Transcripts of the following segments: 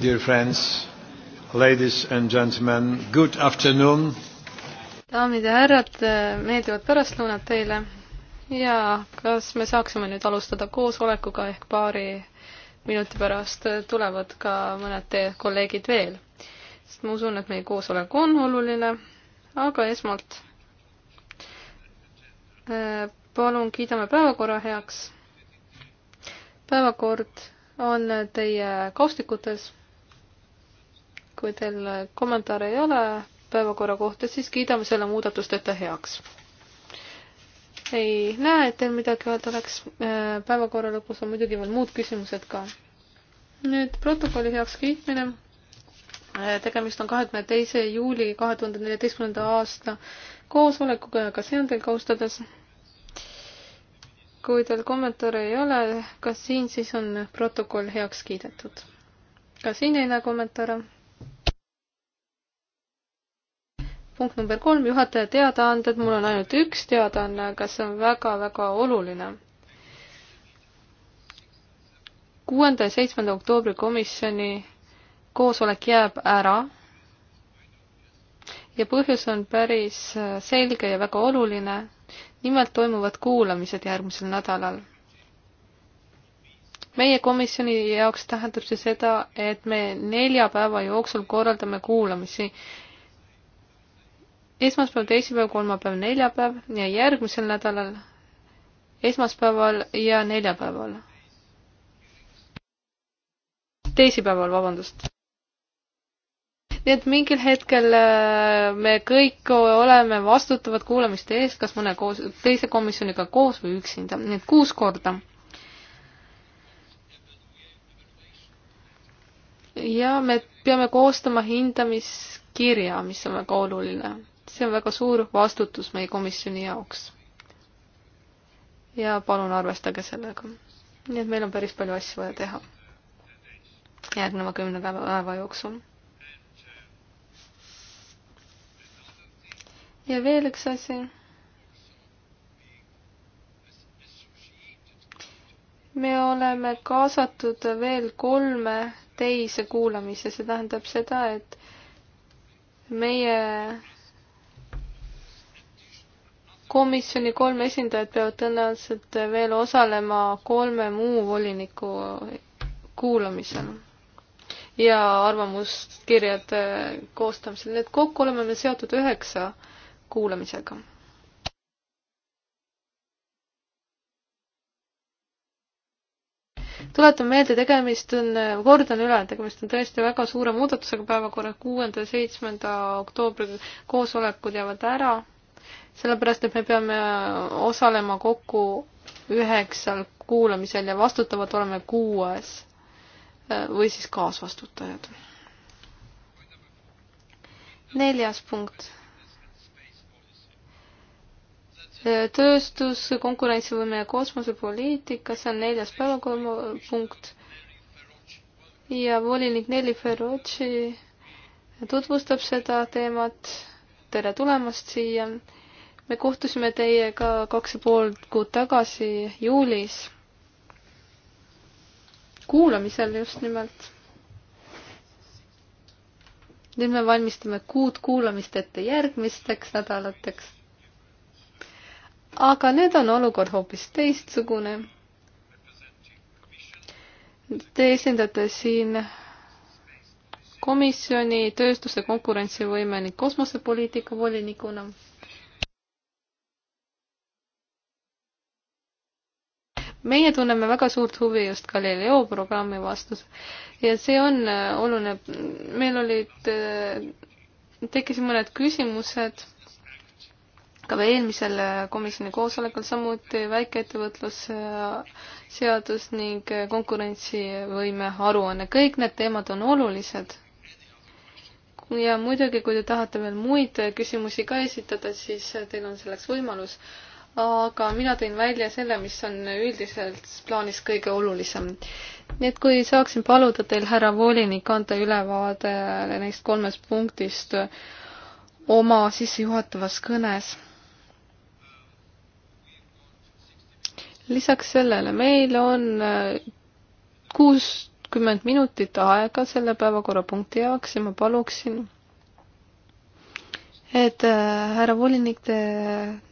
Dear friends, ladies and gentlemen, good afternoon. daamid ja härrad, meeldivat pärastlõunat teile ja kas me saaksime nüüd alustada koosolekuga ehk paari minuti pärast tulevad ka mõned teie kolleegid veel, sest ma usun, et meie koosolek on oluline, aga esmalt äh, palun kiidame päevakorra heaks. päevakord on teie kaustikutes kui teil kommentaare ei ole päevakorra kohta, siis kiidame selle muudatusteta heaks. ei näe, et teil midagi öelda oleks. Äh, päevakorra lõpus on muidugi veel muud küsimused ka. nüüd protokolli heakskiitmine. Äh, tegemist on kahekümne teise juuli kahe tuhande neljateistkümnenda aasta koosolekuga ja ka see on teil kaustades. kui teil kommentaare ei ole, kas siin siis on protokoll heaks kiidetud? ka siin ei näe kommentaare punkt number kolm, juhataja teadaanded, mul on ainult üks teadaanne, aga see on väga-väga oluline. kuuenda ja seitsmenda oktoobri komisjoni koosolek jääb ära ja põhjus on päris selge ja väga oluline. nimelt toimuvad kuulamised järgmisel nädalal. meie komisjoni jaoks tähendab see seda, et me nelja päeva jooksul korraldame kuulamisi esmaspäev, teisipäev, kolmapäev, neljapäev ja järgmisel nädalal esmaspäeval ja neljapäeval. teisipäeval, vabandust. nii et mingil hetkel äh, me kõik oleme vastutavad kuulamiste eest, kas mõne koos, teise komisjoniga koos või üksinda, nii et kuus korda. ja me peame koostama hindamiskirja, mis on väga oluline see on väga suur vastutus meie komisjoni jaoks. ja palun arvestage sellega. nii et meil on päris palju asju vaja teha järgneva kümne päeva jooksul. ja veel üks asi. me oleme kaasatud veel kolme teise kuulamise, see tähendab seda, et meie komisjoni kolm esindajat peavad tõenäoliselt veel osalema kolme muu voliniku kuulamisel ja arvamuskirjade koostamisel, nii et kokku oleme me seotud üheksa kuulamisega tuletan meelde, tegemist on, kordan üle, tegemist on tõesti väga suure muudatusega päevakorra kuuenda ja seitsmenda oktoobri koosolekud jäävad ära sellepärast, et me peame osalema kokku üheksal kuulamisel ja vastutavad oleme kuues äh, või siis kaasvastutajad. neljas punkt. Äh, tööstus, konkurentsivõime ja kosmosepoliitika, see on neljas päevakorrapunkt. ja volinik Nelli Ferrucci tutvustab seda teemat tere tulemast siia. me kohtusime teiega kaks ja pool kuud tagasi juulis. kuulamisel just nimelt. nüüd me valmistame kuud kuulamist ette järgmisteks nädalateks. aga nüüd on olukord hoopis teistsugune. Te esindate siin komisjoni tööstuse konkurentsivõime ning kosmosepoliitika volinikuna. meie tunneme väga suurt huvi just Galileo programmi vastus ja see on äh, oluline, meil olid, äh, tekkisid mõned küsimused ka eelmisel äh, komisjoni koosolekul, samuti väikeettevõtlusseadus ning konkurentsivõime aruanne, kõik need teemad on olulised ja muidugi, kui te tahate veel muid küsimusi ka esitada, siis teil on selleks võimalus. aga mina tõin välja selle, mis on üldiselt plaanis kõige olulisem. nii et kui saaksin paluda teil, härra volinik, anda ülevaade neist kolmest punktist oma sissejuhatavas kõnes. lisaks sellele, meil on kuus kakskümmend minutit aega selle päevakorrapunkti jaoks ja ma paluksin, et äh, härra volinik, te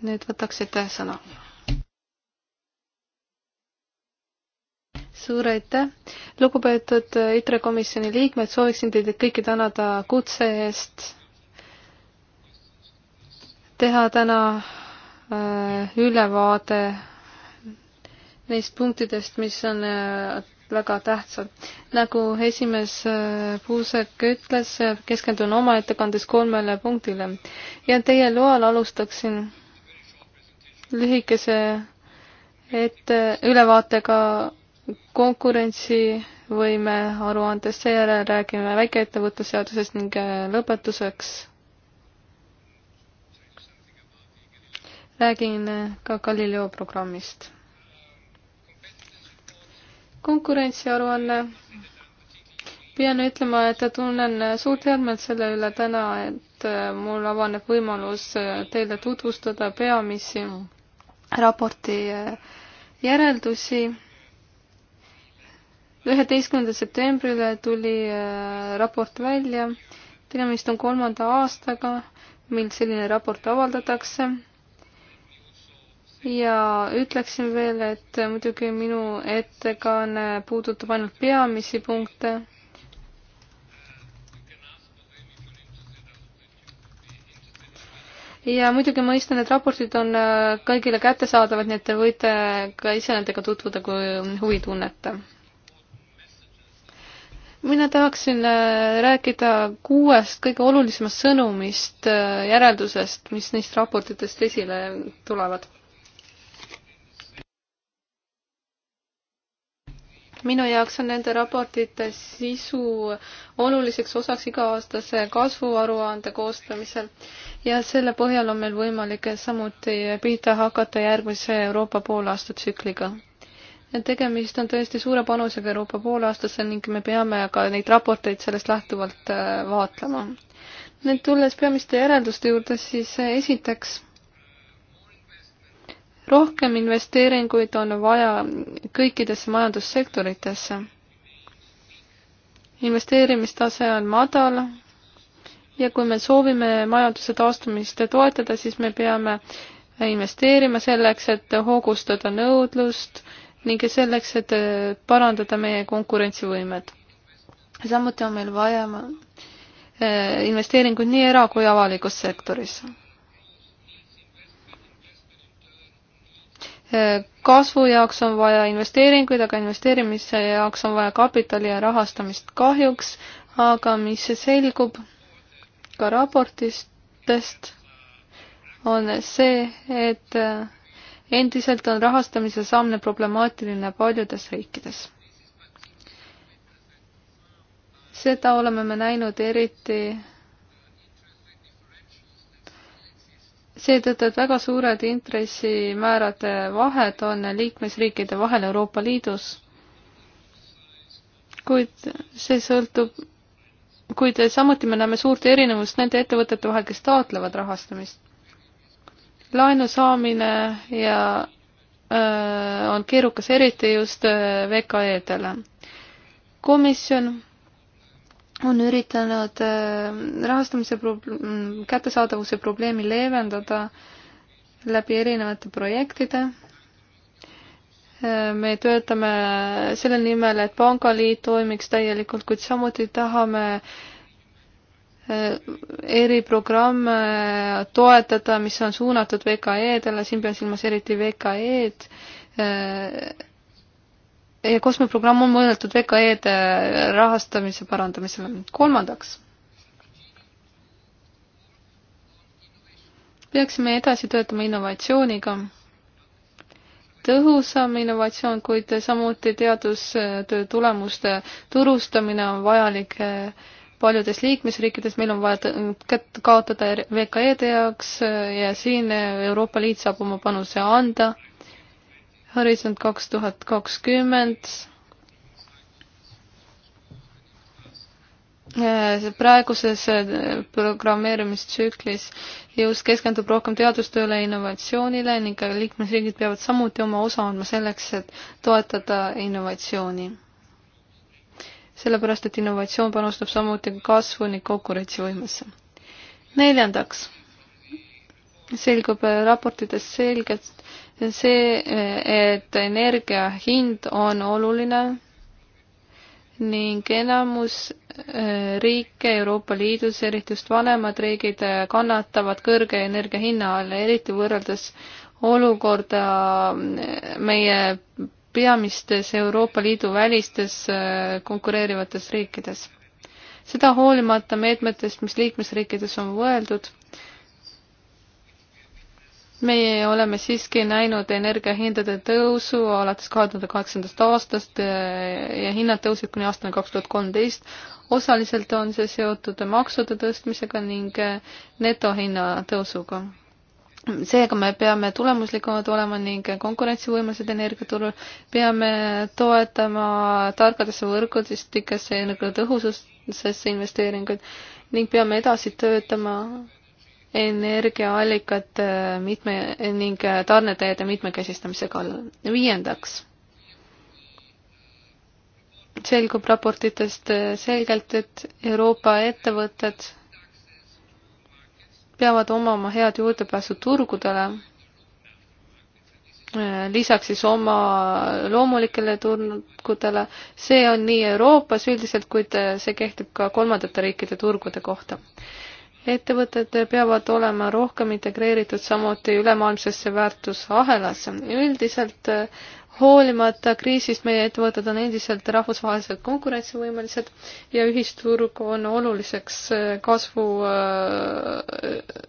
nüüd võtaksite sõna. suur aitäh, lugupeetud äh, ITRE komisjoni liikmed, sooviksin teid kõiki tänada kutse eest teha täna äh, ülevaade neist punktidest, mis on väga tähtsad. nagu esimees äh, Puusek ütles, äh, keskendun oma ettekandes kolmele punktile ja teie loal alustaksin lühikese ette äh, ülevaatega konkurentsivõime aruandest, seejärel räägime väikeettevõtluse seadusest ning lõpetuseks räägin ka Galileo programmist konkurentsiaruanne. pean ütlema, et tunnen suurt heameelt selle üle täna, et äh, mul avaneb võimalus äh, teile tutvustada peamisi raporti äh, järeldusi. üheteistkümnendal septembril tuli raport välja. tegemist on kolmanda aastaga, mil selline raport avaldatakse ja ütleksin veel, et muidugi minu ettekanne puudutab ainult peamisi punkte. ja muidugi mõistan, et raportid on äh, kõigile kättesaadavad, nii et te võite ka ise nendega tutvuda, kui huvi tunnete. mina tahaksin äh, rääkida kuuest kõige olulisemast sõnumist, äh, järeldusest, mis neist raportitest esile tulevad minu jaoks on nende raportite sisu oluliseks osaks iga-aastase kasvuaruande koostamisel ja selle põhjal on meil võimalik samuti pihta hakata järgmise Euroopa poolaastatsükliga. tegemist on tõesti suure panusega Euroopa poolaastasse ning me peame ka neid raporteid sellest lähtuvalt äh, vaatlema. nüüd tulles peamiste järelduste juurde, siis äh, esiteks rohkem investeeringuid on vaja kõikidesse majandussektoritesse. investeerimistase on madal ja kui me soovime majanduse taastumist toetada, siis me peame investeerima selleks, et hoogustada nõudlust ning selleks, et parandada meie konkurentsivõimet. samuti on meil vaja eh, investeeringuid nii era- kui avalikus sektoris kasvu jaoks on vaja investeeringuid, aga investeerimise jaoks on vaja kapitali ja rahastamist kahjuks, aga mis selgub ka raportitest, on see, et endiselt on rahastamise saamine problemaatiline paljudes riikides. seda oleme me näinud eriti seetõttu, et väga suured intressimäärade eh, vahed on liikmesriikide vahel Euroopa Liidus. kuid see sõltub, kuid samuti me näeme suurt erinevust nende ettevõtete vahel, kes taotlevad rahastamist. laenu saamine ja öö, eh, on keerukas, eriti just eh, VKE-dele. komisjon on üritanud äh, rahastamise probleem, mm, kättesaadavuse probleemi leevendada läbi erinevate projektide. Äh, me töötame selle nimel, et pangaliit toimiks täielikult, kuid samuti tahame äh, eriprogramme toetada, mis on suunatud VKE-dele, siin pean silmas eriti VKE-d kosmoprogramm on mõeldud VKE-de rahastamise parandamisele. kolmandaks, peaksime edasi töötama innovatsiooniga, tõhusam innovatsioon, kuid samuti teadustöö tulemuste turustamine on vajalik paljudes liikmesriikides, meil on vaja kätt kaotada VKE-de jaoks ja siin Euroopa Liit saab oma panuse anda Horisont kaks tuhat kakskümmend. Äh, praeguses äh, programmeerimistsüklis jõus keskendub rohkem teadustööle ja innovatsioonile ning liikmesriigid peavad samuti oma osa andma selleks, et toetada innovatsiooni. sellepärast, et innovatsioon panustab samuti kasvu ning konkurentsivõimesse. neljandaks selgub äh, raportites selgelt, see, et energia hind on oluline ning enamus äh, riike Euroopa Liidus, eriti just vanemad riigid, äh, kannatavad kõrge energia hinna all, eriti võrreldes olukorda äh, meie peamistes Euroopa Liidu välistes konkureerivates riikides. seda hoolimata meetmetest, mis liikmesriikides on võeldud meie oleme siiski näinud energiahindade tõusu alates kahe tuhande kaheksandast aastast eh, ja hinnad tõusid kuni aastani kaks tuhat kolmteist. osaliselt on see seotud maksude tõstmisega ning eh, netohinna tõusuga. seega me peame tulemuslikumad olema ning konkurentsivõimelised energiaturul, peame toetama tarkadesse võrgudesse, energiatõhususesse investeeringuid ning peame edasi töötama energiaallikate mitme ning tarnetäiede mitmekesistamise kallal. viiendaks, selgub raportitest selgelt, et Euroopa ettevõtted peavad omama head juurdepääsu turgudele, lisaks siis oma loomulikele turgudele. see on nii Euroopas üldiselt, kuid see kehtib ka kolmandate riikide turgude kohta ettevõtted peavad olema rohkem integreeritud samuti ülemaailmsesse väärtusahelasse. üldiselt eh, hoolimata kriisist meie ettevõtted on endiselt rahvusvaheliselt konkurentsivõimelised ja ühisturg on oluliseks eh, kasvu eh,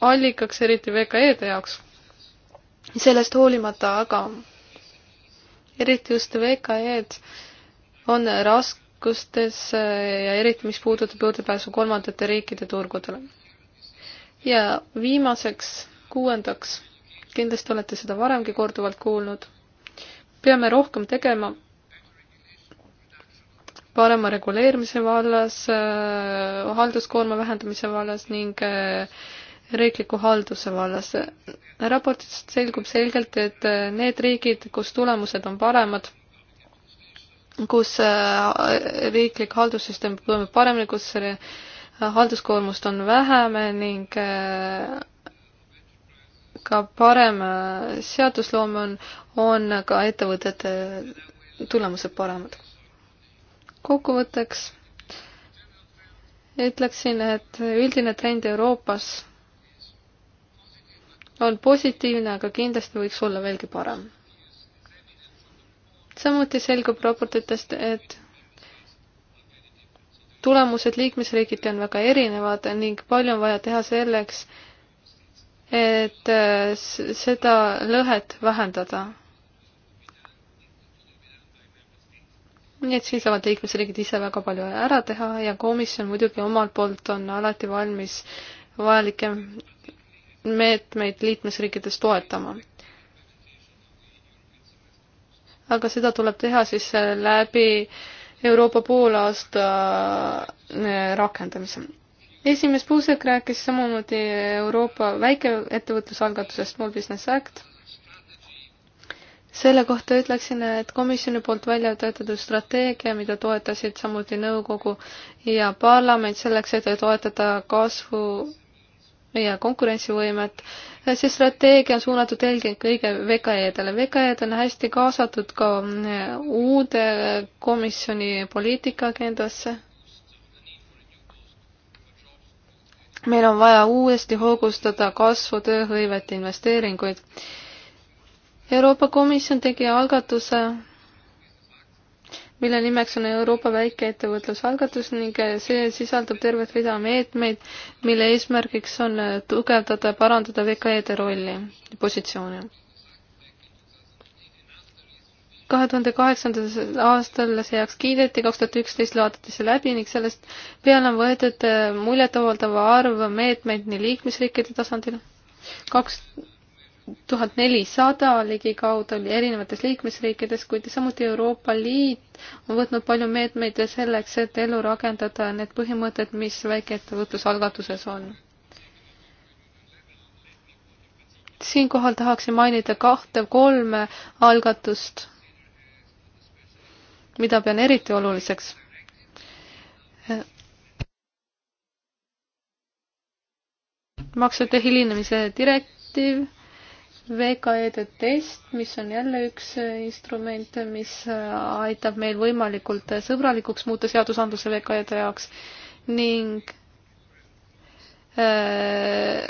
allikaks, eriti VKE-de jaoks. sellest hoolimata aga eriti just VKE-d on raske raskustes eh, ja eriti, mis puudutab juurdepääsu kolmandate riikide turgudele. ja viimaseks, kuuendaks, kindlasti olete seda varemgi korduvalt kuulnud, peame rohkem tegema parema reguleerimise vallas, eh, halduskoorma vähendamise vallas ning eh, riikliku halduse vallas. raportist selgub selgelt, et need riigid, kus tulemused on paremad, kus äh, riiklik haldussüsteem toimib paremini, kus äh, halduskoormust on vähem ning äh, ka parem seadusloome on, on ka ettevõtete tulemused paremad. kokkuvõtteks ütleksin, et üldine trend Euroopas on positiivne, aga kindlasti võiks olla veelgi parem samuti selgub raportitest, et tulemused liikmesriigiti on väga erinevad ning palju on vaja teha selleks, et äh, seda lõhet vähendada. nii et siin saavad liikmesriigid ise väga palju ära teha ja komisjon muidugi omalt poolt on alati valmis vajalikke meetmeid liikmesriikides toetama aga seda tuleb teha siis äh, läbi Euroopa poolaasta äh, rakendamise. esimees Puusek rääkis samamoodi Euroopa väikeettevõtlusalgatusest Small Business Act. selle kohta ütleksin, et komisjoni poolt välja töötatud strateegia, mida toetasid samuti nõukogu ja parlament selleks, et toetada kasvu ja konkurentsivõimet. see strateegia on suunatud eelkõige VKE-dele. VKE-d on hästi kaasatud ka eh, uude komisjoni poliitika agendasse. meil on vaja uuesti hoogustada kasvu, tööhõivet, investeeringuid. Euroopa Komisjon tegi algatuse mille nimeks on Euroopa väikeettevõtlusalgatus ning see sisaldab tervet rida meetmeid, mille eesmärgiks on tugevdada ja parandada VKE-de rolli ja positsioone. kahe tuhande kaheksandal aastal see heaks kiideti, kaks tuhat üksteist loodeti see läbi ning sellest peale on võetud muljetavaldava arv meetmeid nii liikmesriikide tasandil, kaks 2000 tuhat nelisada ligikaudu oli erinevates liikmesriikides, kuid samuti Euroopa Liit on võtnud palju meetmeid selleks, et ellu rakendada need põhimõtted, mis väikeettevõtlusalgatuses on. siinkohal tahaksin mainida kahte-kolme algatust, mida pean eriti oluliseks maksete hilinemise direktiiv VKE-de test, mis on jälle üks äh, instrument, mis äh, aitab meil võimalikult äh, sõbralikuks muuta seadusandluse VKE-de jaoks ning äh,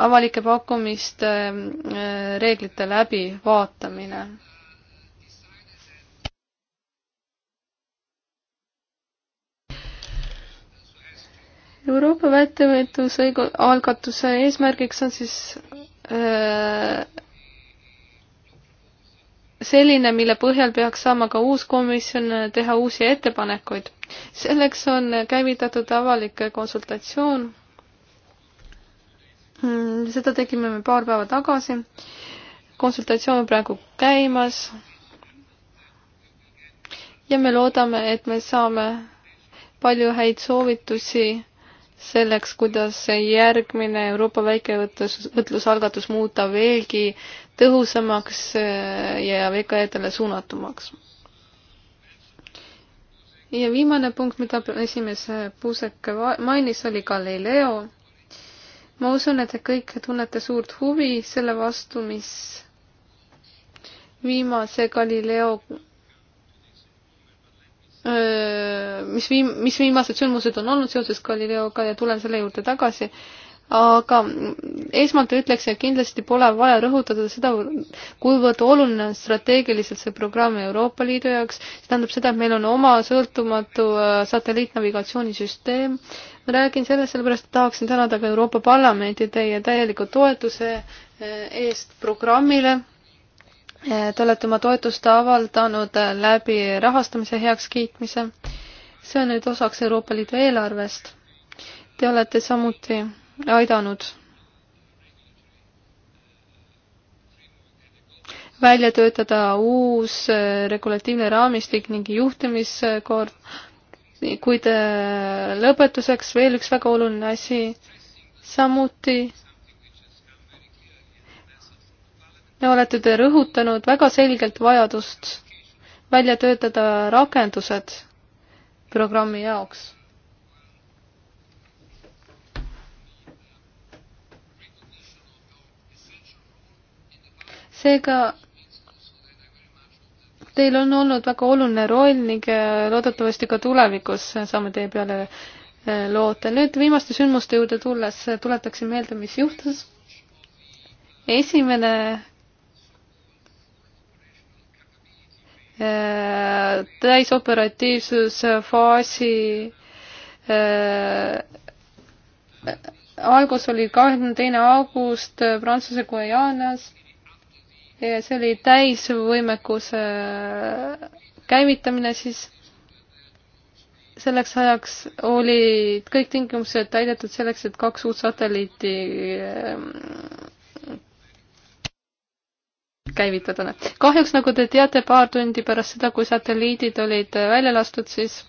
avalike pakkumiste äh, reeglite läbivaatamine Euroopa väetevõetluse algatuse eesmärgiks on siis selline, mille põhjal peaks saama ka uus komisjon teha uusi ettepanekuid. selleks on käivitatud avalik konsultatsioon. Hmm, seda tegime me paar päeva tagasi. konsultatsioon on praegu käimas. ja me loodame, et me saame palju häid soovitusi selleks, kuidas järgmine Euroopa väikevõtlusalgatus muuta veelgi tõhusamaks äh, ja VKE-dele suunatumaks. ja viimane punkt, mida esimees Puusek mainis, oli Galileo. ma usun, et te kõik tunnete suurt huvi selle vastu, mis viimase Galileo mis viim-, mis viimased sündmused on olnud seoses Galileoga ja tulen selle juurde tagasi, aga esmalt ütleks, et kindlasti pole vaja rõhutada seda, kuivõrd oluline on strateegiliselt see programm Euroopa Liidu jaoks, see tähendab seda, et meil on oma sõltumatu satelliitnavigatsioonisüsteem, ma räägin sellest sellepärast, et tahaksin tänada ka Euroopa Parlamenti teie täieliku toetuse eest programmile Te olete oma toetust avaldanud läbi rahastamise heakskiitmise. see on nüüd osaks Euroopa Liidu eelarvest. Te olete samuti aidanud välja töötada uus regulatiivne raamistik ning juhtimiskord, kuid lõpetuseks veel üks väga oluline asi, samuti olete te rõhutanud väga selgelt vajadust välja töötada rakendused programmi jaoks. seega teil on olnud väga oluline roll ning äh, loodetavasti ka tulevikus saame teie peale äh, loota. nüüd viimaste sündmuste juurde tulles tuletaksin meelde, mis juhtus. esimene Äh, täisoperatiivsusfaasi äh, äh, algus oli kahekümne teine august Prantsuse Guajanas ja see oli täisvõimekuse käivitamine siis. selleks ajaks olid kõik tingimused täidetud selleks, et kaks uut satelliiti käivitada. kahjuks, nagu te teate, paar tundi pärast seda, kui satelliidid olid välja lastud, siis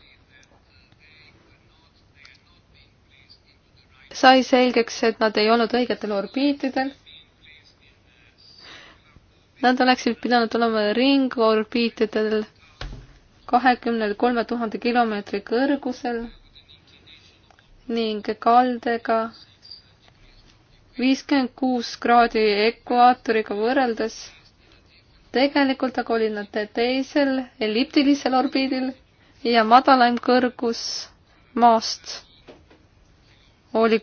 sai selgeks, et nad ei olnud õigetel orbiitidel. Nad oleksid pidanud olema ringorbiitidel kahekümnel kolme tuhande kilomeetri kõrgusel ning kaldega viiskümmend kuus kraadi ekvaatoriga võrreldes tegelikult aga olid nad teisel elliptilisel orbiidil ja madalaim kõrgus maast oli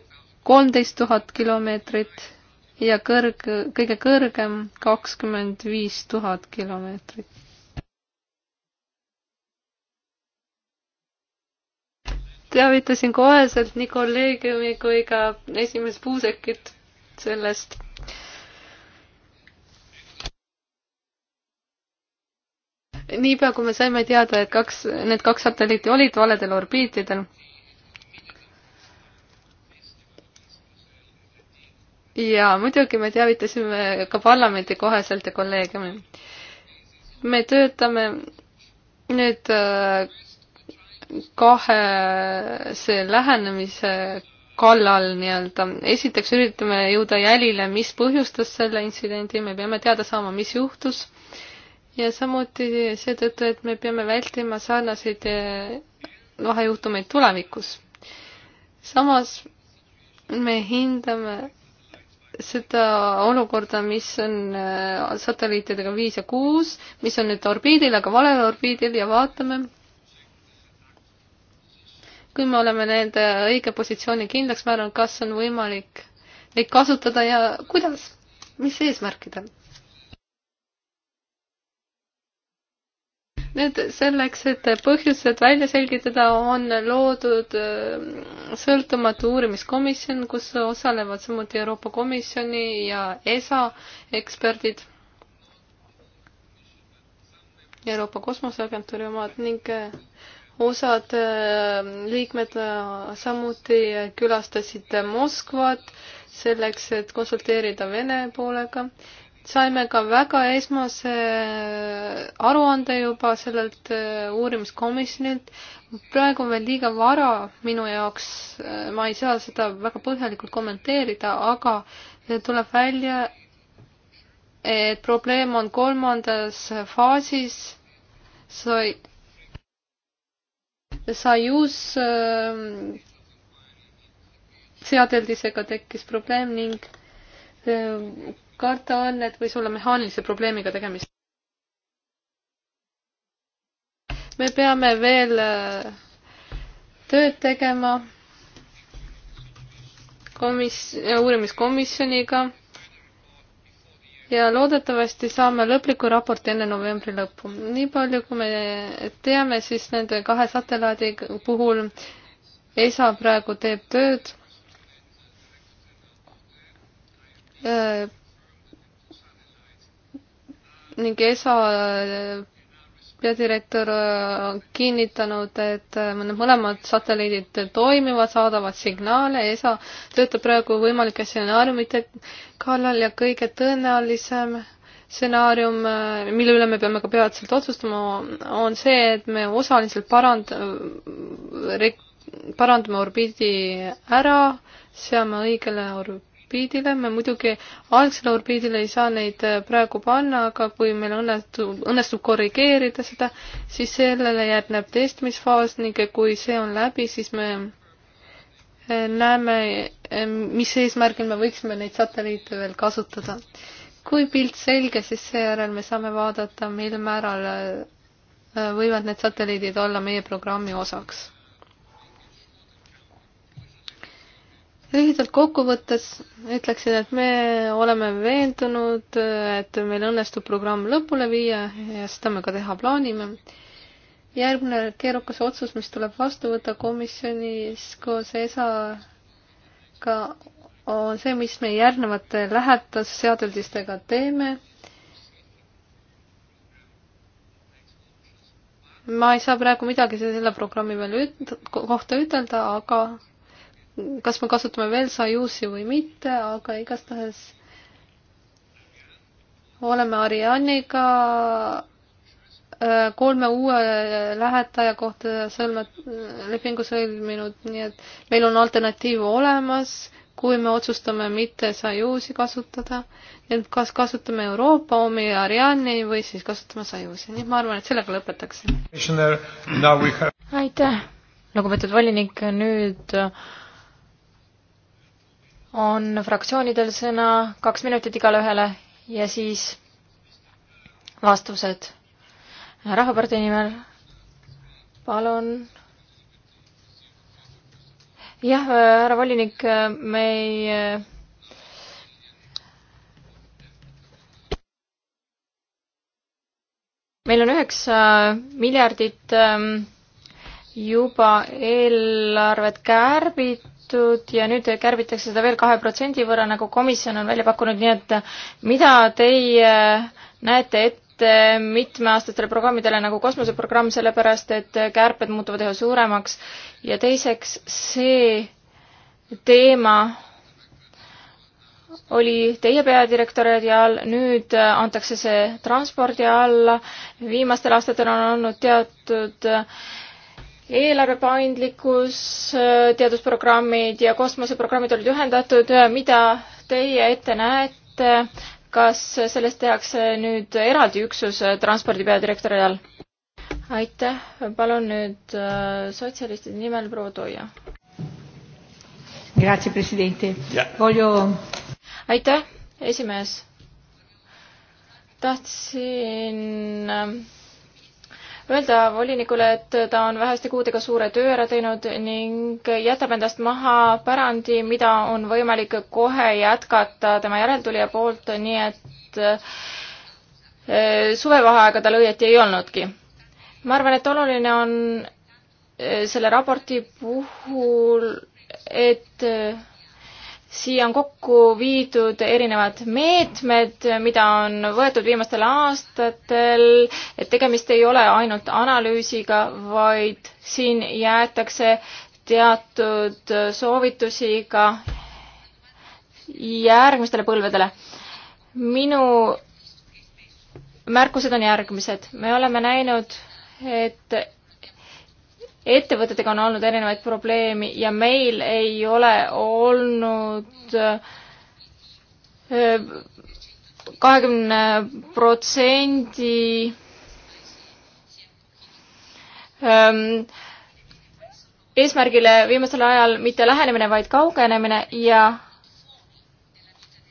kolmteist tuhat kilomeetrit ja kõrg, kõige kõrgem kakskümmend viis tuhat kilomeetrit. teavitasin koheselt nii kolleegiumi kui ka esimees Puusekit sellest niipea, kui me saime teada, et kaks, need kaks satelliiti olid valedel orbiitidel, ja muidugi me teavitasime ka parlamenti koheselt ja kolleegiumi. me töötame nüüd äh, kahese lähenemise kallal nii-öelda. esiteks üritame jõuda jälile, mis põhjustas selle intsidendi, me peame teada saama, mis juhtus äh, ja samuti seetõttu, et me peame vältima sarnaseid eh, vahejuhtumeid tulevikus. samas me hindame seda olukorda, mis on eh, satelliitidega viis ja kuus, mis on nüüd orbiidil, aga valel orbiidil ja vaatame, kui me oleme nende õige positsiooni kindlaks määranud, kas on võimalik neid kasutada ja kuidas, mis eesmärkidel nüüd selleks, et põhjused välja selgitada, on loodud äh, sõltumatu uurimiskomisjon, kus osalevad samuti Euroopa Komisjoni ja ESA eksperdid, Euroopa Kosmoseagentuuri omad ning äh, osad äh, liikmed samuti külastasid Moskvat selleks, et konsulteerida Vene poolega saime ka väga esmase äh, aruande juba sellelt äh, uurimiskomisjonilt. praegu on veel liiga vara minu jaoks, äh, ma ei saa seda väga põhjalikult kommenteerida, aga tuleb välja, et probleem on kolmandas faasis. sai, sai uus ähm, seadeldisega tekkis probleem ning ähm, karta on, et võis olla mehaanilise probleemiga tegemist. me peame veel äh, tööd tegema komis-, äh, uurimiskomisjoniga ja loodetavasti saame lõpliku raporti enne novembri lõppu. nii palju, kui me teame, siis nende kahe satellaadi puhul ESA praegu teeb tööd äh, ning ESA äh, peadirektor äh, on kinnitanud, et äh, need mõlemad satelliidid toimivad, saadavad signaale, ESA töötab praegu võimalike stsenaariumite kallal ja kõige tõenäolisem stsenaarium, mille üle me peame ka peatselt otsustama, on see, et me osaliselt parand-, parandame orbiidi ära, seame õigele orbiidi orbiidile, me muidugi algsele orbiidile ei saa neid äh, praegu panna, aga kui meil õnnestub, õnnestub korrigeerida seda, siis sellele järgneb testimisfaas ning kui see on läbi, siis me äh, näeme, äh, mis eesmärgil me võiksime neid satelliite veel kasutada. kui pilt selge, siis seejärel me saame vaadata, mil määral võivad need satelliidid olla meie programmi osaks lühidalt kokkuvõttes ütleksin, et me oleme veendunud, et meil õnnestub programm lõpule viia ja seda me ka teha plaanime. järgmine keerukas otsus, mis tuleb vastu võtta komisjonis koos ESA-ga, on see, mis me järgnevate lähetusseadeldistega teeme. ma ei saa praegu midagi selle programmi veel üt-, kohta ütelda, aga kas me kasutame veel Sojuzi või mitte, aga igastahes oleme Arianiga äh, kolme uue lähetaja kohta sõlmet-, lepingu sõlminud, nii et meil on alternatiiv olemas, kui me otsustame mitte Sojuzi kasutada, et kas kasutame Euroopa omi Ariani või siis kasutame Sojuzi, nii et ma arvan, et sellega lõpetaksin. aitäh, lugupeetud volinik, nüüd on fraktsioonidel sõna kaks minutit igale ühele ja siis vastused. rahvapartei nimel palun. jah, härra volinik, me ei meil on üheksa miljardit ähm, juba eelarvet kärbit tehtud ja nüüd kärbitakse seda veel kahe protsendi võrra, nagu komisjon on välja pakkunud, nii et mida teie näete ette mitmeaastastele programmidele nagu kosmoseprogramm, sellepärast et kärped muutuvad üha suuremaks ja teiseks see teema oli teie peadirektori all, nüüd antakse see transpordi alla. viimastel aastatel on olnud teatud äh, eelarve paindlikkus, äh, teadusprogrammid ja kosmoseprogrammid olid ühendatud, äh, mida teie ette näete, kas sellest tehakse nüüd eraldi üksus äh, transpordi peadirektori all? aitäh, palun nüüd sotsialistide nimel proua Toia. aitäh, esimees. tahtsin öelda volinikule, et ta on väheste kuudega suure töö ära teinud ning jätab endast maha pärandi, mida on võimalik kohe jätkata tema järeltulija poolt, nii et eh, suvevaheaega tal õieti ei olnudki. ma arvan, et oluline on eh, selle raporti puhul, et siia on kokku viidud erinevad meetmed, mida on võetud viimastel aastatel, et tegemist ei ole ainult analüüsiga, vaid siin jäetakse teatud soovitusi ka järgmistele põlvedele. minu märkused on järgmised. me oleme näinud, et ettevõtetega on olnud erinevaid probleeme ja meil ei ole olnud äh, kahekümne protsendi ähm, eesmärgile viimasel ajal mitte lähenemine, vaid kaugenemine ja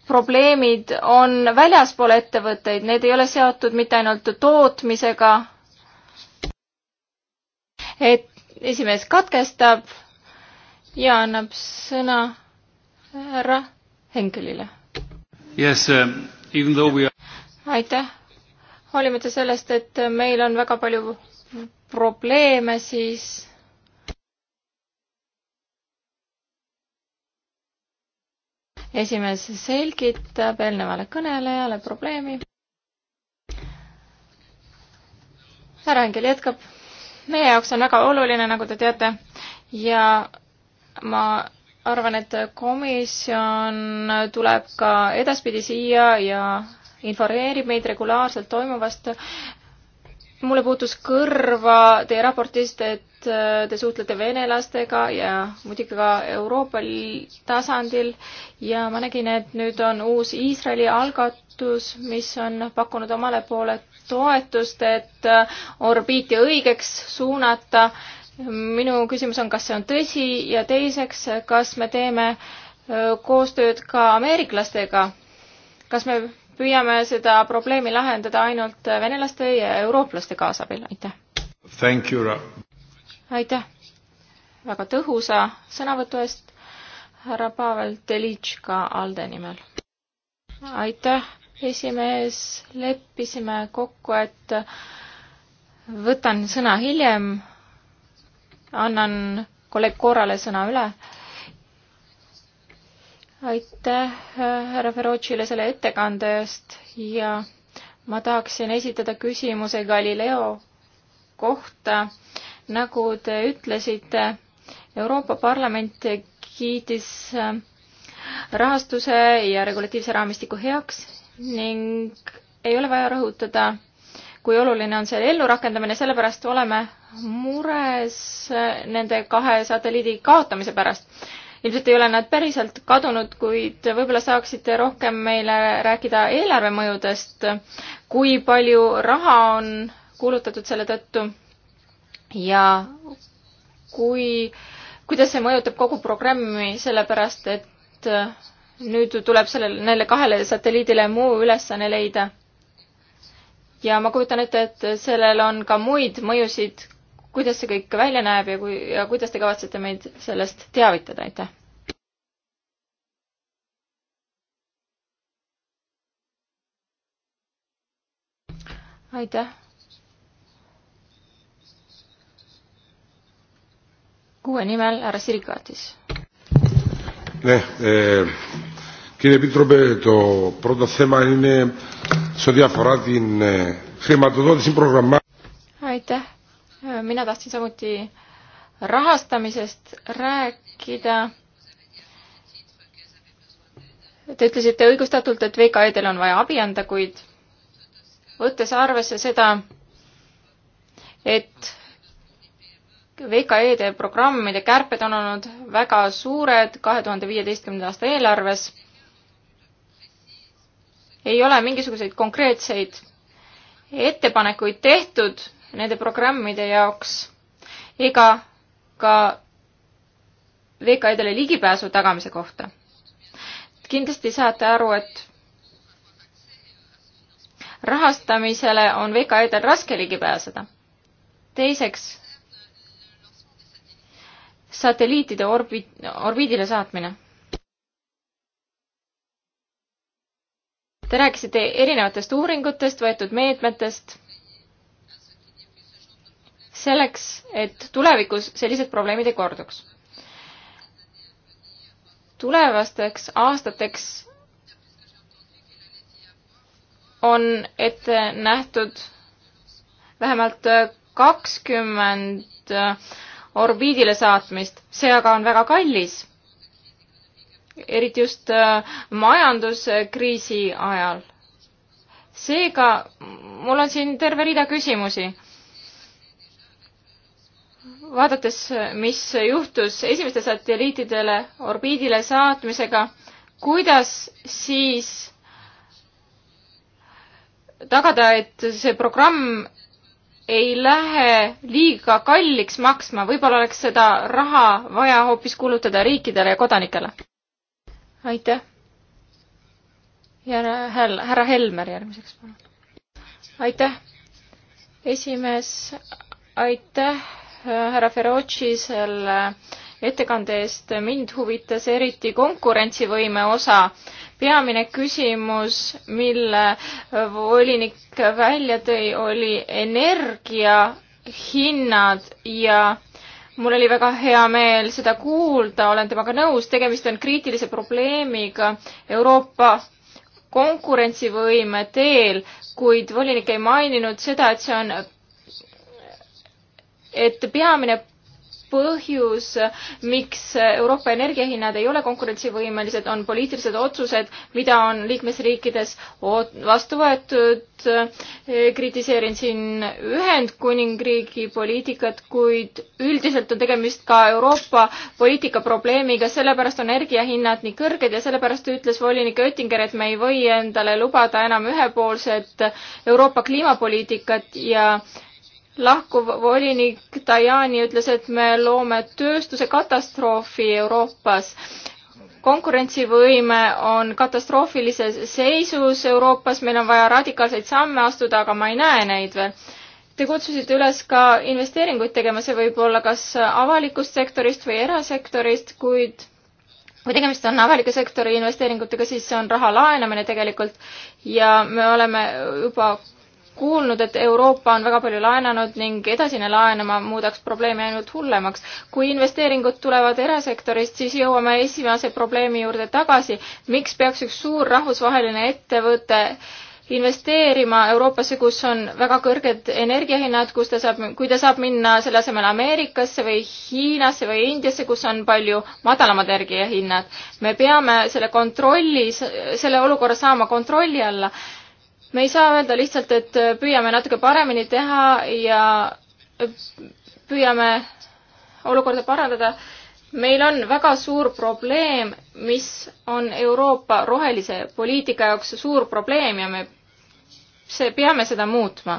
probleemid on väljaspool ettevõtteid, need ei ole seotud mitte ainult tootmisega, et esimees katkestab ja annab sõna härra Henkelile. Yes, um, even though we are... aitäh. hoolimata sellest, et meil on väga palju probleeme, siis esimees selgitab eelnevale kõnelejale probleemi. härra Engel jätkab meie jaoks on väga oluline, nagu te teate, ja ma arvan, et komisjon tuleb ka edaspidi siia ja informeerib meid regulaarselt toimuvast mulle puutus kõrva teie raportist, et äh, te suhtlete venelastega ja muidugi ka Euroopa tasandil ja ma nägin, et nüüd on uus Iisraeli algatus, mis on pakkunud omale poole toetust, et äh, orbiiti õigeks suunata. minu küsimus on, kas see on tõsi ja teiseks, kas me teeme äh, koostööd ka ameeriklastega? kas me püüame seda probleemi lahendada ainult venelaste ja eurooplaste kaasabil, aitäh! aitäh väga tõhusa sõnavõtu eest, härra Pavel Telitška ALDE nimel. aitäh, esimees, leppisime kokku, et võtan sõna hiljem, annan kolleeg Korrale sõna üle aitäh härra Ferrocile selle ettekande eest ja ma tahaksin esitada küsimuse Galileo kohta. nagu te ütlesite, Euroopa Parlament kiitis rahastuse ja regulatiivse raamistiku heaks ning ei ole vaja rõhutada, kui oluline on selle ellurakendamine, sellepärast oleme mures nende kahe satelliidi kaotamise pärast ilmselt ei ole nad päriselt kadunud, kuid võib-olla saaksite rohkem meile rääkida eelarvemõjudest, kui palju raha on kuulutatud selle tõttu ja kui, kuidas see mõjutab kogu programmi, sellepärast et äh, nüüd tuleb sellele, neile kahele satelliidile muu ülesanne leida. ja ma kujutan ette, et sellel on ka muid mõjusid, kuidas see kõik välja näeb ja kui, ja kuidas te kavatsete meid sellest teavitada, aitäh! aitäh! kuue nimel härra Sirikatis. Κύριε Επίτροπε, το πρώτο θέμα είναι σε ό,τι αφορά την χρηματοδότηση προγραμμάτων. Aitäh, mina tahtsin samuti rahastamisest rääkida. Te ütlesite õigustatult, et VKE-del on vaja abi anda, kuid võttes arvesse seda, et VKE-de programmide kärped on olnud väga suured kahe tuhande viieteistkümnenda aasta eelarves, ei ole mingisuguseid konkreetseid ettepanekuid tehtud nende programmide jaoks ega ka VKI-dele ligipääsu tagamise kohta. kindlasti saate aru, et rahastamisele on VKI-del raske ligi pääseda. teiseks, satelliitide orbi-, orbiidile saatmine. Te rääkisite erinevatest uuringutest, võetud meetmetest selleks, et tulevikus sellised probleemid ei korduks. tulevasteks aastateks on ette nähtud vähemalt kakskümmend orbiidile saatmist, see aga on väga kallis. eriti just äh, majanduskriisi ajal. seega mul on siin terve rida küsimusi vaadates, mis juhtus esimeste satelliitidele orbiidile saatmisega, kuidas siis tagada, et see programm ei lähe liiga kalliks maksma, võib-olla oleks seda raha vaja hoopis kulutada riikidele ja kodanikele. aitäh. ja härra Helmer järgmiseks, palun. aitäh, esimees, aitäh härra Ferrocci selle ettekande eest. mind huvitas eriti konkurentsivõime osa. peamine küsimus, mille volinik välja tõi, oli energia hinnad ja mul oli väga hea meel seda kuulda, olen temaga nõus, tegemist on kriitilise probleemiga Euroopa konkurentsivõime teel, kuid volinik ei maininud seda, et see on et peamine põhjus, miks Euroopa energiahinnad ei ole konkurentsivõimelised, on poliitilised otsused, mida on liikmesriikides vastu võetud. kritiseerin siin Ühendkuningriigi poliitikat, kuid üldiselt on tegemist ka Euroopa poliitika probleemiga, sellepärast on energiahinnad nii kõrged ja sellepärast ütles volinik Oettinger, et me ei või endale lubada enam ühepoolset Euroopa kliimapoliitikat ja lahkuv volinik Tajani ütles, et me loome tööstuse katastroofi Euroopas. konkurentsivõime on katastroofilises seisus Euroopas, meil on vaja radikaalseid samme astuda, aga ma ei näe neid veel. Te kutsusite üles ka investeeringuid tegema, see võib olla kas avalikust sektorist või erasektorist, kuid kui tegemist on avaliku sektori investeeringutega, siis see on raha laenamine tegelikult ja me oleme juba kuulnud, et Euroopa on väga palju laenanud ning edasine laenama muudaks probleemi ainult hullemaks. kui investeeringud tulevad erasektorist, siis jõuame esimese probleemi juurde tagasi. miks peaks üks suur rahvusvaheline ettevõte investeerima Euroopasse, kus on väga kõrged energiahinnad, kus ta saab, kui ta saab minna selle asemel Ameerikasse või Hiinasse või Indiasse, kus on palju madalamad energiahinnad. me peame selle kontrolli, selle olukorra saama kontrolli alla me ei saa öelda lihtsalt, et äh, püüame natuke paremini teha ja äh, püüame olukorda parandada. meil on väga suur probleem, mis on Euroopa rohelise poliitika jaoks suur probleem ja me, see, peame seda muutma.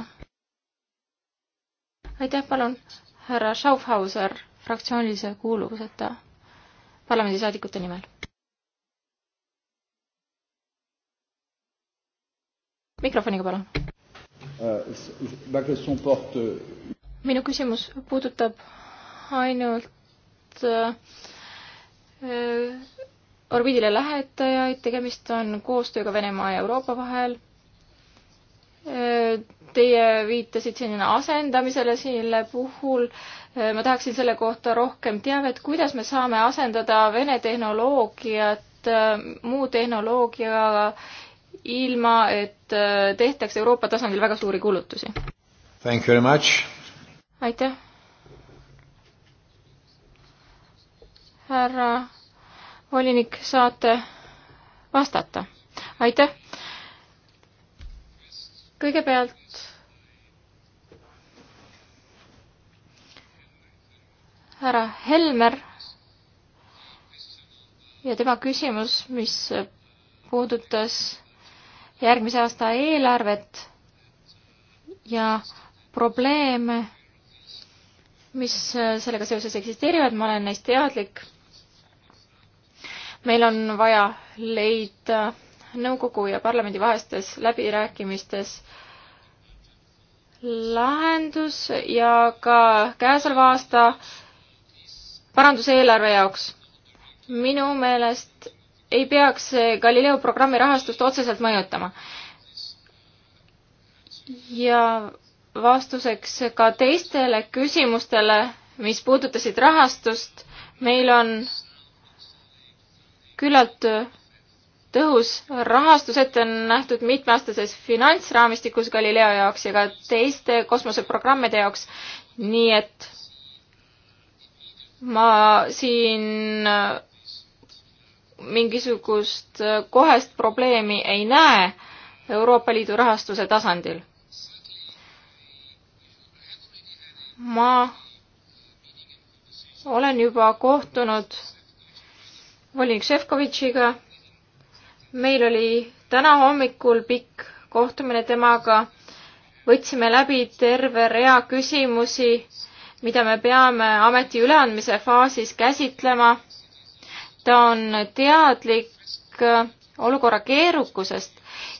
aitäh, palun, härra Schaufhauser fraktsioonilise kuuluvuseta parlamendisaadikute nimel mikrofoniga, palun. Uh, uh, minu küsimus puudutab ainult uh, orbiidile lähetajaid, tegemist on koostööga Venemaa ja Euroopa vahel. Teie viitasid selline asendamisele selle puhul. ma tahaksin selle kohta rohkem teavet, kuidas me saame asendada Vene tehnoloogiat muu tehnoloogiaga ilma et äh, tehtaks Euroopa tasandil väga suuri kulutusi. aitäh. härra volinik, saate vastata. aitäh. kõigepealt härra Helmer ja tema küsimus, mis puudutas järgmise aasta eelarvet ja probleeme, mis sellega seoses eksisteerivad, ma olen neist teadlik. meil on vaja leida nõukogu ja parlamendi vahelistes läbirääkimistes lahendus ja ka käesoleva aasta paranduseelarve jaoks. minu meelest ei peaks Galileo programmi rahastust otseselt mõjutama. ja vastuseks ka teistele küsimustele, mis puudutasid rahastust, meil on küllalt tõhus rahastus ette on nähtud mitmeaastases finantsraamistikus Galileo jaoks ja ka teiste kosmoseprogrammide jaoks, nii et ma siin mingisugust äh, kohest probleemi ei näe Euroopa Liidu rahastuse tasandil. ma olen juba kohtunud volinik Šefkovitšiga. meil oli täna hommikul pikk kohtumine temaga. võtsime läbi terve rea küsimusi, mida me peame ameti üleandmise faasis käsitlema ta on teadlik olukorra keerukusest.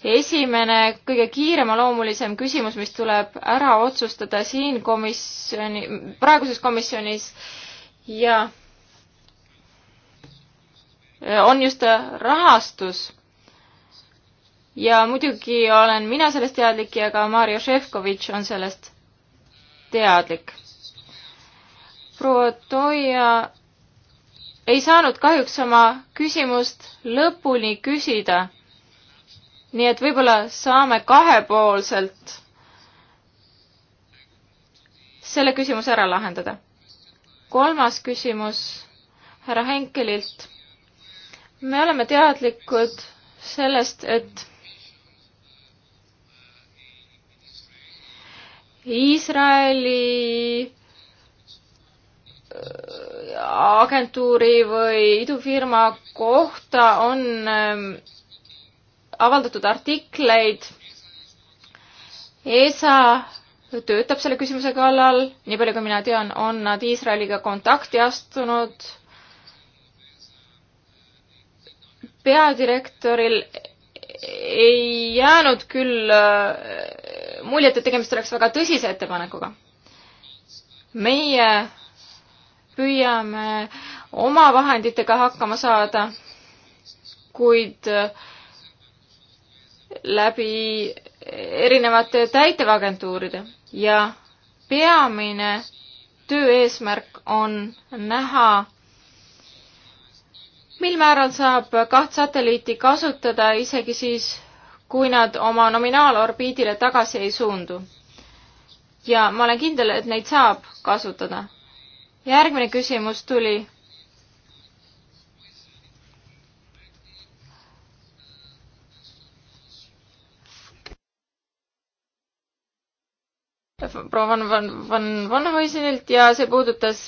esimene, kõige kiiremaloomulisem küsimus, mis tuleb ära otsustada siin komisjoni, praeguses komisjonis ja on just rahastus. ja muidugi olen mina sellest teadlik ja ka Mario Šefkovitš on sellest teadlik. proua Toia ei saanud kahjuks oma küsimust lõpuni küsida. nii et võib-olla saame kahepoolselt selle küsimuse ära lahendada. kolmas küsimus härra Henkelilt. me oleme teadlikud sellest, et Iisraeli agentuuri või idufirma kohta on ähm, avaldatud artikleid. ESA töötab selle küsimuse kallal, nii palju kui mina tean, on nad Iisraeliga kontakti astunud. peadirektoril ei jäänud küll äh, muljet, et tegemist oleks väga tõsise ettepanekuga. meie püüame oma vahenditega hakkama saada, kuid äh, läbi erinevate täitevagentuuride ja peamine töö eesmärk on näha, mil määral saab kaht satelliiti kasutada isegi siis, kui nad oma nominaalorbiidile tagasi ei suundu. ja ma olen kindel, et neid saab kasutada järgmine küsimus tuli. proua Van Van Van Vanhoisenilt ja see puudutas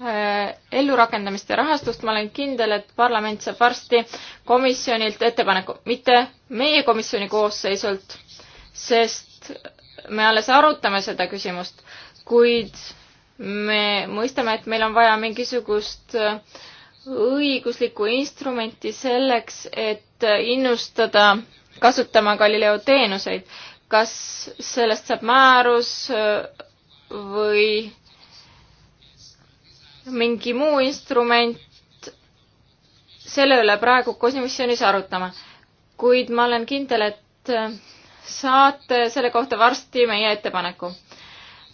äh, ellurakendamist ja rahastust, ma olen kindel, et parlament saab varsti komisjonilt ettepaneku, mitte meie komisjoni koosseisult, sest me alles arutame seda küsimust kuid me mõistame, et meil on vaja mingisugust äh, õiguslikku instrumenti selleks, et äh, innustada kasutama Galileo teenuseid. kas sellest saab määrus äh, või mingi muu instrument, selle üle praegu komisjonis arutame. kuid ma olen kindel, et saate selle kohta varsti meie ettepaneku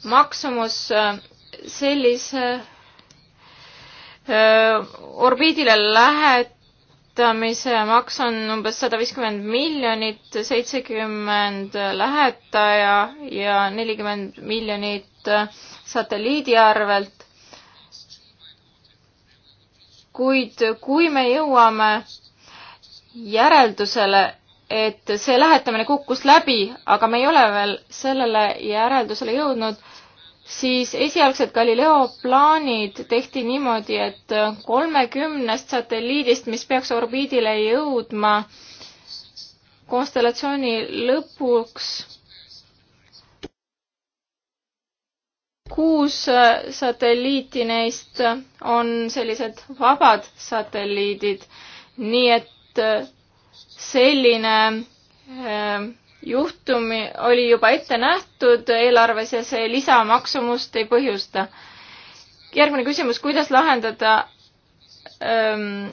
maksumus äh, sellise äh, orbiidile lähetamise maks on umbes sada viiskümmend miljonit, seitsekümmend lähetaja ja nelikümmend miljonit äh, satelliidi arvelt. kuid kui me jõuame järeldusele, et see lähetamine kukkus läbi, aga me ei ole veel sellele järeldusele jõudnud siis esialgsed Galileo plaanid tehti niimoodi, et kolmekümnest satelliidist, mis peaks orbiidile jõudma konstellatsiooni lõpuks, kuus satelliiti neist on sellised vabad satelliidid, nii et selline äh, juhtumi oli juba ette nähtud eelarves ja see lisamaksumust ei põhjusta. järgmine küsimus, kuidas lahendada ähm,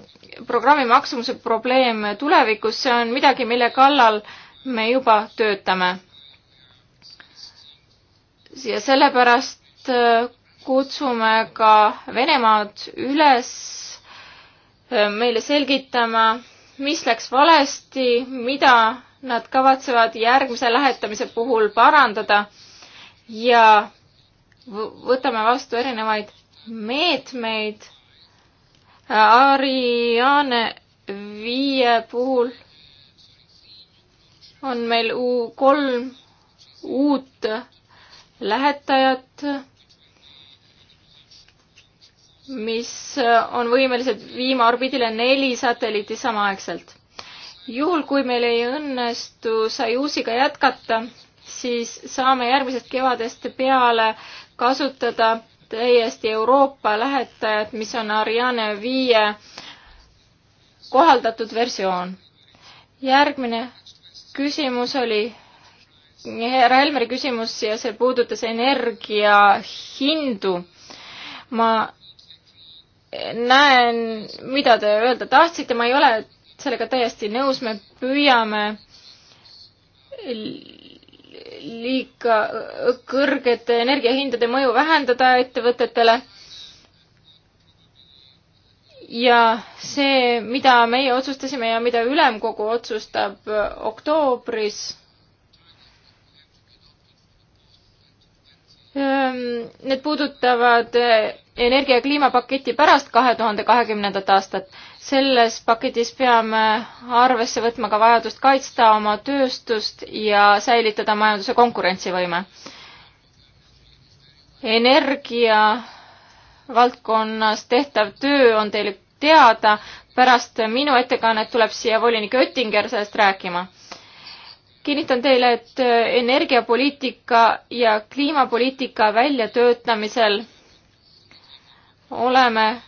programmi maksumuse probleem tulevikus, see on midagi, mille kallal me juba töötame. ja sellepärast äh, kutsume ka Venemaad üles äh, meile selgitama, mis läks valesti, mida nad kavatsevad järgmise lähetamise puhul parandada ja võtame vastu erinevaid meetmeid. Ariane viie puhul on meil kolm uut lähetajat, mis on võimelised viima orbiidile neli satelliiti samaaegselt juhul, kui meil ei õnnestu Sajusiga jätkata, siis saame järgmisest kevadest peale kasutada täiesti Euroopa lähetajat, mis on Ariane viie kohaldatud versioon. järgmine küsimus oli härra Helmeri küsimus ja see puudutas energia hindu. ma näen, mida te öelda tahtsite, ma ei ole sellega täiesti nõus, me püüame liiga kõrgete energiahindade mõju vähendada ettevõtetele. ja see, mida meie otsustasime ja mida ülemkogu otsustab oktoobris, ehm, need puudutavad energia- ja kliimapaketi pärast kahe tuhande kahekümnendat aastat. selles paketis peame arvesse võtma ka vajadust kaitsta oma tööstust ja säilitada majanduse konkurentsivõime. energia valdkonnas tehtav töö on teile teada, pärast minu ettekannet tuleb siia volinik Oettinger sellest rääkima kinnitan teile, et energiapoliitika ja kliimapoliitika väljatöötamisel oleme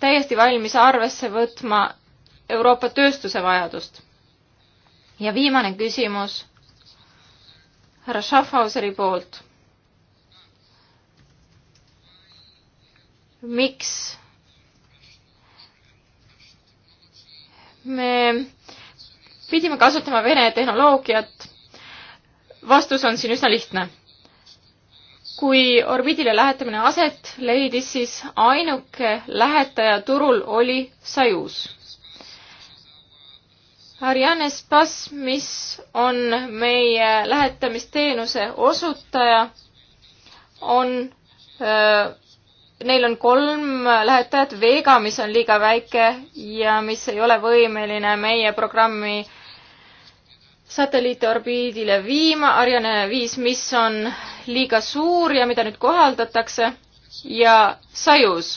täiesti valmis arvesse võtma Euroopa tööstuse vajadust. ja viimane küsimus härra Schaffhauseri poolt. miks me pidime kasutama Vene tehnoloogiat? vastus on siin üsna lihtne kui orbiidile lähetamine aset leidis, siis ainuke lähetaja turul oli Sajus. Ariane Spas, mis on meie lähetamisteenuse osutaja, on öö, neil on kolm lähetajat, Vega, mis on liiga väike ja mis ei ole võimeline meie programmi satelliite orbiidile viima, Ariane viis, mis on liiga suur ja mida nüüd kohaldatakse, ja Sajus,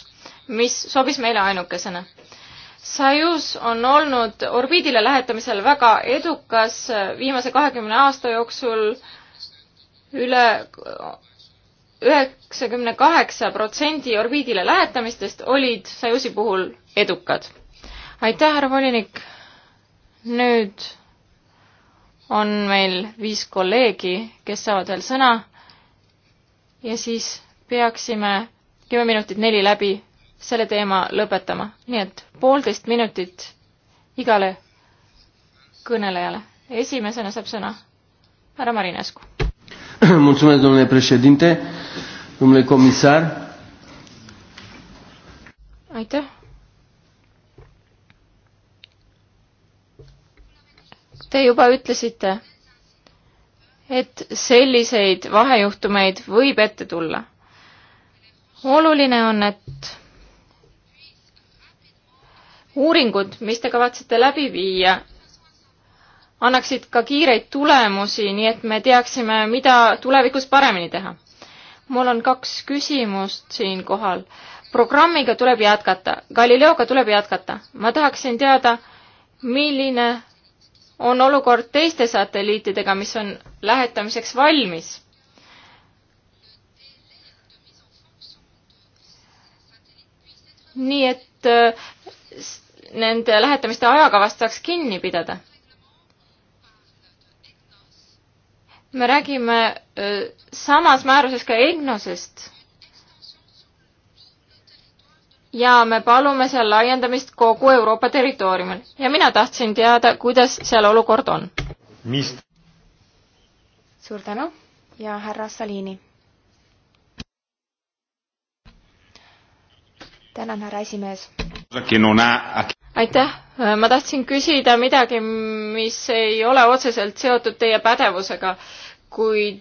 mis sobis meile ainukesena. Sajus on olnud orbiidile lähetamisel väga edukas viimase kahekümne aasta jooksul üle üheksakümne kaheksa protsendi orbiidile lähetamistest olid Sajusi puhul edukad. aitäh, härra volinik! nüüd on meil viis kolleegi, kes saavad veel sõna ja siis peaksime kümme minutit neli läbi selle teema lõpetama, nii et poolteist minutit igale kõnelejale. esimesena saab sõna härra Marinescu. mulțumesc, domnule președinte, domnule comisar. aitäh Te juba ütlesite, et selliseid vahejuhtumeid võib ette tulla. oluline on, et uuringud, mis te kavatsete läbi viia, annaksid ka kiireid tulemusi, nii et me teaksime, mida tulevikus paremini teha. mul on kaks küsimust siinkohal. programmiga tuleb jätkata, Galileoga tuleb jätkata. ma tahaksin teada, milline on olukord teiste satelliitidega, mis on lähetamiseks valmis. nii et äh, nende lähetamiste ajakavast saaks kinni pidada. me räägime äh, samas määruses ka EGNOS-est ja me palume seal laiendamist kogu Euroopa territooriumil ja mina tahtsin teada, kuidas seal olukord on. suur tänu ja härra Salini. tänan, härra esimees. aitäh, ma tahtsin küsida midagi, mis ei ole otseselt seotud teie pädevusega, kuid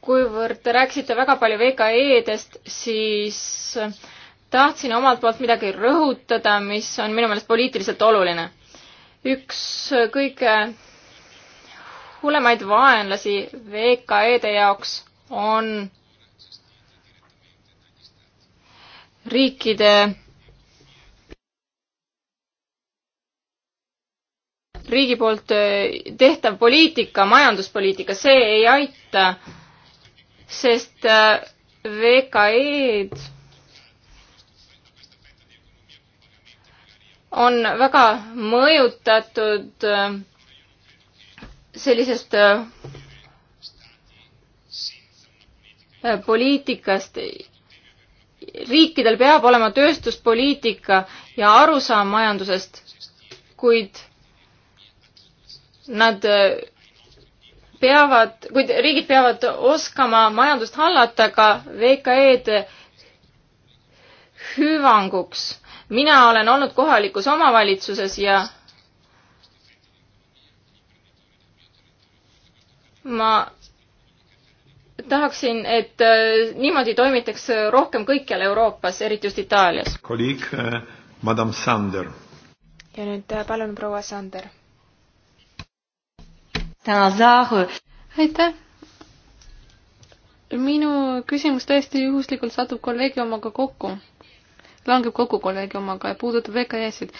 kuivõrd te rääkisite väga palju VKE-dest, siis äh, tahtsin omalt poolt midagi rõhutada, mis on minu meelest poliitiliselt oluline. üks kõige hullemaid vaenlasi VKE-de jaoks on riikide riigi poolt eh, tehtav poliitika, majanduspoliitika, see ei aita, sest eh, VKE-d on väga mõjutatud äh, sellisest äh, poliitikast. riikidel peab olema tööstuspoliitika ja arusaam majandusest, kuid nad äh, peavad, kuid riigid peavad oskama majandust hallata ka VKE-de hüvanguks mina olen olnud kohalikus omavalitsuses ja ma tahaksin, et äh, niimoodi toimitaks rohkem kõikjal Euroopas, eriti just Itaalias. kolleeg äh, madam Sander. ja nüüd äh, palun, proua Sander. aitäh. minu küsimus tõesti juhuslikult satub kolleegi omaga kokku langeb kokku kolleegi omaga ja puudutab VKS-id.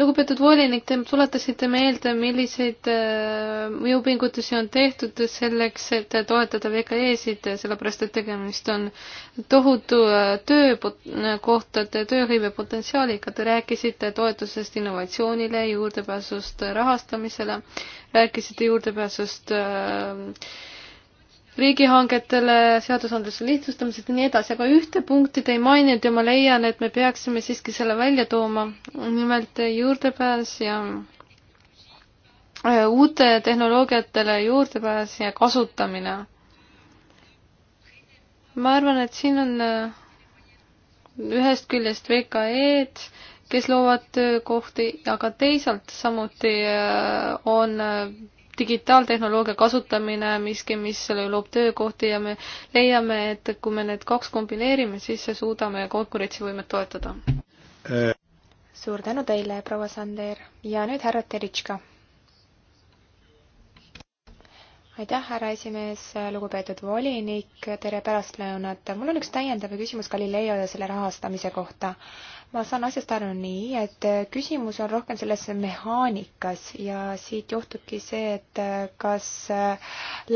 lugupeetud volinik, te tuletasite meelde, milliseid äh, jõupingutusi on tehtud selleks, et toetada VKE-sid, sellepärast et tegemist on tohutu äh, töökohtade, tööhõive potentsiaaliga. Te rääkisite toetusest innovatsioonile, juurdepääsust rahastamisele, rääkisite juurdepääsust äh, riigihangetele, seadusandluse lihtsustamised ja nii edasi, aga ühte punkti te ei maininud ja ma leian, et me peaksime siiski selle välja tooma, nimelt juurdepääs ja äh, uute tehnoloogiatele juurdepääs ja kasutamine. ma arvan, et siin on äh, ühest küljest VKE-d, kes loovad töökohti, aga teisalt samuti äh, on digitaaltehnoloogia kasutamine miski, mis loob töökohti ja me leiame, et kui me need kaks kombineerime, siis suudame konkurentsivõimet toetada. suur tänu teile, proua Sander ja nüüd härra Teritška. aitäh, härra esimees, lugupeetud volinik, tere pärastlõunat. mul on üks täiendav küsimus Galileo ja selle rahastamise kohta ma saan asjast aru nii, et äh, küsimus on rohkem selles mehaanikas ja siit johtubki see, et äh, kas äh,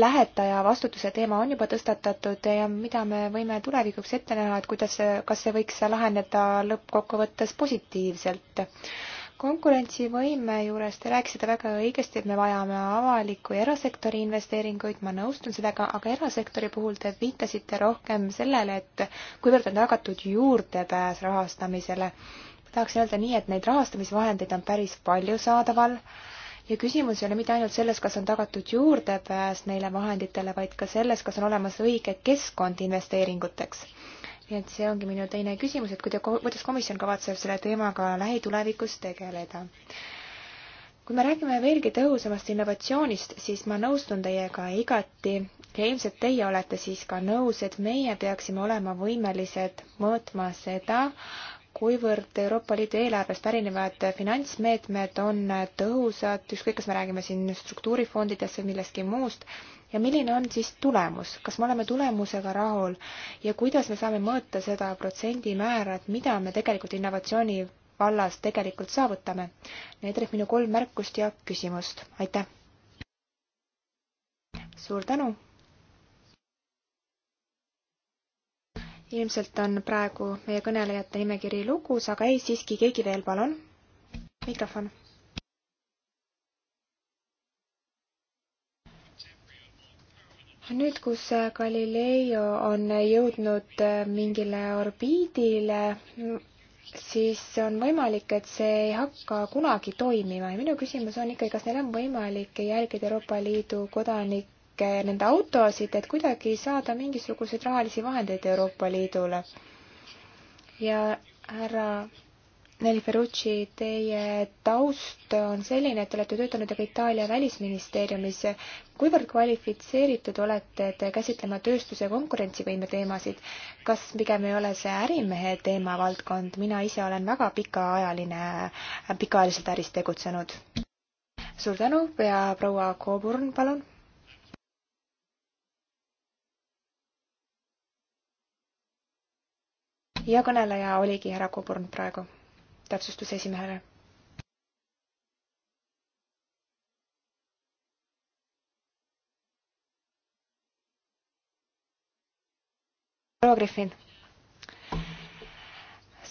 lähetaja vastutuse teema on juba tõstatatud ja mida me võime tulevikuks ette näha, et kuidas, kas see võiks laheneda lõppkokkuvõttes positiivselt konkurentsivõime juures te rääkisite väga õigesti, et me vajame avaliku ja erasektori investeeringuid, ma nõustun sellega, aga erasektori puhul te viitasite rohkem sellele, et kuivõrd on tagatud juurdepääs rahastamisele. tahaks öelda nii, et neid rahastamisvahendeid on päris palju saadaval ja küsimus ei ole mitte ainult selles, kas on tagatud juurdepääs neile vahenditele, vaid ka selles, kas on olemas õige keskkond investeeringuteks nii et see ongi minu teine küsimus, et kuida-, kuidas komisjon kavatseb selle teemaga lähitulevikus tegeleda? kui me räägime veelgi tõhusamast innovatsioonist, siis ma nõustun teiega igati ja ilmselt teie olete siis ka nõus, et meie peaksime olema võimelised mõõtma seda, kuivõrd Euroopa Liidu eelarvest pärinevad finantsmeetmed on tõhusad, ükskõik, kas me räägime siin struktuurifondidest või millestki muust, ja milline on siis tulemus, kas me oleme tulemusega rahul ja kuidas me saame mõõta seda protsendimäära, et mida me tegelikult innovatsiooni vallas tegelikult saavutame. Need olid minu kolm märkust ja küsimust, aitäh! suur tänu! ilmselt on praegu meie kõnelejate nimekiri lukus, aga ei, siiski keegi veel, palun. mikrofon. nüüd, kus Galileo on jõudnud äh, mingile orbiidile, siis on võimalik, et see ei hakka kunagi toimima ja minu küsimus on ikkagi, kas neil on võimalik jälgida Euroopa Liidu kodanikke ja nende autosid, et kuidagi saada mingisuguseid rahalisi vahendeid Euroopa Liidule. ja härra Nelli Ferrucci, teie taust on selline, et te olete töötanud juba Itaalia välisministeeriumis. kuivõrd kvalifitseeritud olete te käsitlema tööstuse konkurentsivõime teemasid? kas pigem ei ole see ärimehe teemavaldkond? mina ise olen väga pikaajaline, pikaajaliselt äris tegutsenud. suur tänu ja proua Coburn, palun ja kõneleja oligi härra Kuburn praegu täpsustus esimehele. proua Griffin.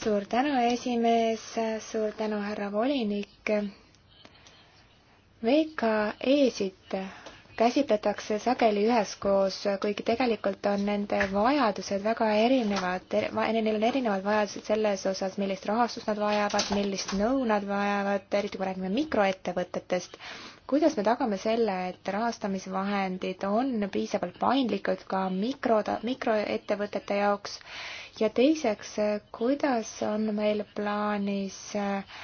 suur tänu, esimees, suur tänu, härra volinik. VKE-sid käsitletakse sageli üheskoos, kuigi tegelikult on nende vajadused väga erinevad er,, neil on erinevad vajadused selles osas, millist rahastust nad vajavad, millist nõu nad vajavad, eriti kui me räägime mikroettevõtetest. kuidas me tagame selle, et rahastamisvahendid on piisavalt paindlikud ka mikro, mikroettevõtete jaoks ja teiseks, kuidas on meil plaanis äh,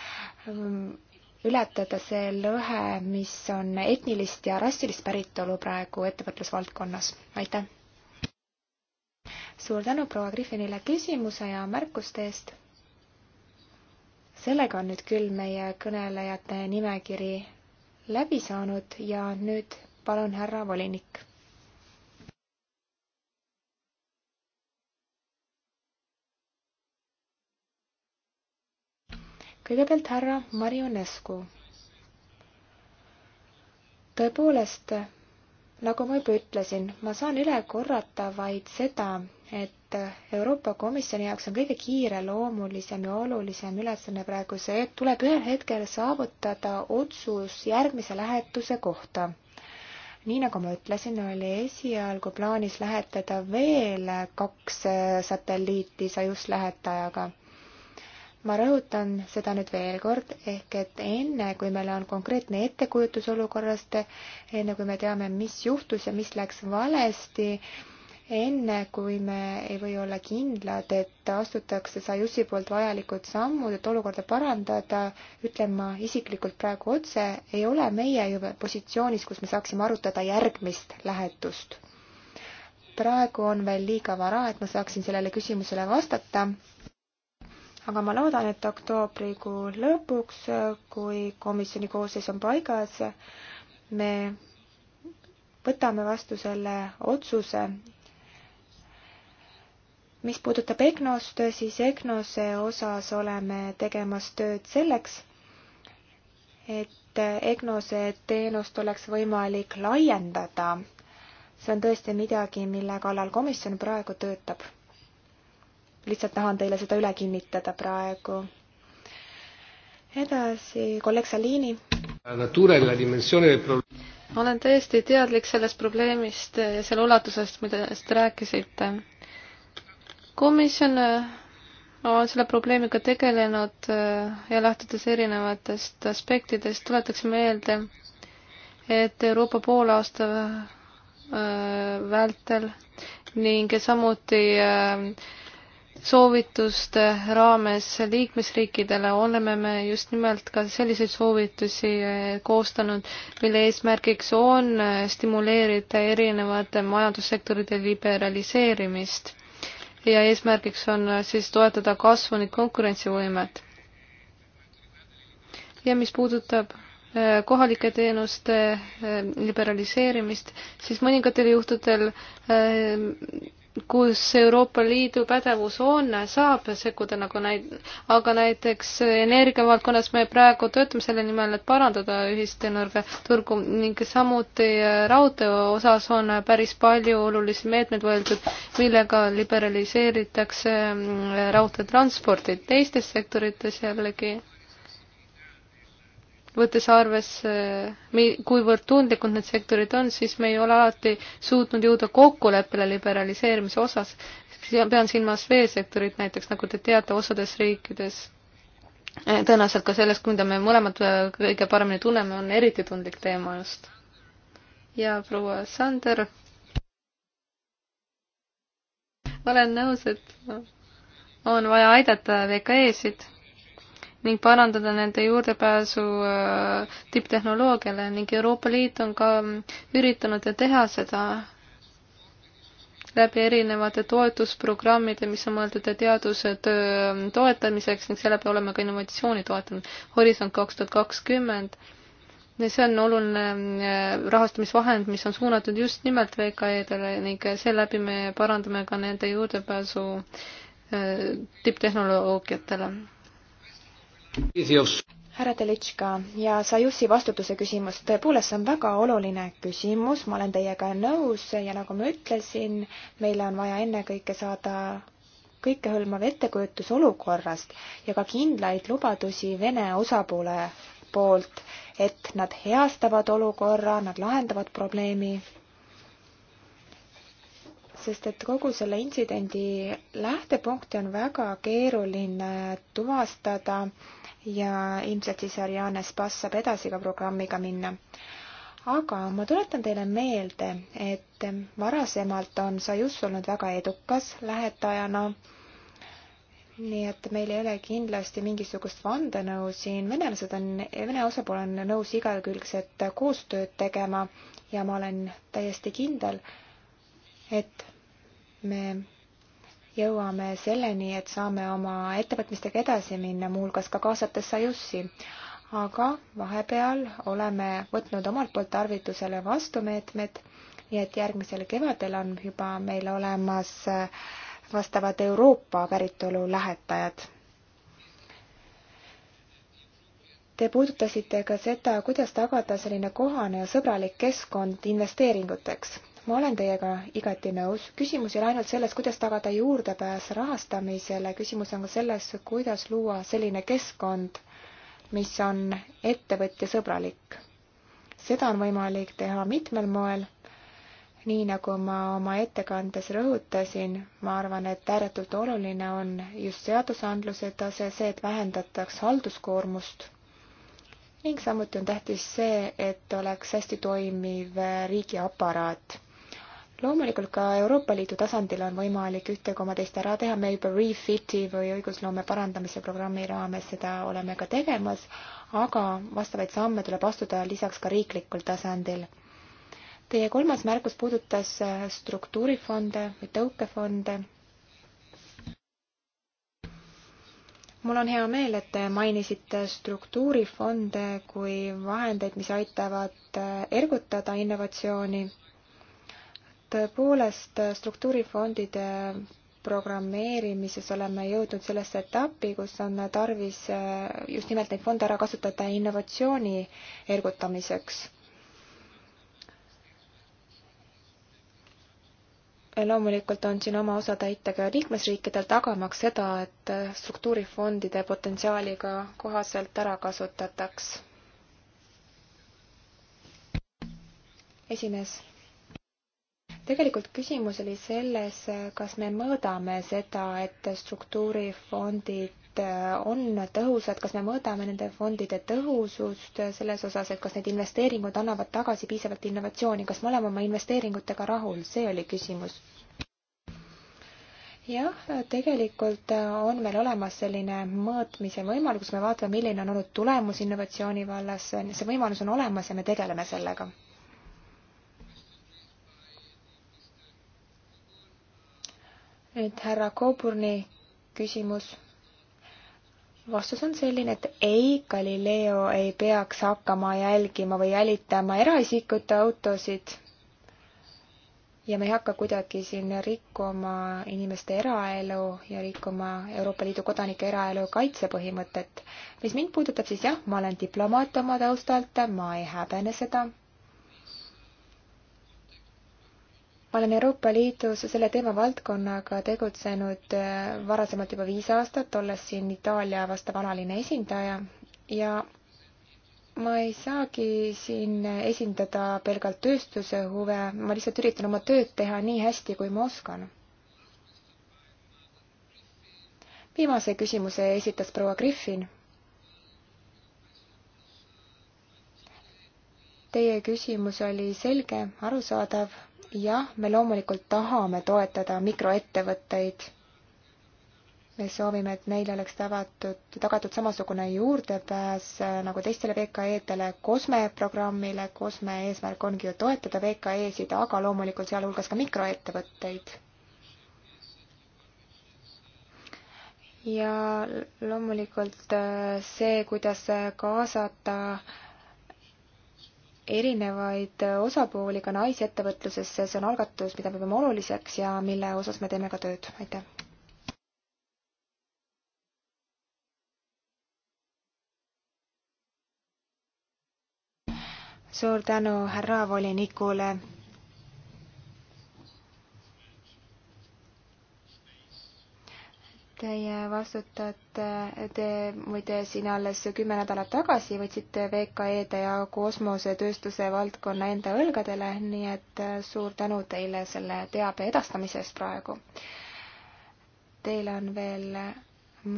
ületada see lõhe, mis on etnilist ja rassilist päritolu praegu ettevõtlusvaldkonnas? aitäh! suur tänu proua Griffinile küsimuse ja märkuste eest. sellega on nüüd küll meie kõnelejate nimekiri läbi saanud ja nüüd palun härra volinik kõigepealt härra Marionescu. tõepoolest, nagu ma juba ütlesin, ma saan üle korrata vaid seda, et Euroopa Komisjoni jaoks on kõige kiireloomulisem ja olulisem ülesanne praegu see, et tuleb ühel hetkel saavutada otsus järgmise lähetuse kohta nii nagu ma ütlesin, oli esialgu plaanis lähetada veel kaks satelliiti Sajus lähetajaga ma rõhutan seda nüüd veel kord, ehk et enne, kui meil on konkreetne ettekujutus olukorrast, enne kui me teame, mis juhtus ja mis läks valesti, enne kui me ei või olla kindlad, et astutakse Sajusi poolt vajalikud sammud, et olukorda parandada, ütlen ma isiklikult praegu otse, ei ole meie ju positsioonis, kus me saaksime arutada järgmist lähetust. praegu on veel liiga vara, et ma saaksin sellele küsimusele vastata aga ma loodan, et oktoobrikuu lõpuks, kui komisjoni koosseis on paigas, me võtame vastu selle otsuse. mis puudutab EGNOS-t, siis EGNOS-e osas oleme tegemas tööd selleks, et EGNOS-e teenust oleks võimalik laiendada. see on tõesti midagi, mille kallal komisjon praegu töötab lihtsalt tahan teile seda üle kinnitada praegu. edasi, kolleeg Salini. E olen täiesti teadlik sellest probleemist ja selle ulatusest, millest rääkisite. komisjon äh, on selle probleemiga tegelenud äh, ja lähtudes erinevatest aspektidest, tuletaks meelde, et Euroopa poolaasta äh, vältel ning samuti äh, soovituste raames liikmesriikidele oleme me just nimelt ka selliseid soovitusi eh, koostanud, mille eesmärgiks on eh, stimuleerida erinevate majandussektorite liberaliseerimist ja eesmärgiks on eh, siis toetada kasvu ning konkurentsivõimet. ja mis puudutab kohalike teenuste liberaliseerimist, siis mõningatel juhtudel kus Euroopa Liidu pädevus on, saab sekkuda nagu näid-, aga näiteks energiavaldkonnas me praegu töötame selle nimel, et parandada ühist energiaturgu ning samuti raudtee osas on päris palju olulisi meetmeid võetud, millega liberaliseeritakse raudteetransporti teistes sektorites jällegi võttes arvesse, kuivõrd tundlikud need sektorid on, siis me ei ole alati suutnud jõuda kokkuleppele liberaliseerimise osas. pean silmas veesektorit näiteks, nagu te teate, osades riikides eh, tõenäoliselt ka sellest, mida me mõlemad eh, kõige paremini tunneme, on eriti tundlik teema just. ja proua Sander. olen nõus, et on vaja aidata VKE-sid ning parandada nende juurdepääsu äh, tipptehnoloogiale ning Euroopa Liit on ka mm, üritanud teha seda läbi erinevate toetusprogrammide, mis on mõeldud teaduse töö mm, toetamiseks ning seeläbi oleme ka innovatsiooni toetanud. Horisont kaks tuhat kakskümmend ja see on oluline mm, rahastamisvahend, mis on suunatud just nimelt VKE-dele ning seeläbi me parandame ka nende juurdepääsu äh, tipptehnoloogiatele härra Telitška ja Sajussi vastutuse küsimus, tõepoolest, see on väga oluline küsimus, ma olen teiega nõus ja nagu ma ütlesin, meile on vaja ennekõike saada kõikehõlmav ettekujutus olukorrast ja ka kindlaid lubadusi Vene osapoole poolt, et nad heastavad olukorra, nad lahendavad probleemi. sest et kogu selle intsidendi lähtepunkti on väga keeruline tuvastada ja ilmselt siis Ariane Spass saab edasi ka programmiga minna. aga ma tuletan teile meelde, et varasemalt on Sajus olnud väga edukas lähetajana. nii et meil ei ole kindlasti mingisugust vandenõu siin, venelased on, Vene osapool on nõus igakülgset koostööd tegema ja ma olen täiesti kindel, et me jõuame selleni, et saame oma ettevõtmistega edasi minna, muuhulgas ka kaasates Sajussi. aga vahepeal oleme võtnud omalt poolt tarvitusele vastumeetmed, nii et järgmisel kevadel on juba meil olemas äh, vastavad Euroopa päritolu lähetajad. Te puudutasite ka seda, kuidas tagada selline kohane ja sõbralik keskkond investeeringuteks ma olen teiega igati nõus. küsimus ei ole ainult selles, kuidas tagada juurdepääs rahastamisele, küsimus on ka selles, kuidas luua selline keskkond, mis on ettevõtjasõbralik. seda on võimalik teha mitmel moel. nii nagu ma oma ettekandes rõhutasin, ma arvan, et ääretult oluline on just seadusandluse tase, see, et vähendataks halduskoormust ning samuti on tähtis see, et oleks hästi toimiv riigiaparaat loomulikult ka Euroopa Liidu tasandil on võimalik ühte koma teist ära teha, me juba Refiti või õigusloome parandamise programmi raames seda oleme ka tegemas, aga vastavaid samme tuleb astuda lisaks ka riiklikul tasandil. Teie kolmas märkus puudutas äh, struktuurifonde või tõukefonde. mul on hea meel, et te mainisite struktuurifonde kui vahendeid, mis aitavad äh, ergutada innovatsiooni tõepoolest struktuurifondide programmeerimises oleme jõudnud sellesse etappi, kus on tarvis eh, just nimelt neid fonde ära kasutada innovatsiooni ergutamiseks. loomulikult on siin oma osa täita ka liikmesriikidel, tagamaks seda, et struktuurifondide potentsiaali ka kohaselt ära kasutataks. esimees tegelikult küsimus oli selles, kas me mõõdame seda, et struktuurifondid äh, on tõhusad, kas me mõõdame nende fondide tõhusust selles osas, et kas need investeeringud annavad tagasi piisavalt innovatsiooni, kas me oleme oma investeeringutega rahul, see oli küsimus. jah, tegelikult äh, on meil olemas selline mõõtmise võimalus, me vaatame, milline on olnud tulemus innovatsiooni vallas, see võimalus on olemas ja me tegeleme sellega nüüd härra Coburni küsimus. vastus on selline, et ei, Galileo ei peaks hakkama jälgima või jälitama eraisikute autosid. ja me ei hakka kuidagi siin rikkuma inimeste eraelu ja rikkuma Euroopa Liidu kodanike eraelu kaitsepõhimõtet. mis mind puudutab, siis jah, ma olen diplomaat oma taustalt, ma ei häbene seda ma olen Euroopa Liidus selle teemavaldkonnaga tegutsenud äh, varasemalt juba viis aastat, olles siin Itaalia vastav alaline esindaja ja ma ei saagi siin esindada pelgalt tööstuse huve, ma lihtsalt üritan oma tööd teha nii hästi, kui ma oskan. viimase küsimuse esitas proua Griffin. Teie küsimus oli selge, arusaadav jah, me loomulikult tahame toetada mikroettevõtteid. me soovime, et neile oleks tagatud, tagatud samasugune juurdepääs nagu teistele VKE-dele COSME programmile. COSME eesmärk ongi ju toetada VKE-sid, aga loomulikult sealhulgas ka mikroettevõtteid ja loomulikult äh, see, kuidas kaasata erinevaid osapooli ka naisettevõtlusesse, see on algatus, mida me peame oluliseks ja mille osas me teeme ka tööd, aitäh. suur tänu härra volinikule Teie vastutate, te muide siin alles kümme nädalat tagasi võtsite VKE-de ja kosmosetööstuse valdkonna enda õlgadele, nii et suur tänu teile selle teabe edastamise eest praegu. Teil on veel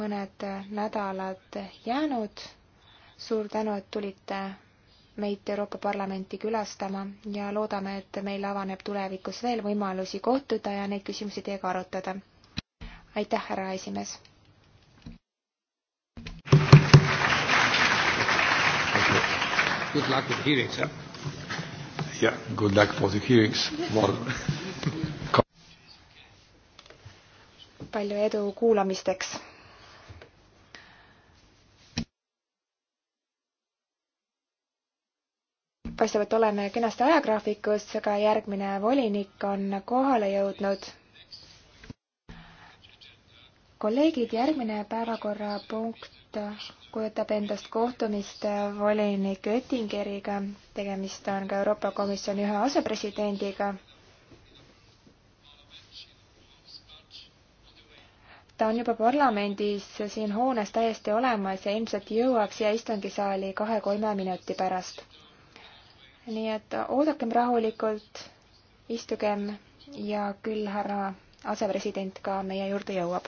mõned nädalad jäänud. suur tänu, et tulite meid Euroopa Parlamenti külastama ja loodame, et meil avaneb tulevikus veel võimalusi kohtuda ja neid küsimusi teiega arutada aitäh, härra esimees. Good luck with hearings, jah? Yeah, good luck for the hearings. Well. palju edu kuulamisteks. paistab, et oleme kenasti ajagraafikus, aga järgmine volinik on kohale jõudnud kolleegid, järgmine päevakorrapunkt kujutab endast kohtumist volinik Oettingeriga. tegemist on ka Euroopa Komisjoni ühe asepresidendiga. ta on juba parlamendis siin hoones täiesti olemas ja ilmselt jõuab siia istungisaali kahe-kolme minuti pärast. nii et oodakem rahulikult, istugem ja küll härra asepresident ka meie juurde jõuab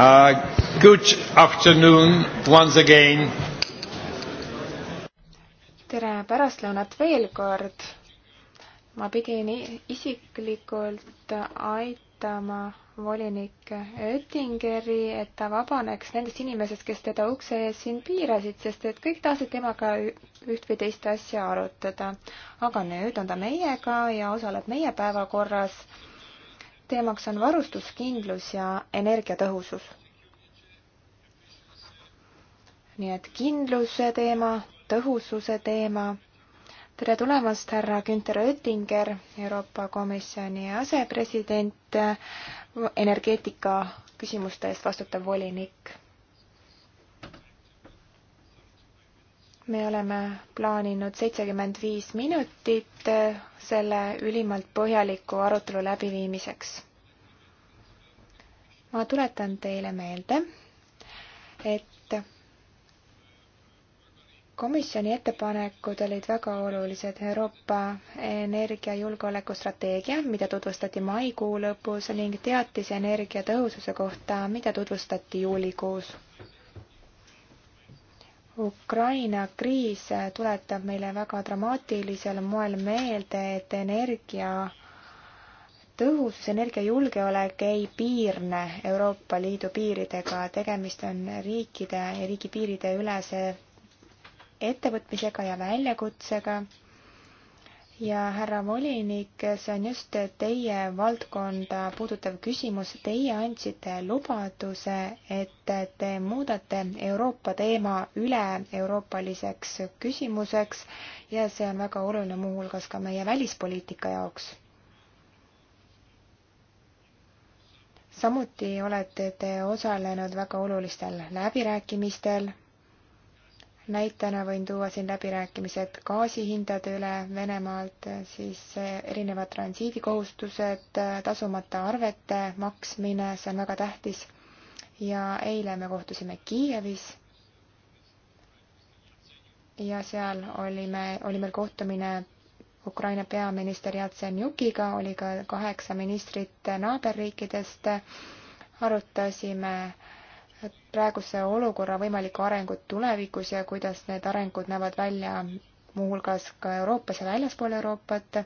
Uh, good afternoon once again. tere pärastlõunat veel kord. ma pidin isiklikult aitama volinik Oettingeri, et ta vabaneks nendest inimesest, kes teda ukse ees siin piirasid, sest et kõik tahtsid temaga üht või teist asja arutada. aga nüüd on ta meiega ja osaleb meie päevakorras teemaks on varustuskindlus ja energiatõhusus. nii et kindluse teema, tõhususe teema. tere tulemast, härra Günther Oettinger, Euroopa Komisjoni asepresident, energeetika küsimuste eest vastutav volinik me oleme plaaninud seitsekümmend viis minutit selle ülimalt põhjaliku arutelu läbiviimiseks. ma tuletan teile meelde, et komisjoni ettepanekud olid väga olulised. Euroopa energiajulgeoleku strateegia, mida tutvustati maikuu lõpus ning teatis energiatõhususe kohta, mida tutvustati juulikuus. Ukraina kriis tuletab meile väga dramaatilisel moel meelde, et energia tõhusus, energiajulgeolek ei piirne Euroopa Liidu piiridega, tegemist on riikide ja riigipiiride ülese ettevõtmisega ja väljakutsega ja härra volinik, see on just teie valdkonda puudutav küsimus. Teie andsite lubaduse, et te muudate Euroopa teema üle-euroopaliseks küsimuseks ja see on väga oluline muuhulgas ka meie välispoliitika jaoks. samuti olete te osalenud väga olulistel läbirääkimistel näitena võin tuua siin läbirääkimised gaasihindade üle Venemaalt, siis eh, erinevad transiidikohustused, eh, tasumata arvete maksmine, see on väga tähtis. ja eile me kohtusime Kiievis. ja seal olime, oli meil kohtumine Ukraina peaminister Jatsenjukiga, oli ka kaheksa ministrit naaberriikidest, arutasime äh, praeguse olukorra võimalikku arengut tulevikus ja kuidas need arengud näevad välja muuhulgas ka Euroopas ja väljaspool Euroopat.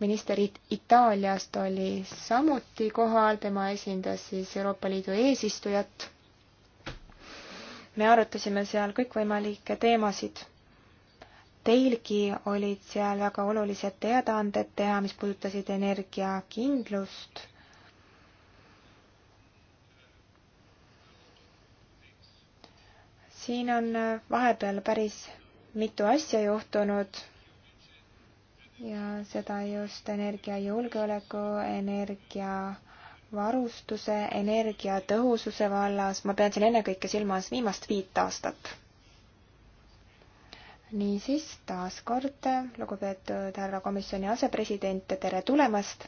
minister It Itaaliast oli samuti kohal, tema esindas siis Euroopa Liidu eesistujat. me arutasime seal kõikvõimalikke teemasid. Teilgi olid seal väga olulised teadaanded teha, mis puudutasid energiakindlust siin on äh, vahepeal päris mitu asja juhtunud ja seda just energiajulgeoleku, energiavarustuse, energiatõhususe vallas. ma pean siin ennekõike silmas viimast viit aastat. niisiis, taas kord, lugupeetud härra komisjoni asepresident, tere tulemast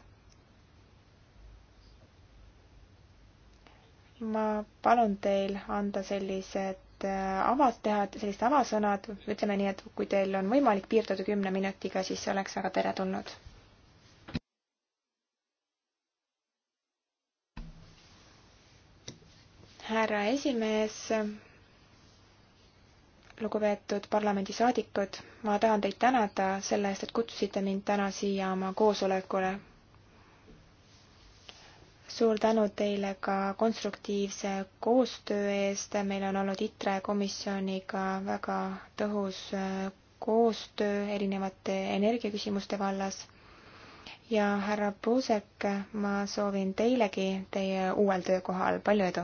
ma palun teil anda sellised Äh, avad teha, sellised avasõnad, ütleme nii, et kui teil on võimalik piirduda kümne minutiga, siis see oleks väga teretulnud. härra esimees, lugupeetud parlamendisaadikud, ma tahan teid tänada selle eest, et kutsusite mind täna siia oma koosolekule suur tänu teile ka konstruktiivse koostöö eest, meil on olnud ITRE komisjoniga väga tõhus äh, koostöö erinevate energiaküsimuste vallas. ja härra Puusek, ma soovin teilegi teie uuel töökohal palju edu!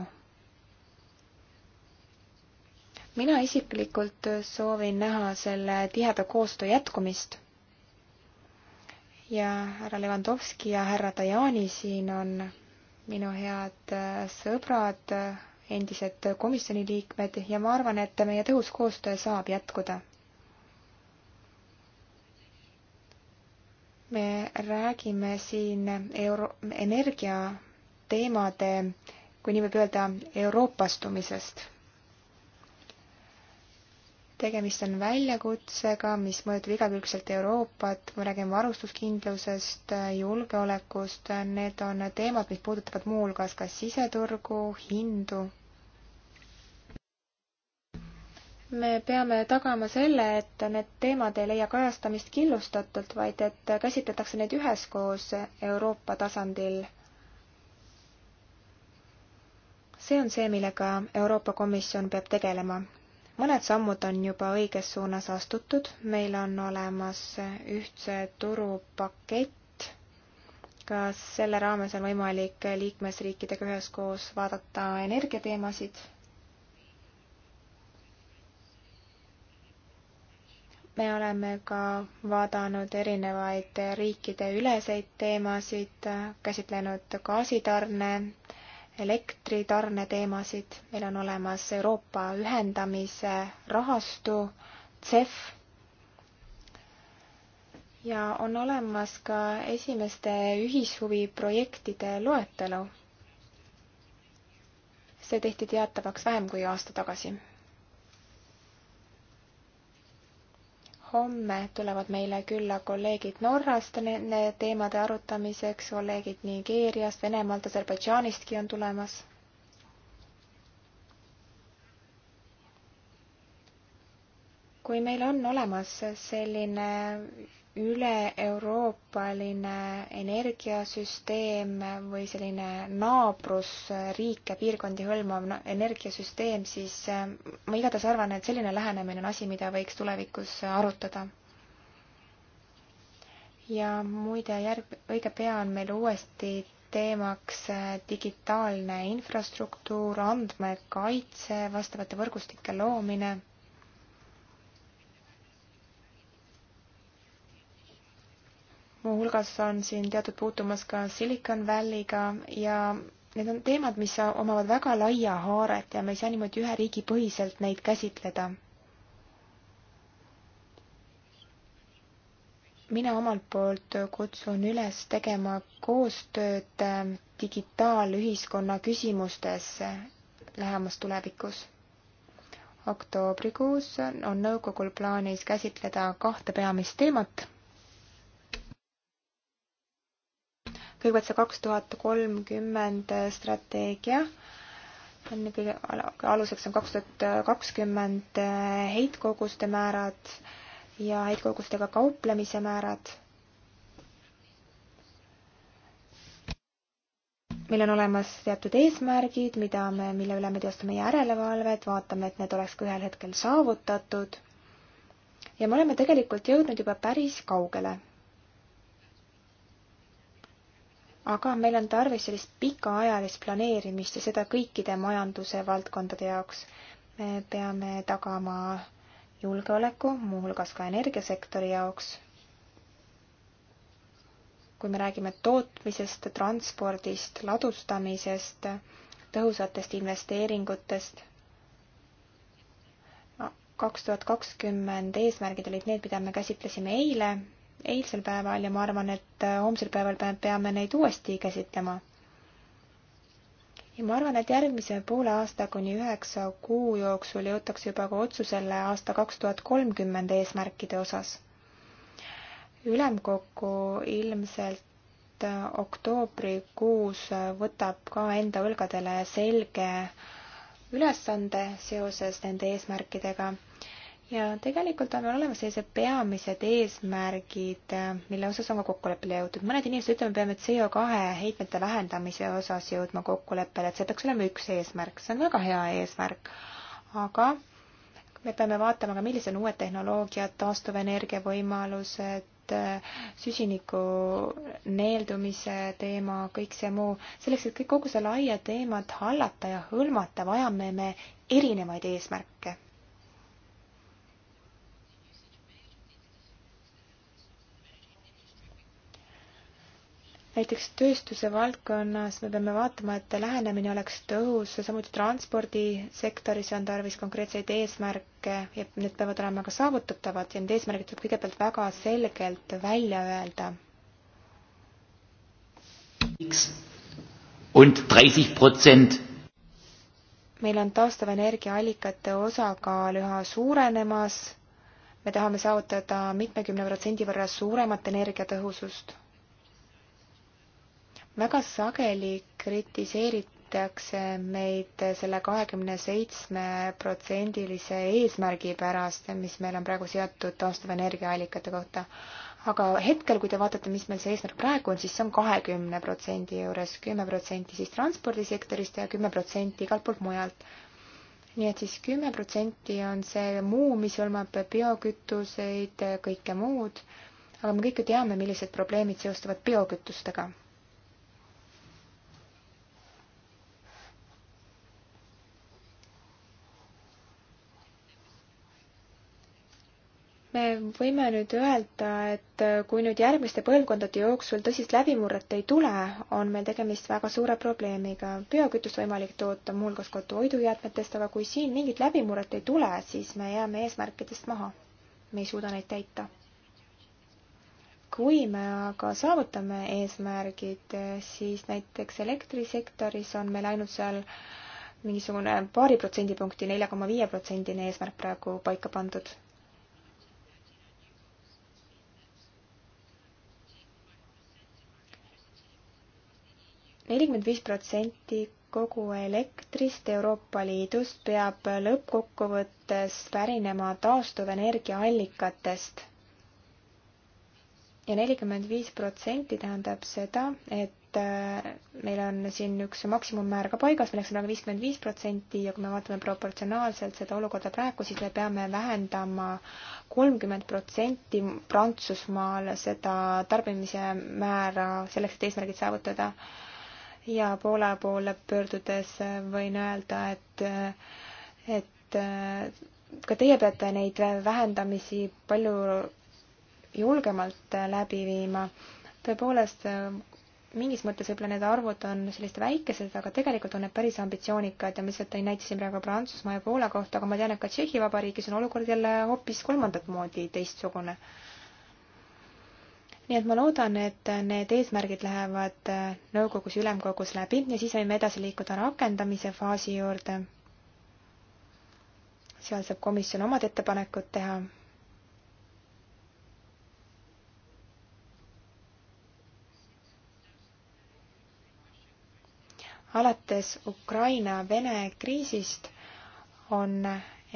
mina isiklikult soovin näha selle tiheda koostöö jätkumist. ja härra Levanovski ja härra Tajani siin on minu head äh, sõbrad, äh, endised komisjoni liikmed ja ma arvan, et meie tõhus koostöö saab jätkuda. me räägime siin euro-, energia teemade, kui nii võib öelda, euroopastumisest tegemist on väljakutsega, mis mõjutab igakülgselt Euroopat, me räägime varustuskindlusest, julgeolekust, need on teemad, mis puudutavad muuhulgas ka siseturgu, hindu. me peame tagama selle, et need teemad ei leia kajastamist killustatult, vaid et käsitletakse neid üheskoos Euroopa tasandil see on see, millega Euroopa Komisjon peab tegelema mõned sammud on juba õiges suunas astutud, meil on olemas ühtse turu pakett, kas selle raames on võimalik liikmesriikidega üheskoos vaadata energiateemasid? me oleme ka vaadanud erinevaid riikide üleseid teemasid, käsitlenud gaasitarne elektritarne teemasid, meil on olemas Euroopa ühendamise rahastu, CEF, ja on olemas ka esimeste ühishuviprojektide loetelu. see tehti teatavaks vähem kui aasta tagasi homme tulevad meile külla kolleegid Norrast nende teemade arutamiseks, kolleegid Nigeeriast, Venemaalt, Aserbaidžaanistki on tulemas. kui meil on olemas selline üle-euroopaline energiasüsteem või selline naabrusriike, piirkondi hõlmav energiasüsteem, siis äh, ma igatahes arvan, et selline lähenemine on asi, mida võiks tulevikus arutada. ja muide, järg, õige pea on meil uuesti teemaks äh, digitaalne infrastruktuur, andmekaitse, vastavate võrgustike loomine muuhulgas on siin teatud puutumus ka Silicon Valley'ga ja need on teemad, mis omavad väga laia haaret ja me ei saa niimoodi ühe riigi põhiselt neid käsitleda. mina omalt poolt kutsun üles tegema koostööd digitaalühiskonna küsimustes lähemas tulevikus. oktoobrikuus on nõukogul plaanis käsitleda kahte peamist teemat kõigepealt see kaks tuhat kolmkümmend strateegia on kõige aluseks on kaks tuhat kakskümmend heitkoguste määrad ja heitkogustega kauplemise määrad. meil on olemas teatud eesmärgid, mida me, mille üle me teostame järelevalvet, vaatame, et need oleks ka ühel hetkel saavutatud. ja me oleme tegelikult jõudnud juba päris kaugele aga meil on tarvis sellist pikaajalist planeerimist ja seda kõikide majanduse valdkondade jaoks. me peame tagama julgeoleku, muuhulgas ka energiasektori jaoks. kui me räägime tootmisest, transpordist, ladustamisest, tõhusatest investeeringutest, kaks tuhat kakskümmend eesmärgid olid need, mida me käsitlesime eile eilsel päeval ja ma arvan, et äh, homsel päeval peame neid uuesti käsitlema. ja ma arvan, et järgmise poole aasta kuni üheksa kuu jooksul jõutakse juba ka otsusele aasta kaks tuhat kolmkümmend eesmärkide osas. ülemkokku ilmselt äh, oktoobrikuus äh, võtab ka enda õlgadele selge ülesande seoses nende eesmärkidega ja tegelikult on meil olemas sellised peamised eesmärgid, mille osas on ka kokkuleppele jõutud. mõned inimesed ütlevad, peame CO2 heitmete vähendamise osas jõudma kokkuleppele, et see peaks olema üks eesmärk, see on väga hea eesmärk. aga me peame vaatama ka, millised on uued tehnoloogiad, taastuvenergia võimalused, süsiniku neeldumise teema, kõik see muu. selleks, et kõik kogu see laia teemat hallata ja hõlmata, vajame me erinevaid eesmärke näiteks tööstuse valdkonnas me peame vaatama, et lähenemine oleks tõhus, samuti transpordisektoris on tarvis konkreetseid eesmärke ja need peavad olema ka saavutatavad ja need eesmärgid tuleb kõigepealt väga selgelt välja öelda. meil on taastuvenergiaallikate osakaal üha suurenemas. me tahame saavutada mitmekümne protsendi võrra suuremat energiatõhusust väga sageli kritiseeritakse meid selle kahekümne seitsme protsendilise eesmärgi pärast, mis meil on praegu seatud taastuvenergiaallikate kohta aga hetkel, kui te vaatate, mis meil see eesmärk praegu on, siis see on kahekümne protsendi juures, kümme protsenti siis transpordisektorist ja kümme protsenti igalt poolt mujalt. nii et siis kümme protsenti on see muu, mis hõlmab biokütuseid, kõike muud, aga me kõik ju teame, millised probleemid seostuvad biokütustega. me võime nüüd öelda, et kui nüüd järgmiste põlvkondade jooksul tõsist läbimurret ei tule, on meil tegemist väga suure probleemiga. biokütust võimalik toota muuhulgas koduhoidujäätmetest, aga kui siin mingit läbimurret ei tule, siis me jääme eesmärkidest maha. me ei suuda neid täita. kui me aga saavutame eesmärgid, siis näiteks elektrisektoris on meil ainult seal mingisugune paari protsendipunkti, nelja koma viie protsendine eesmärk praegu paika pandud nelikümmend viis protsenti kogu elektrist Euroopa Liidus peab lõppkokkuvõttes pärinema taastuvenergiaallikatest ja nelikümmend viis protsenti tähendab seda, et äh, meil on siin üks maksimummäär ka paigas, milleks on aga viiskümmend viis protsenti ja kui me vaatame proportsionaalselt seda olukorda praegu, siis me peame vähendama kolmkümmend protsenti Prantsusmaal seda tarbimise määra selleks, et eesmärgid saavutada ja Poola poole pöördudes võin öelda, et, et ka teie peate neid vähendamisi palju julgemalt läbi viima. tõepoolest, mingis mõttes võib-olla need arvud on sellised väikesed, aga tegelikult on need päris ambitsioonikad ja ma lihtsalt tõin näite siin praegu Prantsusmaa ja Poola kohta, aga ma tean, et ka Tšehhi Vabariigis on olukord jälle hoopis kolmandat moodi teistsugune nii et ma loodan, et need eesmärgid lähevad äh, nõukogus ja ülemkogus läbi ja siis võime edasi liikuda rakendamise faasi juurde. seal saab komisjon omad ettepanekud teha alates Ukraina-Vene kriisist on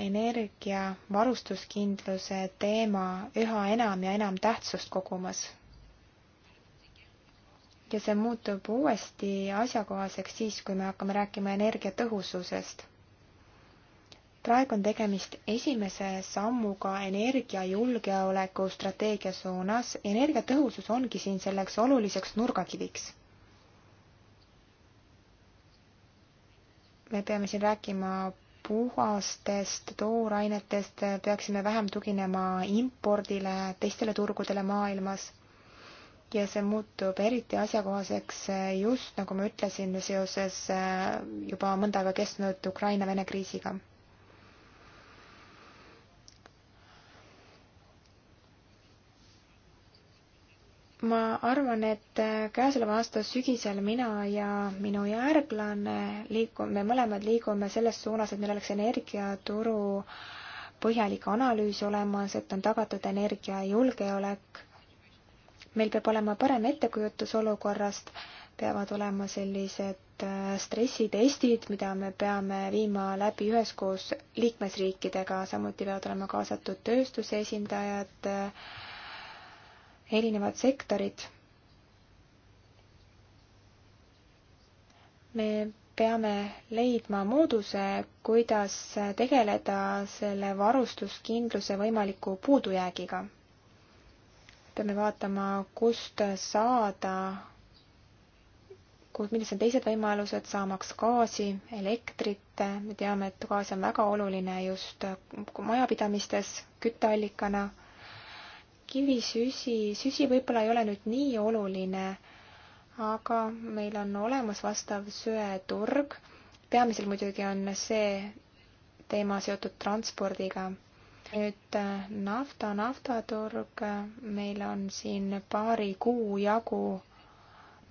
energiavarustuskindluse teema üha enam ja enam tähtsust kogumas ja see muutub uuesti asjakohaseks siis, kui me hakkame rääkima energiatõhususest. praegu on tegemist esimese sammuga energiajulgeoleku strateegia suunas. energiatõhusus ongi siin selleks oluliseks nurgakiviks. me peame siin rääkima puhastest toorainetest, peaksime vähem tuginema impordile, teistele turgudele maailmas ja see muutub eriti asjakohaseks eh, just, nagu ma ütlesin, seoses eh, juba mõnda aega kestnud Ukraina-Vene kriisiga. ma arvan, et eh, käesoleva aasta sügisel mina ja minu järglane liigume, mõlemad liigume selles suunas, et meil oleks energiaturu põhjalik analüüs olemas, et on tagatud energiajulgeolek meil peab olema parem ettekujutus olukorrast, peavad olema sellised äh, stressitestid, mida me peame viima läbi üheskoos liikmesriikidega, samuti peavad olema kaasatud tööstuse esindajad, äh, erinevad sektorid. me peame leidma mooduse, kuidas tegeleda selle varustuskindluse võimaliku puudujäägiga peame vaatama, kust saada, kuid millised on teised võimalused saamaks gaasi, elektrit, me teame, et gaas on väga oluline just majapidamistes kütteallikana. kivisüsi, süsi võib-olla ei ole nüüd nii oluline, aga meil on olemas vastav söeturg. peamiselt muidugi on see teema seotud transpordiga nüüd äh, nafta, naftaturg, äh, meil on siin paari kuu jagu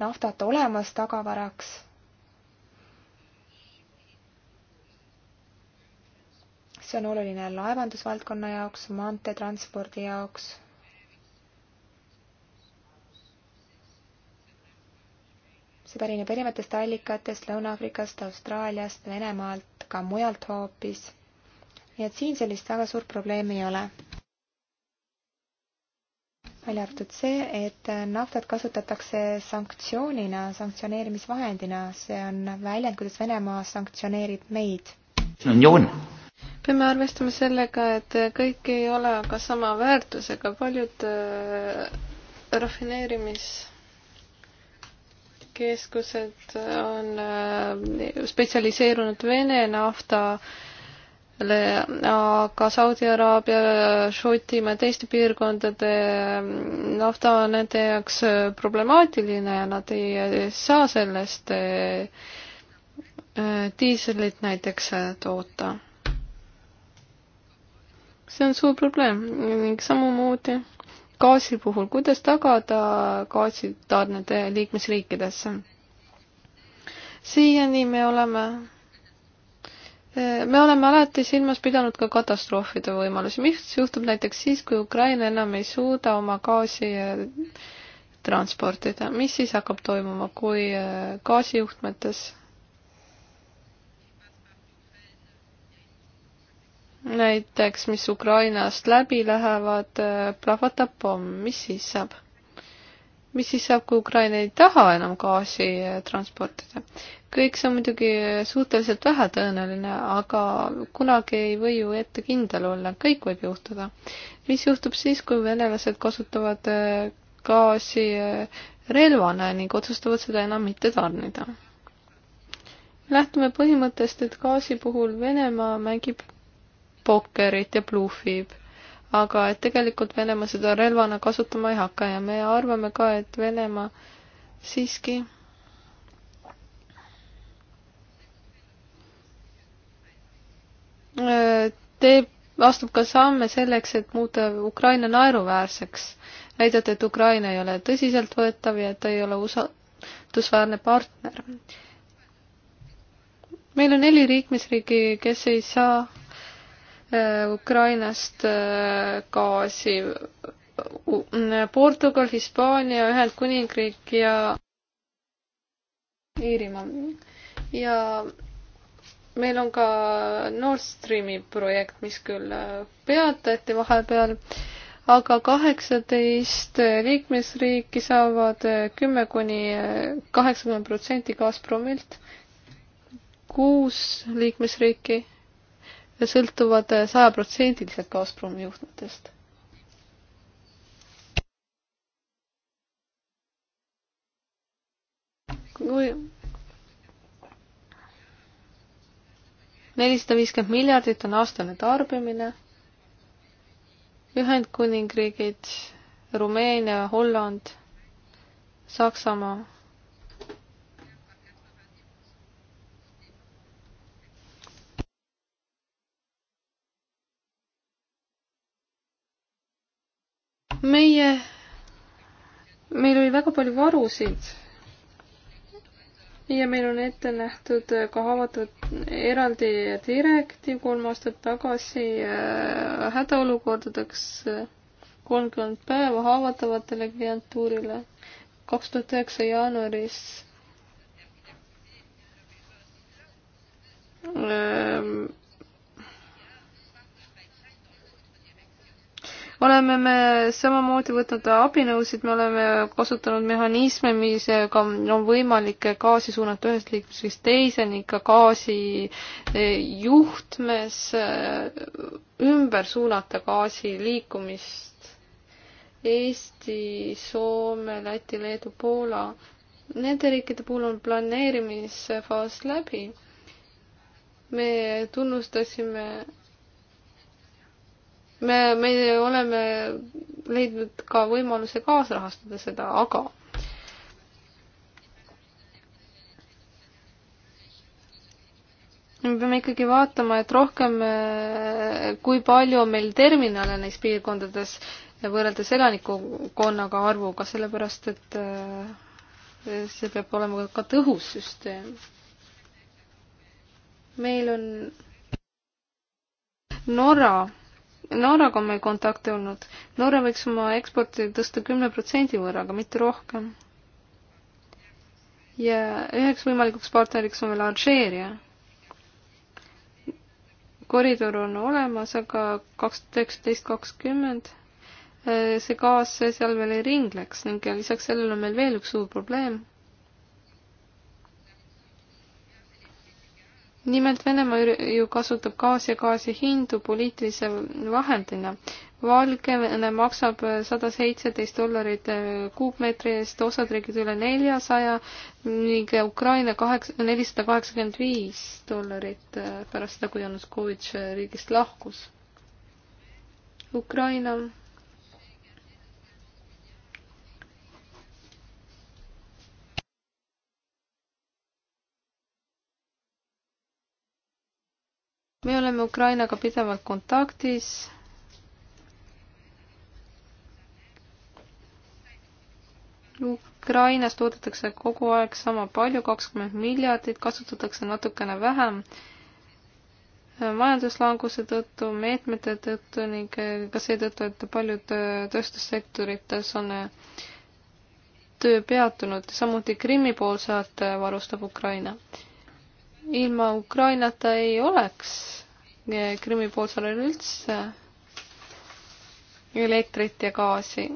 naftat olemas tagavaraks. see on oluline laevandusvaldkonna jaoks, maanteetranspordi jaoks. see pärineb erinevatest allikatest Lõuna-Aafrikast, Austraaliast, Venemaalt, ka mujalt hoopis nii et siin sellist väga suurt probleemi ei ole. välja arvatud see, et naftat kasutatakse sanktsioonina, sanktsioneerimisvahendina, see on väljend, kuidas Venemaa sanktsioneerib meid. peame arvestama sellega, et kõik ei ole aga sama väärtusega, paljud äh, rafineerimis keskused on äh, spetsialiseerunud Vene nafta äh, aga Saudi Araabia, Šotimaa ja teiste piirkondade mm, nafta on nende jaoks problemaatiline ja nad ei saa sellest eh, diislit näiteks eh, toota. see on suur probleem ning samamoodi gaasi puhul, kuidas tagada gaasitarned liikmesriikidesse? siiani me oleme me oleme alati silmas pidanud ka katastroofide võimalusi, mis juhtub näiteks siis, kui Ukraina enam ei suuda oma gaasi äh, transportida, mis siis hakkab toimuma, kui äh, gaasijuhtmetes näiteks, mis Ukrainast läbi lähevad, äh, plahvatab pomm, mis siis saab? mis siis saab, kui Ukraina ei taha enam gaasi transportida? kõik see on muidugi suhteliselt vähetõenäoline, aga kunagi ei või ju ette kindel olla, kõik võib juhtuda. mis juhtub siis, kui venelased kasutavad äh, gaasi äh, relvana ning otsustavad seda enam mitte tarnida? lähtume põhimõttest, et gaasi puhul Venemaa mängib pokkerit ja bluffib, aga et tegelikult Venemaa seda relvana kasutama ei hakka ja me arvame ka, et Venemaa siiski Äh, teeb, astub ka samme selleks, et muuta Ukraina naeruväärseks. näidata, et Ukraina ei ole tõsiseltvõetav ja et ta ei ole usaldusväärne partner. meil on neli liikmesriigi, kes ei saa äh, Ukrainast äh, gaasi Portugal, Hispaania, Ühendkuningriik ja Iirimaa. ja meil on ka Nord Streami projekt, mis küll äh, peatati vahepeal, aga kaheksateist liikmesriiki saavad äh, kümme kuni äh, kaheksakümmend protsenti Gazpromilt, kuus liikmesriiki sõltuvad sajaprotsendiliselt Gazpromi juhtmetest. kui nelisada viiskümmend miljardit on aastane tarbimine. Ühendkuningriigid, Rumeenia, Holland, Saksamaa. meie, meil oli väga palju varusid ja meil on ette nähtud ka haavatud eraldi direktiiv kolm aastat tagasi äh, hädaolukordadeks äh, kolmkümmend päeva haavatavatele klientuurile kaks tuhat üheksa jaanuaris äh, oleme me samamoodi võtnud abinõusid, me oleme kasutanud mehhanisme, millega on võimalik gaasi suunata ühest liikmesriigist teise ning ka gaasi e, juhtmes e, ümber suunata gaasi liikumist Eesti, Soome, Läti, Leedu, Poola. Nende riikide puhul on planeerimisfaas läbi. me tunnustasime me, me oleme leidnud ka võimaluse kaasrahastada seda, aga me peame ikkagi vaatama, et rohkem, eh, kui palju on meil terminale neis piirkondades võrreldes elanikonnaga arvuga, sellepärast et eh, see peab olema ka tõhus süsteem. meil on Norra Norraga on meil kontakte olnud. Norra võiks oma eksporti tõsta kümne protsendi võrra, aga mitte rohkem. ja üheks võimalikuks partneriks on veel Alžeeria. koridor on olemas, aga kaks tuhat üheksateist, kakskümmend see gaas seal veel ei ringleks ning lisaks sellele on meil veel üks suur probleem nimelt Venemaa ju kasutab gaasi ja gaasi hindu poliitilise vahendina. Valgevene maksab sada seitseteist dollarit eh, kuupmeetri eest, osad riigid üle neljasaja ning Ukraina kaheksa, nelisada kaheksakümmend viis dollarit eh, pärast seda, kui Janukovitš riigist lahkus. Ukraina me oleme Ukrainaga pidevalt kontaktis. Ukrainas toodetakse kogu aeg sama palju, kakskümmend miljardit, kasutatakse natukene vähem majanduslanguse tõttu, meetmete tõttu ning ka seetõttu, et paljud tööstussektorites on töö peatunud, samuti Krimmi poolsaart varustab Ukraina ilma Ukrainata ei oleks Krimmi poolsaarel üldse elektrit ja gaasi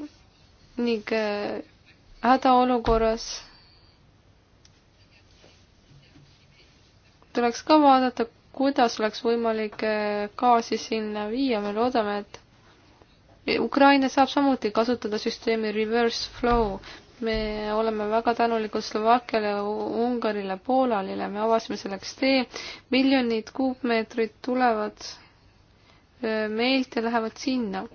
ning äh, hädaolukorras tuleks ka vaadata, kuidas oleks võimalik äh, gaasi sinna viia, me loodame, et Ukraina saab samuti kasutada süsteemi reverse flow, me oleme väga tänulikud Slovakkiale, Ungarile, Poolalile, me avasime selleks tee. miljonid kuupmeetrid tulevad meilt ja lähevad sinna.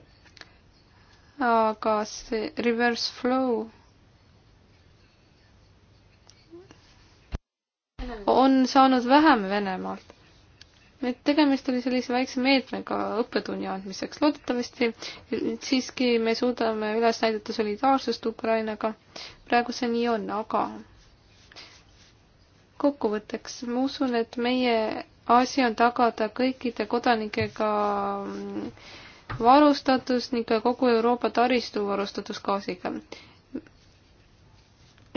aga see reverse flow on saanud vähem Venemaalt et tegemist oli sellise väikse meetmega õppetunni andmiseks. loodetavasti siiski me suudame üles näidata solidaarsust Ukrainaga. praegu see nii on, aga kokkuvõtteks ma usun, et meie asi on tagada kõikide kodanikega varustatus ning kogu Euroopa taristu varustatus gaasiga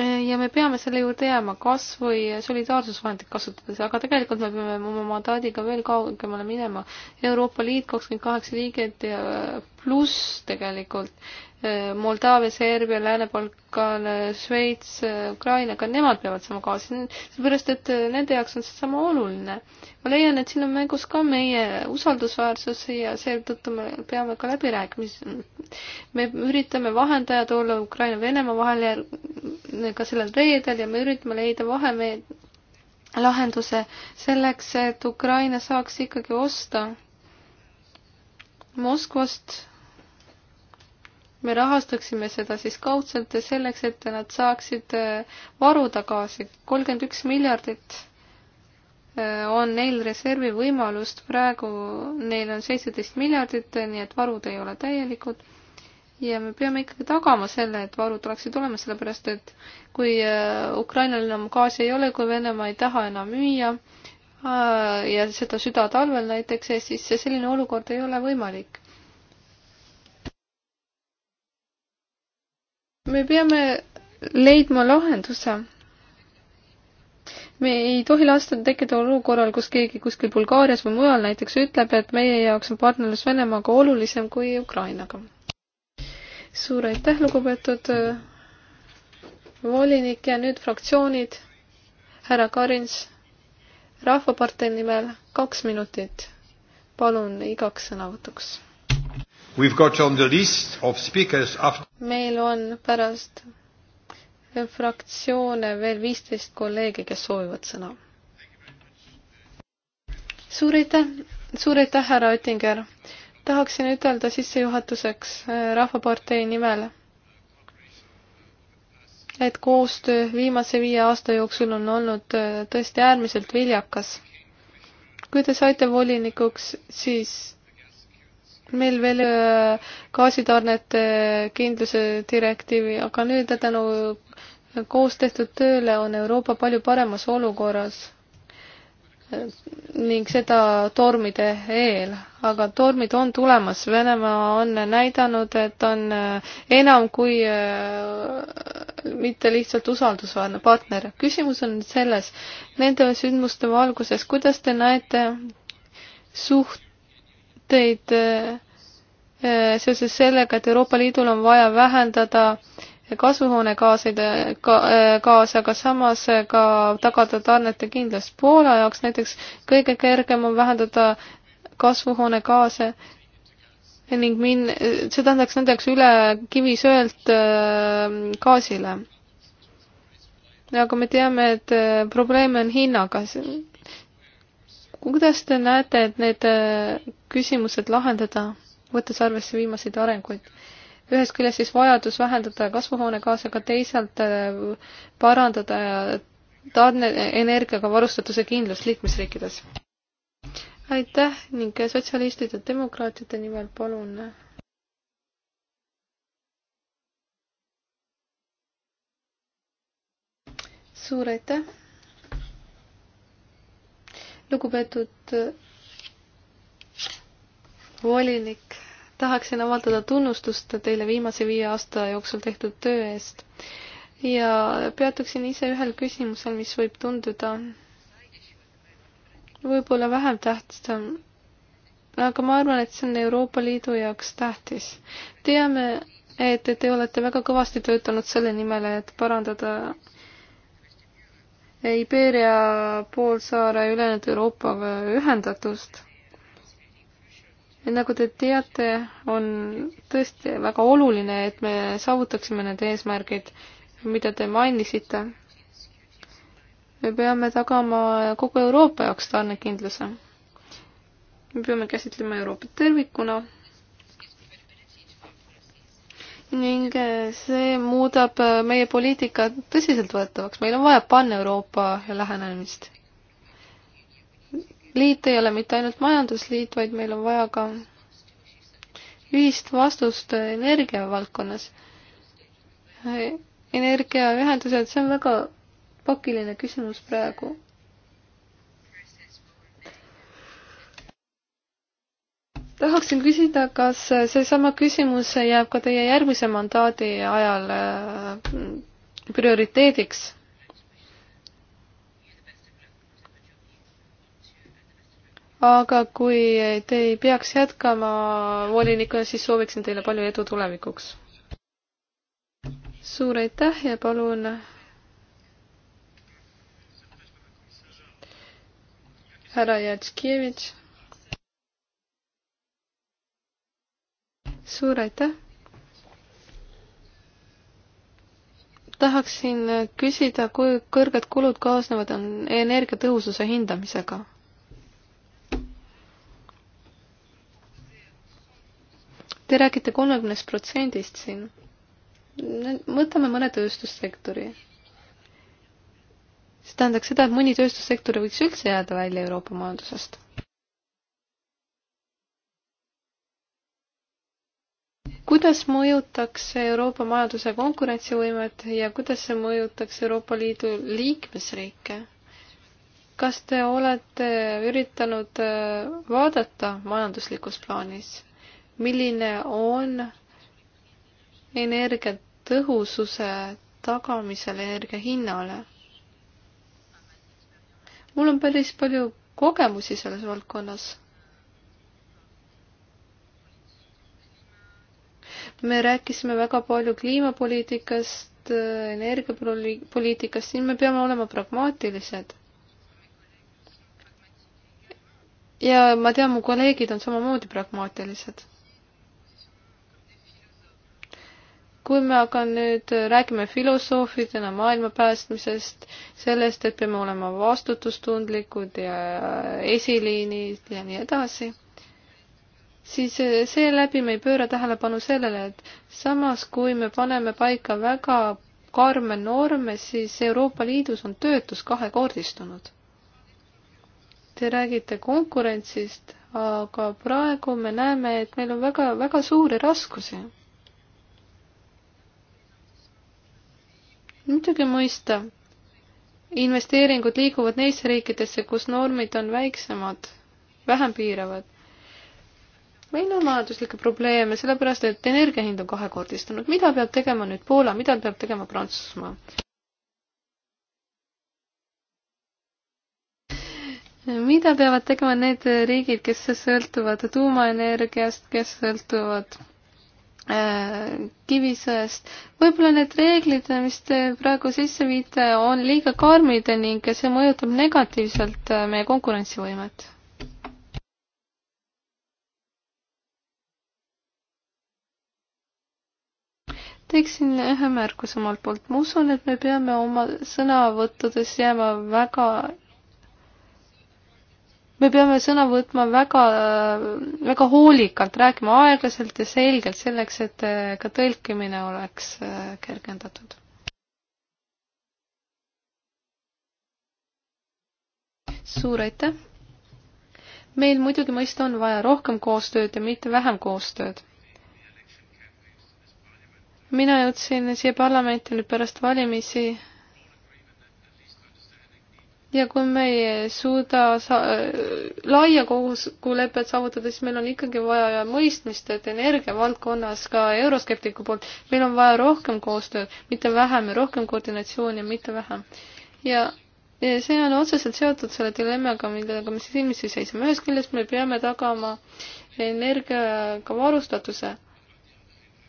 ja me peame selle juurde jääma, kas või solidaarsusvahendit kasutades, aga tegelikult me peame oma mandaadiga veel kaugemale minema. Euroopa Liit, kakskümmend kaheksa liiget ja äh, pluss tegelikult Moldaavia, Serbia, Lääne-Balkan, Šveits, Ukraina, ka nemad peavad saama gaasi, seepärast et nende jaoks on see sama oluline. ma leian, et siin on mängus ka meie usaldusväärsus ja seetõttu me peame ka läbirääkimisi. me üritame vahendajad olla Ukraina-Venemaa vahel ja ka sellel reedel ja me üritame leida vahemeed, lahenduse selleks, et Ukraina saaks ikkagi osta Moskvast me rahastaksime seda siis kaudselt selleks, et nad saaksid eh, varuda gaasi. kolmkümmend üks miljardit eh, on neil reservi võimalust, praegu neil on seitseteist miljardit, nii et varud ei ole täielikud. ja me peame ikkagi tagama selle, et varud oleksid olemas, sellepärast et kui eh, Ukrainal enam gaasi ei ole, kui Venemaa ei taha enam müüa ja seda südatalvel näiteks, siis selline olukord ei ole võimalik me peame leidma lahenduse. me ei tohi lasta tekkida olukorral, kus keegi kuskil Bulgaarias või mujal näiteks ütleb, et meie jaoks on partnerlus Venemaaga olulisem kui Ukrainaga. suur aitäh, lugupeetud äh, volinik ja nüüd fraktsioonid. härra Karins, Rahvapartei nimel kaks minutit. palun igaks sõnavõtuks meil on pärast fraktsioone veel viisteist kolleegi, kes soovivad sõna. suur aitäh, suur aitäh, härra Oettinger. tahaksin ütelda sissejuhatuseks äh, Rahvapartei nimel, et koostöö viimase viie aasta jooksul on olnud äh, tõesti äärmiselt viljakas. kui te saite volinikuks, siis meil veel äh, gaasitarnete äh, kindluse direktiivi, aga nüüd tänu koos tehtud tööle on Euroopa palju paremas olukorras äh, ning seda tormide eel, aga tormid on tulemas, Venemaa on näidanud, et on enam kui mitte lihtsalt usaldusväärne partner. küsimus on selles, nende sündmuste valguses, kuidas te näete suht mõtteid eh, eh, seoses sellega, et Euroopa Liidul on vaja vähendada kasvuhoonegaaseid ka, kaasa, eh, aga samas ka tagada tarnete kindlust. Poola jaoks näiteks kõige kergem on vähendada kasvuhoonegaase ning min-, see tähendaks nende jaoks üle kivisöelt gaasile. aga me teame, et probleeme on hinnaga kuidas te näete, et need äh, küsimused lahendada, võttes arvesse viimaseid arenguid? ühest küljest siis vajadus vähendada kasvuhoonegaase, aga teisalt äh, parandada tarneenergiaga varustatuse kindlust liikmesriikides. aitäh ning sotsialistide demokraatide nimel palun. suur aitäh lugupeetud äh, volinik, tahaksin avaldada tunnustust teile viimase viie aasta jooksul tehtud töö eest ja peatuksin ise ühel küsimusel, mis võib tunduda võib-olla vähem tähtsam, aga ma arvan, et see on Euroopa Liidu jaoks tähtis. teame, et te olete väga kõvasti töötanud selle nimel, et parandada Iberia poolsaare ja ülejäänud Euroopaga ühendatust. nagu te teate, on tõesti väga oluline, et me saavutaksime need eesmärgid, mida te mainisite. me peame tagama kogu Euroopa jaoks tarnekindluse. me peame käsitlema Euroopat tervikuna ning eh, see muudab eh, meie poliitika tõsiseltvõetavaks, meil on vaja pan-Euroopa lähenemist. liit ei ole mitte ainult majandusliit, vaid meil on vaja ka ühist vastust energia valdkonnas. Eh, energiaühendused, see on väga pakiline küsimus praegu tahaksin küsida, kas seesama küsimus jääb ka teie järgmise mandaadi ajal äh, prioriteediks? aga kui te ei peaks jätkama volinikuna, siis sooviksin teile palju edu tulevikuks. suur aitäh ja palun härra Jatskevitš suur aitäh! tahaksin küsida, kui kõrged kulud kaasnevad on energiatõhususe hindamisega? Te räägite kolmekümnest protsendist siin. võtame mõne tööstussektori. see tähendaks seda, et mõni tööstussektor võiks üldse jääda välja Euroopa majandusest kuidas mõjutaks Euroopa majanduse konkurentsivõimet ja kuidas see mõjutaks Euroopa Liidu liikmesriike? kas te olete üritanud äh, vaadata majanduslikus plaanis, milline on energiatõhususe tagamisel energia hinnale? mul on päris palju kogemusi selles valdkonnas me rääkisime väga palju kliimapoliitikast, energiapoliitikast, siin me peame olema pragmaatilised. ja ma tean, mu kolleegid on samamoodi pragmaatilised. kui me aga nüüd räägime filosoofidena maailma päästmisest, sellest, et peame olema vastutustundlikud ja esiliinid ja nii edasi siis eh, seeläbi me ei pööra tähelepanu sellele, et samas kui me paneme paika väga karme norme, siis Euroopa Liidus on töötus kahekordistunud. Te räägite konkurentsist, aga praegu me näeme, et meil on väga, väga suuri raskusi. muidugi mõista, investeeringud liiguvad neisse riikidesse, kus normid on väiksemad, vähem piiravad meil on majanduslikke probleeme, sellepärast et energia hind on kahekordistunud. mida peab tegema nüüd Poola, mida peab tegema Prantsusmaa? mida peavad tegema need riigid, kes sõltuvad tuumaenergiast, kes sõltuvad äh, kivisöest. võib-olla need reeglid, mis te praegu sisse viite, on liiga karmid ning see mõjutab negatiivselt äh, meie konkurentsivõimet teeksin ühe märkuse omalt poolt. ma usun, et me peame oma sõnavõttudes jääma väga, me peame sõna võtma väga, väga hoolikalt, rääkima aeglaselt ja selgelt selleks, et eh, ka tõlkimine oleks eh, kergendatud. suur aitäh! meil muidugi mõista on vaja rohkem koostööd ja mitte vähem koostööd mina jõudsin siia parlamenti nüüd pärast valimisi ja kui me ei suuda sa-, laia kokkulepet saavutada, siis meil on ikkagi vaja mõistmist, et energiavaldkonnas ka euroskeptiku poolt, meil on vaja rohkem koostööd, mitte vähem ja rohkem koordinatsiooni, mitte vähem. ja, ja see on otseselt seotud selle dilemmaga, millega me silmitsi seisame, ühest küljest me peame tagama energiaga varustatuse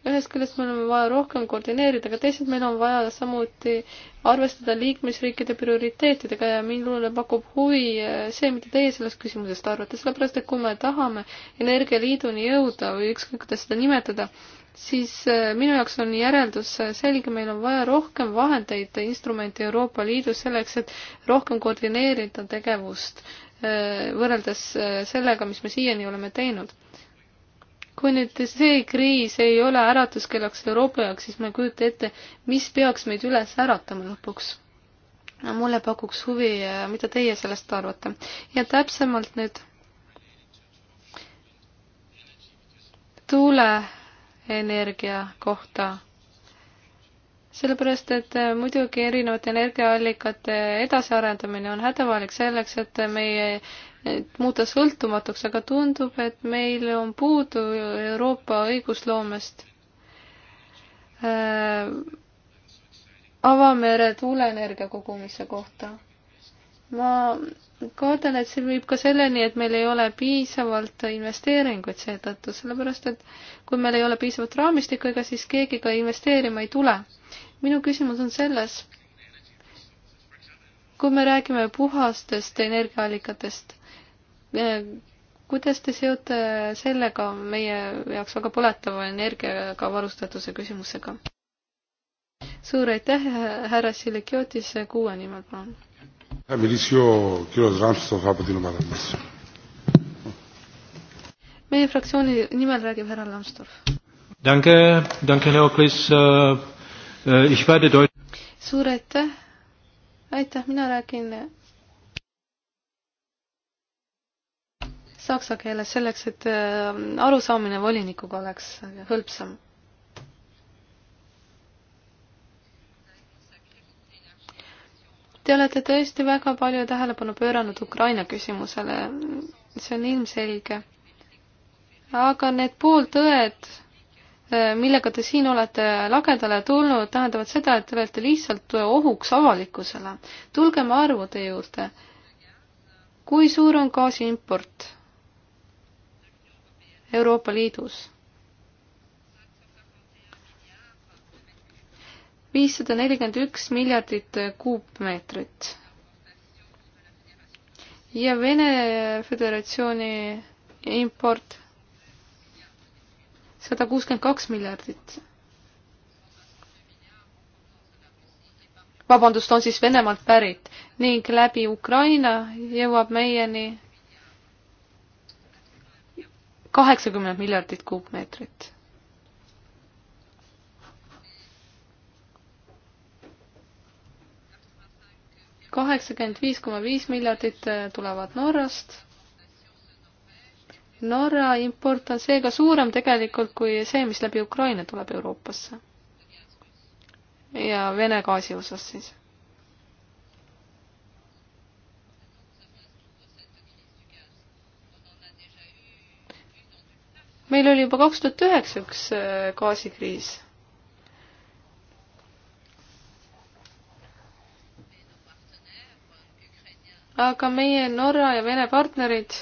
ühest küljest meil on vaja rohkem koordineerida, aga teisalt meil on vaja samuti arvestada liikmesriikide prioriteetidega ja minule pakub huvi eh, see, mida teie sellest küsimusest arvate, sellepärast et kui me tahame energialiiduni jõuda või ükskõik, kuidas seda nimetada, siis eh, minu jaoks on järeldus selge, meil on vaja rohkem vahendeid, instrumente Euroopa Liidus selleks, et rohkem koordineerida tegevust eh, võrreldes sellega, mis me siiani oleme teinud kui nüüd see kriis ei ole äratuskellaks Euroopa jaoks, siis ma ei kujuta ette, mis peaks meid üles äratama lõpuks. mulle pakuks huvi, mida teie sellest arvate. ja täpsemalt nüüd tuuleenergia kohta. sellepärast, et muidugi erinevate energiaallikate edasiarendamine on hädavajalik selleks, et meie et muuta sõltumatuks, aga tundub, et meil on puudu Euroopa õigusloomest äh, avamere tuuleenergia kogumise kohta. ma kardan, et see viib ka selleni, et meil ei ole piisavalt investeeringuid seetõttu, sellepärast et kui meil ei ole piisavalt raamistikku, ega siis keegi ka investeerima ei tule. minu küsimus on selles, kui me räägime puhastest energiaallikatest, Äh, kuidas te seote sellega meie jaoks väga põletava energiaga varustatuse küsimusega? suur aitäh, härra Silekiotis, kuue nimel, palun. meie fraktsiooni nimel räägib härra Lambsdorff. Danke, danke, Leoklis uh,. Äh, uh, äh, ich werde Deutsch. suur aitäh, aitäh, mina räägin saksa keeles, selleks et äh, arusaamine volinikuga oleks hõlpsam. Te olete tõesti väga palju tähelepanu pööranud Ukraina küsimusele, see on ilmselge. aga need pooltõed, äh, millega te siin olete lagedale tulnud, tähendavad seda, et te olete lihtsalt ohuks avalikkusele. tulgem arvude juurde. kui suur on gaasi import? Euroopa Liidus. viissada nelikümmend üks miljardit kuupmeetrit. ja Vene Föderatsiooni import sada kuuskümmend kaks miljardit. vabandust, on siis Venemaalt pärit ning läbi Ukraina jõuab meieni kaheksakümmend miljardit kuupmeetrit. kaheksakümmend viis koma viis miljardit äh, tulevad Norrast. Norra import on seega suurem tegelikult kui see, mis läbi Ukraina tuleb Euroopasse. ja Vene gaasi osas siis meil oli juba kaks tuhat üheksa üks äh, gaasikriis. aga meie Norra ja Vene partnerid,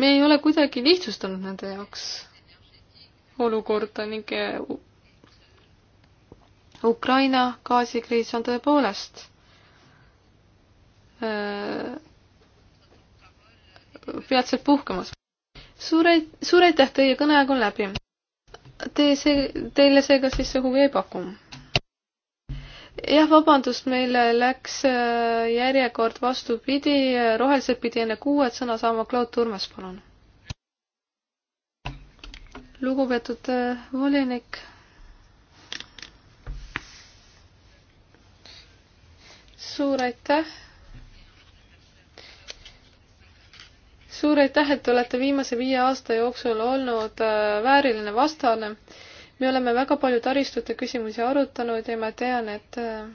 me ei ole kuidagi lihtsustanud nende jaoks olukorda ning äh, Ukraina gaasikriis on tõepoolest äh, peatselt puhkamas. suur aitäh, suur aitäh, teie kõneaeg on läbi. Te see, teile seega siis see huvi ei paku? jah, vabandust, meil läks äh, järjekord vastupidi, rohelised pidi enne kuued sõna saama, Claude Turmes, palun. lugupeetud äh, volinik. suur aitäh suur aitäh, et olete viimase viie aasta jooksul olnud äh, vääriline vastane. me oleme väga palju taristute küsimusi arutanud ja ma tean, et äh,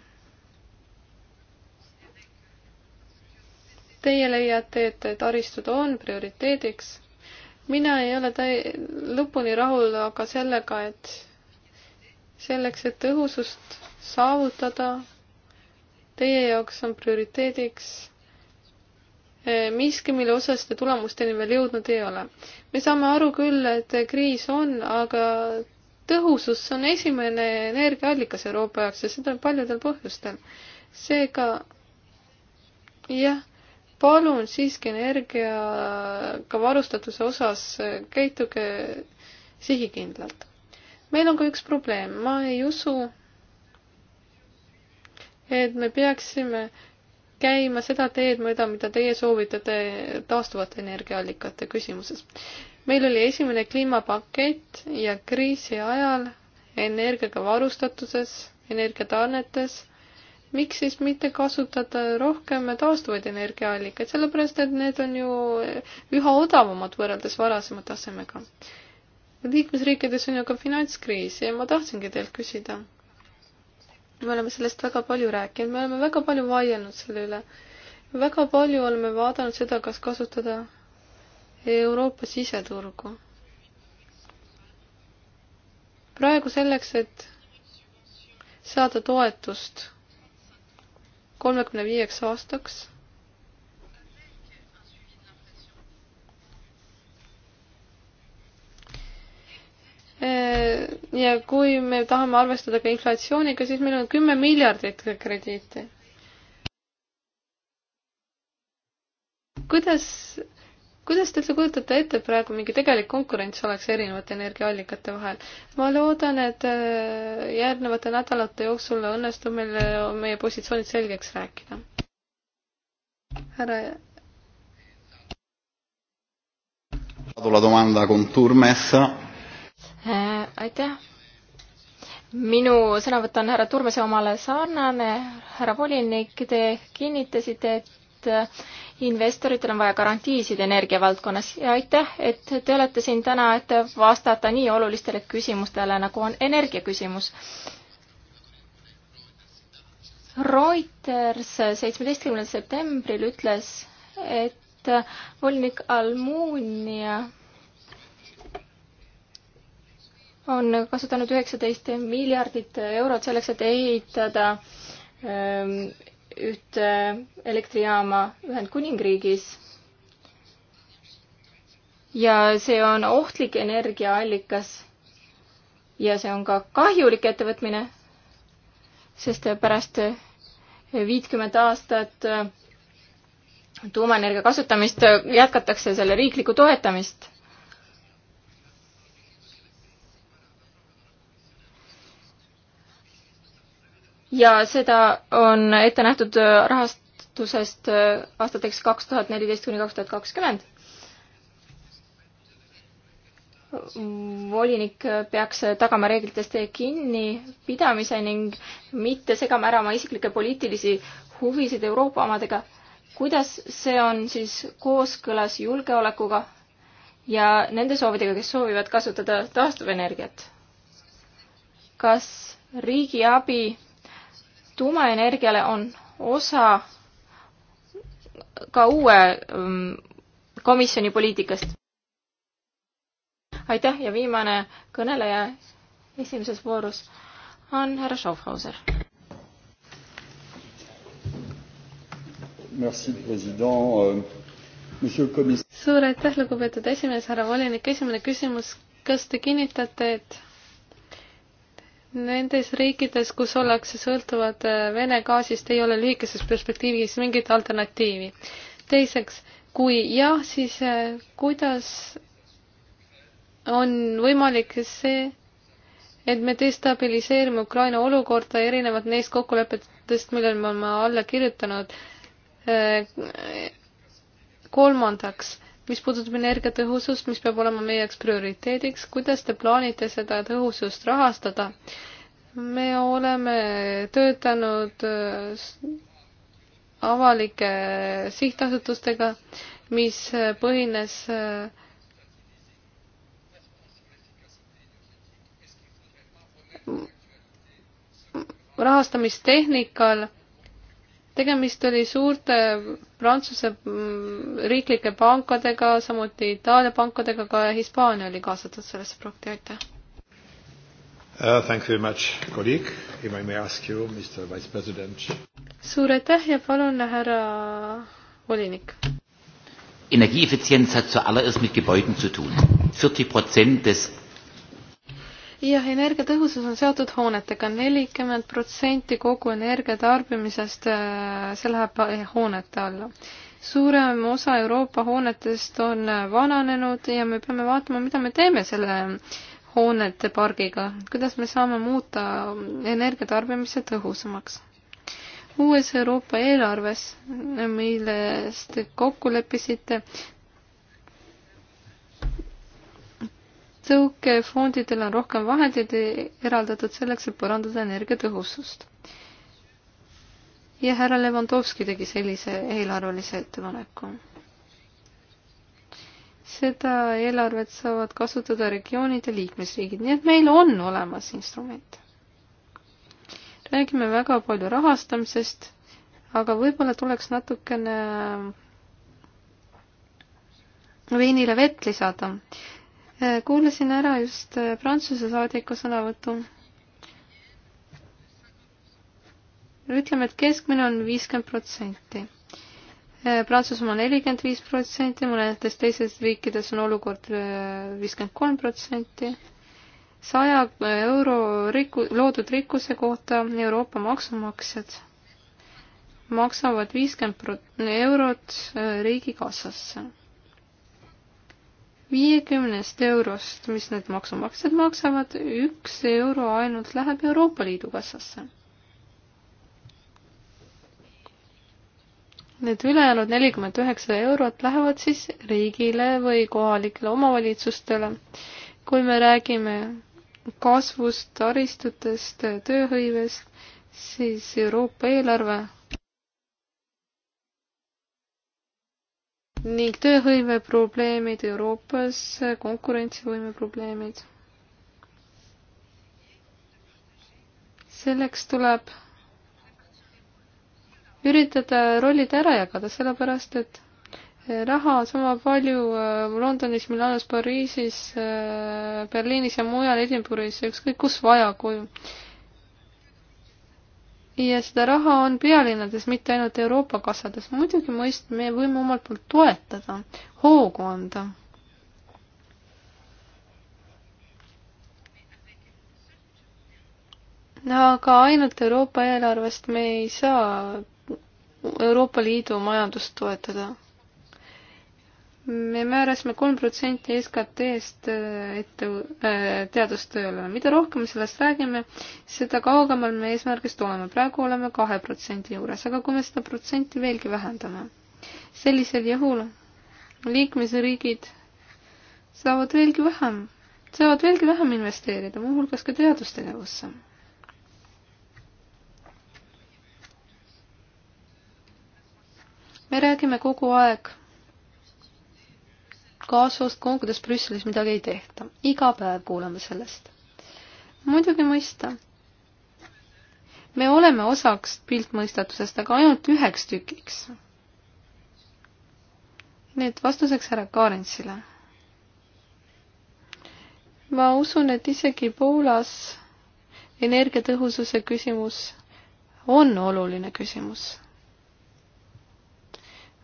teie leiate, et taristud on prioriteediks. mina ei ole täi-, lõpuni rahul aga sellega, et selleks, et tõhusust saavutada, teie jaoks on prioriteediks Eh, miski, mille osas te tulemusteni veel jõudnud ei ole. me saame aru küll, et kriis on, aga tõhusus on esimene energiaallikas Euroopa jaoks ja seda paljudel põhjustel. seega jah, palun siiski energiaga varustatuse osas käituge sihikindlalt. meil on ka üks probleem, ma ei usu, et me peaksime äh, käima seda teed mööda, mida teie soovitate taastuvate energiaallikate küsimuses. meil oli esimene kliimapakett ja kriisi ajal energiaga varustatuses, energiatarnetes, miks siis mitte kasutada rohkem taastuvaid energiaallikaid, sellepärast et need on ju üha odavamad võrreldes varasema tasemega. liikmesriikides on ju ka finantskriis ja ma tahtsingi teilt küsida me oleme sellest väga palju rääkinud, me oleme väga palju vaielnud selle üle. väga palju oleme vaadanud seda, kas kasutada Euroopa siseturgu. praegu selleks, et saada toetust kolmekümne viieks aastaks Äh, ja kui me tahame arvestada ka inflatsiooniga, siis meil on kümme miljardit krediiti. kuidas, kuidas te üldse kujutate ette praegu mingi tegelik konkurents oleks erinevate energiaallikate vahel? ma loodan, et äh, järgnevate nädalate jooksul õnnestub meil äh, meie positsioonid selgeks rääkida. härra la domanda con Turmes Äh, aitäh. minu sõnavõtt on härra Turmese omale sarnane. härra volinik, te kinnitasite, et äh, investoritel on vaja garantiisid energiavaldkonnas ja aitäh, et te olete siin täna, et vastata nii olulistele küsimustele, nagu on energiaküsimus. Reuters seitsmeteistkümnendal septembril ütles, et äh, volinik Almunia on kasutanud üheksateist miljardit eurot selleks, et ehitada ähm, ühte äh, elektrijaama Ühendkuningriigis. ja see on ohtlik energiaallikas ja see on ka kahjulik ettevõtmine, sest pärast viitkümmet aastat äh, tuumaenergia kasutamist äh, jätkatakse selle riiklikku toetamist ja seda on ette nähtud äh, rahastusest äh, aastateks kaks tuhat neliteist kuni kaks tuhat kakskümmend. volinik peaks tagama reeglitest kinnipidamise ning mitte segama ära oma isiklikke poliitilisi huvisid Euroopa omadega. kuidas see on siis kooskõlas julgeolekuga ja nende soovidega, kes soovivad kasutada taastuvenergiat? kas riigiabi tuumaenergiale on osa ka uue mm, komisjoni poliitikast. aitäh ja viimane kõneleja esimeses voorus on härra Schaufhauser. Euh, suur aitäh, lugupeetud esimees, härra volinik, esimene küsimus, kas te kinnitate, et Nendes riikides, kus ollakse sõltuvad äh, Vene gaasist, ei ole lühikeses perspektiivis mingit alternatiivi. teiseks, kui jah, siis äh, kuidas on võimalik see, et me destabiliseerime Ukraina olukorda erinevalt neist kokkulepetest, millele me oleme alla kirjutanud. Äh, kolmandaks, mis puudutab energiatõhusust, mis peab olema meie jaoks prioriteediks, kuidas te plaanite seda tõhusust rahastada? me oleme töötanud äh, avalike sihtasutustega, mis äh, põhines äh, rahastamistehnikal tegemist oli suurte Prantsuse mm, riiklike pankadega, samuti Itaalia pankadega, ka Hispaania oli kaasatud sellesse projekti, aitäh uh,. Thank you very much, kolleeg. If I may ask you, Mr Vice President. suur aitäh ja palun, härra volinik. Energieeffizienz hat zuallererst mit Gebäuden zu tun. 40 Prozent des jah, energiatõhusus on seotud hoonetega, nelikümmend protsenti kogu energiatarbimisest, äh, see läheb äh, hoonete alla. suurem osa Euroopa hoonetest on äh, vananenud ja me peame vaatama, mida me teeme selle hoonete pargiga, kuidas me saame muuta energiatarbimise tõhusamaks. uues Euroopa eelarves, millest kokku leppisite, tõukefondidele on rohkem vahendeid eraldatud selleks, et parandada energiatõhusust. ja härra Levanovski tegi sellise eelarvelise ettepaneku. seda eelarvet saavad kasutada regioonid ja liikmesriigid, nii et meil on olemas instrument. räägime väga palju rahastamisest, aga võib-olla tuleks natukene veinile vett lisada Äh, kuulasin ära just äh, Prantsuse saadiku sõnavõtu. ütleme, et keskmine on viiskümmend protsenti. Äh, Prantsusmaa nelikümmend viis protsenti, mõnedes teistes riikides on olukord viiskümmend kolm protsenti. saja euro rikku, loodud rikkuse kohta Euroopa maksumaksjad maksavad viiskümmend eurot riigikassasse viiekümnest eurost, mis need maksumaksjad maksavad, üks euro ainult läheb Euroopa Liidu kassasse. Need ülejäänud nelikümmend üheksa eurot lähevad siis riigile või kohalikele omavalitsustele. kui me räägime kasvust, taristutest, tööhõivest, siis Euroopa eelarve ning tööhõive probleemid Euroopas, konkurentsivõime probleemid. selleks tuleb üritada rollid ära jagada, sellepärast et raha on sama palju äh, Londonis, Milanos, Pariisis, äh, Berliinis ja mujal Edinburgh'is, ükskõik kus vaja, kui ja seda raha on pealinnades, mitte ainult Euroopa kassades. muidugi mõist-, me võime omalt poolt toetada, hoogu anda. aga ainult Euroopa eelarvest me ei saa Euroopa Liidu majandust toetada me määrasime kolm protsenti SKT-st äh, ette äh, teadustööle. mida rohkem me sellest räägime, seda kaugemal me eesmärgist oleme. praegu oleme kahe protsendi juures, aga kui me seda protsenti veelgi vähendame, sellisel juhul liikmesriigid saavad veelgi vähem, saavad veelgi vähem investeerida, muuhulgas ka teadustegevusse me räägime kogu aeg kaasust ka, kuidas Brüsselis midagi ei tehta. iga päev kuuleme sellest. muidugi mõista. me oleme osaks piltmõistatusest, aga ainult üheks tükiks. nii et vastuseks härra Kaarensile. ma usun, et isegi Poolas energiatõhususe küsimus on oluline küsimus.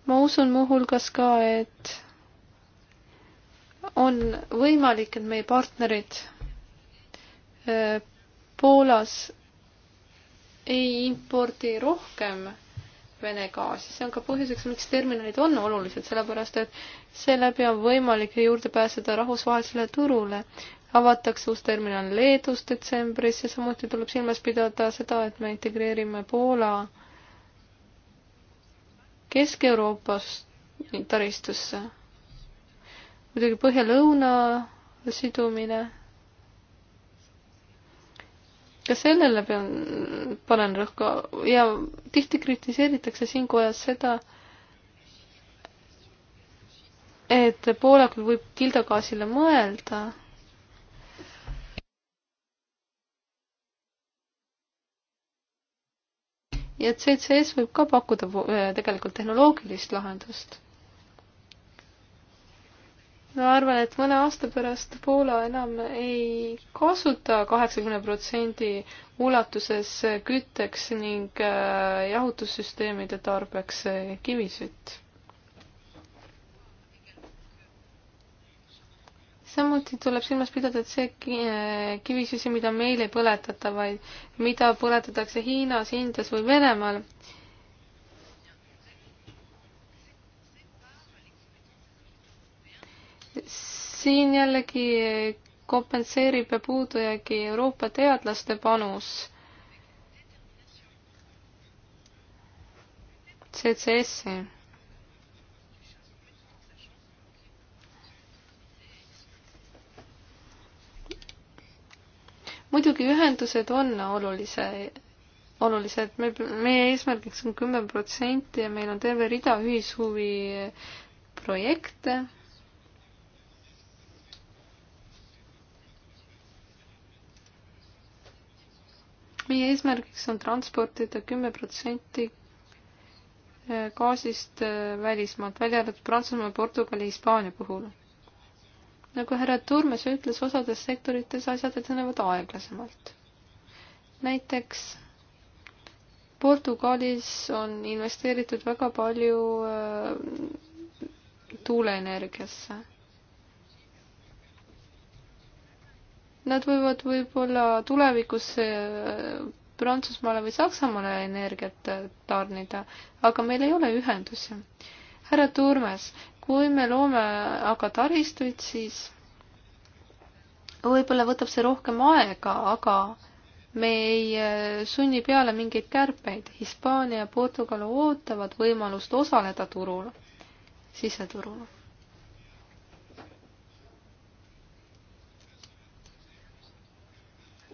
ma usun muuhulgas ka, et on võimalik, et meie partnerid äh, Poolas ei impordi rohkem Vene gaasi, see on ka põhjuseks, miks terminalid on olulised, sellepärast et seeläbi on võimalik juurde pääseda rahvusvahelisele turule. avatakse uus terminal Leedus detsembris ja samuti tuleb silmas pidada seda, et me integreerime Poola Kesk-Euroopas taristusse muidugi põhja-lõuna sidumine. ka sellele pean, panen rõhku ja tihti kritiseeritakse siin kojas seda, et poolakul võib kildagaasile mõelda ja CCS võib ka pakkuda tegelikult tehnoloogilist lahendust ma arvan, et mõne aasta pärast Poola enam ei kasuta kaheksakümne protsendi ulatuses kütteks ning äh, jahutussüsteemide tarbeks äh, kivisütt. samuti tuleb silmas pidada, et see äh, kivisüsi, mida meil ei põletata, vaid mida põletatakse Hiinas, Indias või Venemaal, siin jällegi kompenseerib puudujäägi Euroopa teadlaste panus CCS-i. muidugi ühendused on olulise, olulised, me, meie eesmärgiks on kümme protsenti ja meil on terve rida ühishuvi projekte meie eesmärgiks on transportida kümme protsenti eh, gaasist eh, välismaalt, välja arvatud Prantsusmaa, Portugali, Hispaania puhul. nagu härra Turmes ütles, osades sektorites asjad edenevad aeglasemalt. näiteks Portugalis on investeeritud väga palju eh, tuuleenergiasse nad võivad võib-olla tulevikus Prantsusmaale või Saksamaale energiat tarnida, aga meil ei ole ühendusi. härra Turmes, kui me loome aga taristuid, siis võib-olla võtab see rohkem aega, aga me ei eh, sunni peale mingeid kärpeid. Hispaania ja Portugal ootavad võimalust osaleda turul, siseturul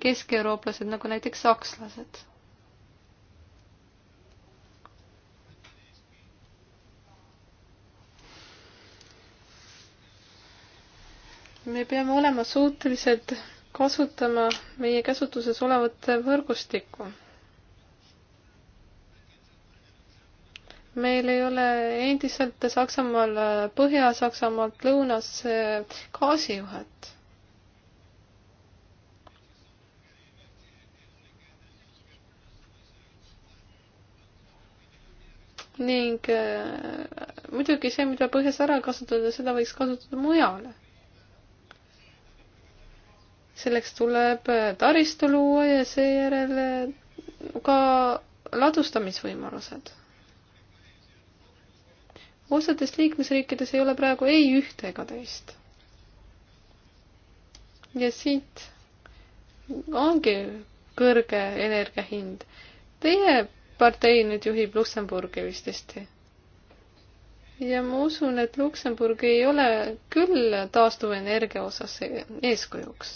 keskeurooplased, nagu näiteks sakslased. me peame olema suutelised kasutama meie käsutuses olevat võrgustikku. meil ei ole endiselt Saksamaal Põhja-Saksamaalt lõunas gaasijuhet ning äh, muidugi see, mida põhjas ära kasutada, seda võiks kasutada mujale. selleks tuleb äh, taristu luua ja seejärel äh, ka ladustamisvõimalused. osades liikmesriikides ei ole praegu ei ühte ega teist. ja siit ongi kõrge energia hind. Teie partei nüüd juhib Luksemburgi vist hästi. ja ma usun, et Luksemburg ei ole küll taastuvenergia osas eeskujuks.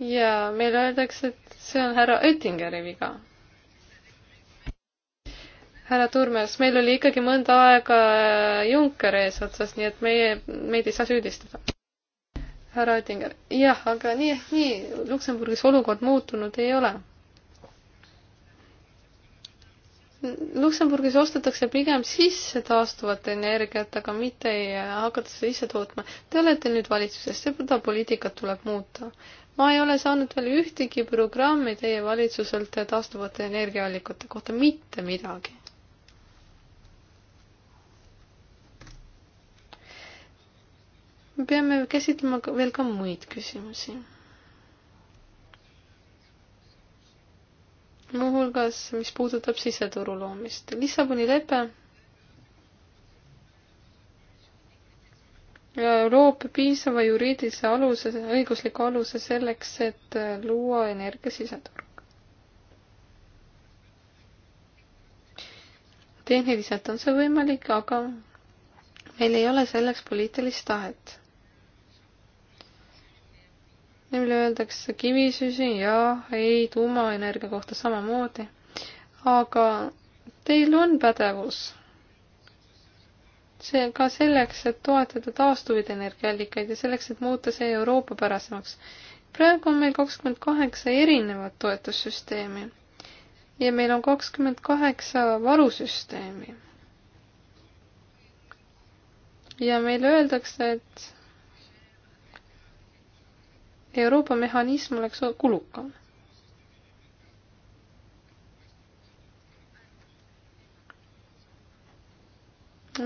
ja meile öeldakse, et see on härra Oettingeri viga. härra Turmes, meil oli ikkagi mõnda aega äh, Juncker eesotsas, nii et meie, meid ei saa süüdistada härra Oettinger, jah, aga nii ehk nii Luksemburgis olukord muutunud ei ole Luksemburgis ostetakse pigem sisse taastuvat energiat, aga mitte ei hakata seda ise tootma. Te olete nüüd valitsuses, seda poliitikat tuleb muuta. ma ei ole saanud veel ühtegi programmi teie valitsuselt taastuvate energiaallikate kohta, mitte midagi. me peame käsitlema veel ka muid küsimusi muuhulgas, mis puudutab siseturu loomist. Lissaboni lepe loob piisava juriidilise aluse, õigusliku aluse selleks, et luua energiasiseturg. tehniliselt on see võimalik, aga meil ei ole selleks poliitilist tahet mille öeldakse kivisüsi ja ei tuumaenergia kohta samamoodi. aga teil on pädevus. see ka selleks, et toetada taastuvaid energiaallikaid ja selleks, et muuta see Euroopa pärasemaks. praegu on meil kakskümmend kaheksa erinevat toetussüsteemi ja meil on kakskümmend kaheksa varusüsteemi. ja meile öeldakse, et Euroopa mehhanism oleks kulukam.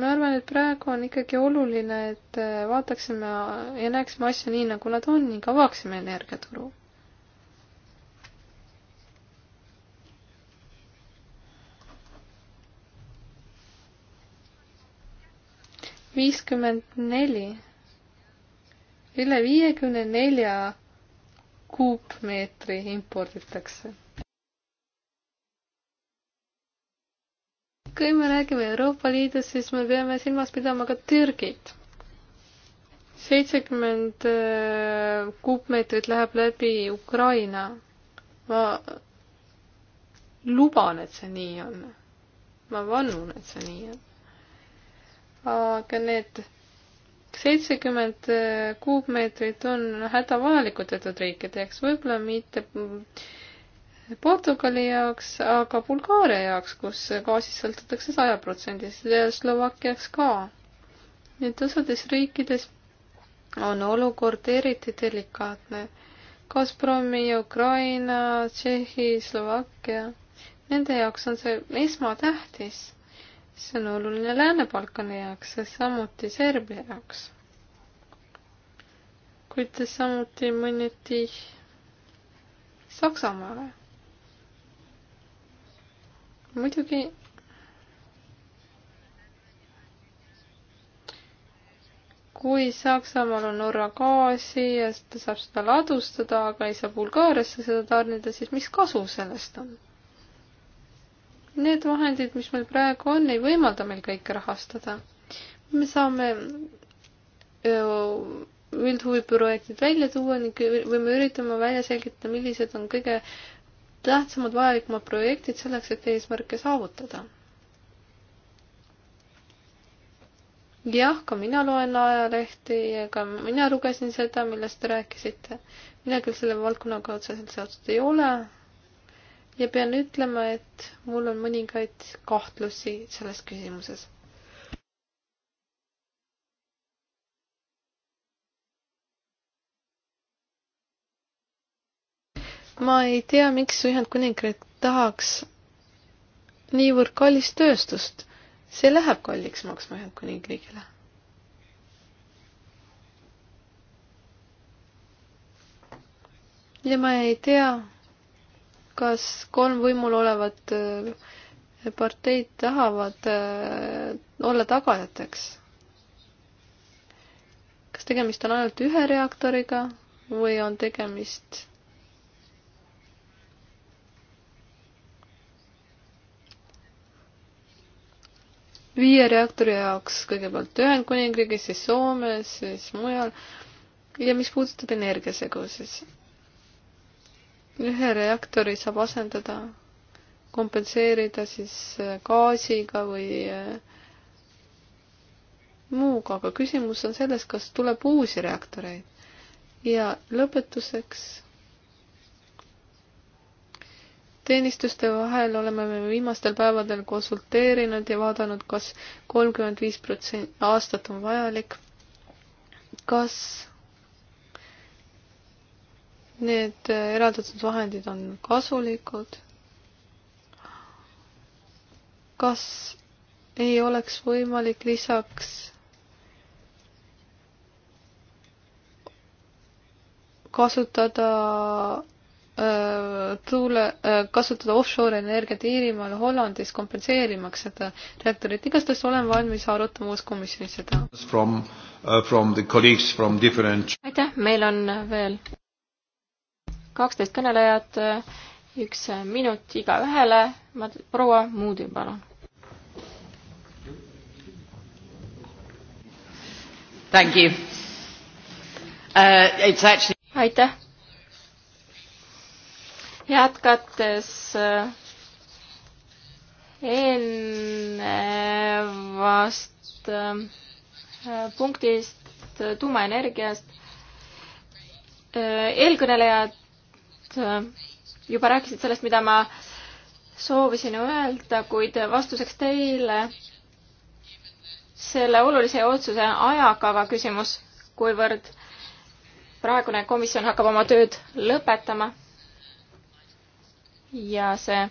ma arvan, et praegu on ikkagi oluline, et vaataksime ja näeksime asju nii, nagu nad on ning avaksime energiaturu. viiskümmend neli üle viiekümne nelja kuupmeetri imporditakse. kui me räägime Euroopa Liidust, siis me peame silmas pidama ka Türgit. seitsekümmend äh, kuupmeetrit läheb läbi Ukraina. ma luban, et see nii on. ma vannun, et see nii on. aga need seitsekümmend eh, kuupmeetrit on hädavajalikud teatud riikideks, võib-olla mitte Portugali jaoks, aga Bulgaaria jaoks, kus gaasist sõltutakse sajaprotsendist ja Slovakkiaks ka. nii et osades riikides on olukord eriti delikaatne. Gazpromi, Ukraina, Tšehhi, Slovakkia, nende jaoks on see esmatähtis see on oluline Lääne-Balkani jaoks ja samuti Serbia jaoks. kuid samuti mõneti Saksamaale. muidugi kui Saksamaal on Norra gaasi ja ta saab seda ladustada, aga ei saa Bulgaariasse seda tarnida, siis mis kasu sellest on? Need vahendid, mis meil praegu on, ei võimalda meil kõike rahastada. me saame äh, üldhuviprojektid välja tuua ning või me üritame välja selgitada, millised on kõige tähtsamad vajalikumad projektid selleks, et eesmärke saavutada. jah, ka mina loen ajalehti ja ka mina lugesin seda, millest te rääkisite. mina küll selle valdkonnaga otseselt seotud ei ole, ja pean ütlema, et mul on mõningaid kahtlusi selles küsimuses. ma ei tea, miks Ühendkuningriik tahaks niivõrd kallist tööstust. see läheb kalliks maksma Ühendkuningriigile ja ma ei tea, kas kolm võimul olevat äh, parteid tahavad äh, olla tagajateks? kas tegemist on ainult ühe reaktoriga või on tegemist viie reaktori jaoks kõigepealt Ühendkuningriigis, siis Soomes, siis mujal ja mis puudutab energiasegu, siis ühe reaktori saab asendada, kompenseerida siis äh, gaasiga või äh, muuga, aga küsimus on selles, kas tuleb uusi reaktoreid. ja lõpetuseks. teenistuste vahel oleme me viimastel päevadel konsulteerinud ja vaadanud, kas kolmkümmend viis protsenti aastat on vajalik. kas Need äh, eraldatud vahendid on kasulikud. kas ei oleks võimalik lisaks kasutada äh, tuule, äh, kasutada offshore energiat Iirimaal ja Hollandis kompenseerimaks seda reaktorit. igastahes olen valmis arutama uus komisjonis seda. From, uh, from the colleagues from different aitäh, meil on veel kaksteist kõnelejat, üks minut igaühele. ma, proua Moody, palun. Thank you uh,. It's actually. aitäh. jätkates uh, eelnevast uh, punktist tuumaenergiast. Uh, eelkõnelejad juba rääkisid sellest, mida ma soovisin öelda, kuid vastuseks teile selle olulise otsuse ajakava küsimus, kuivõrd praegune komisjon hakkab oma tööd lõpetama. ja see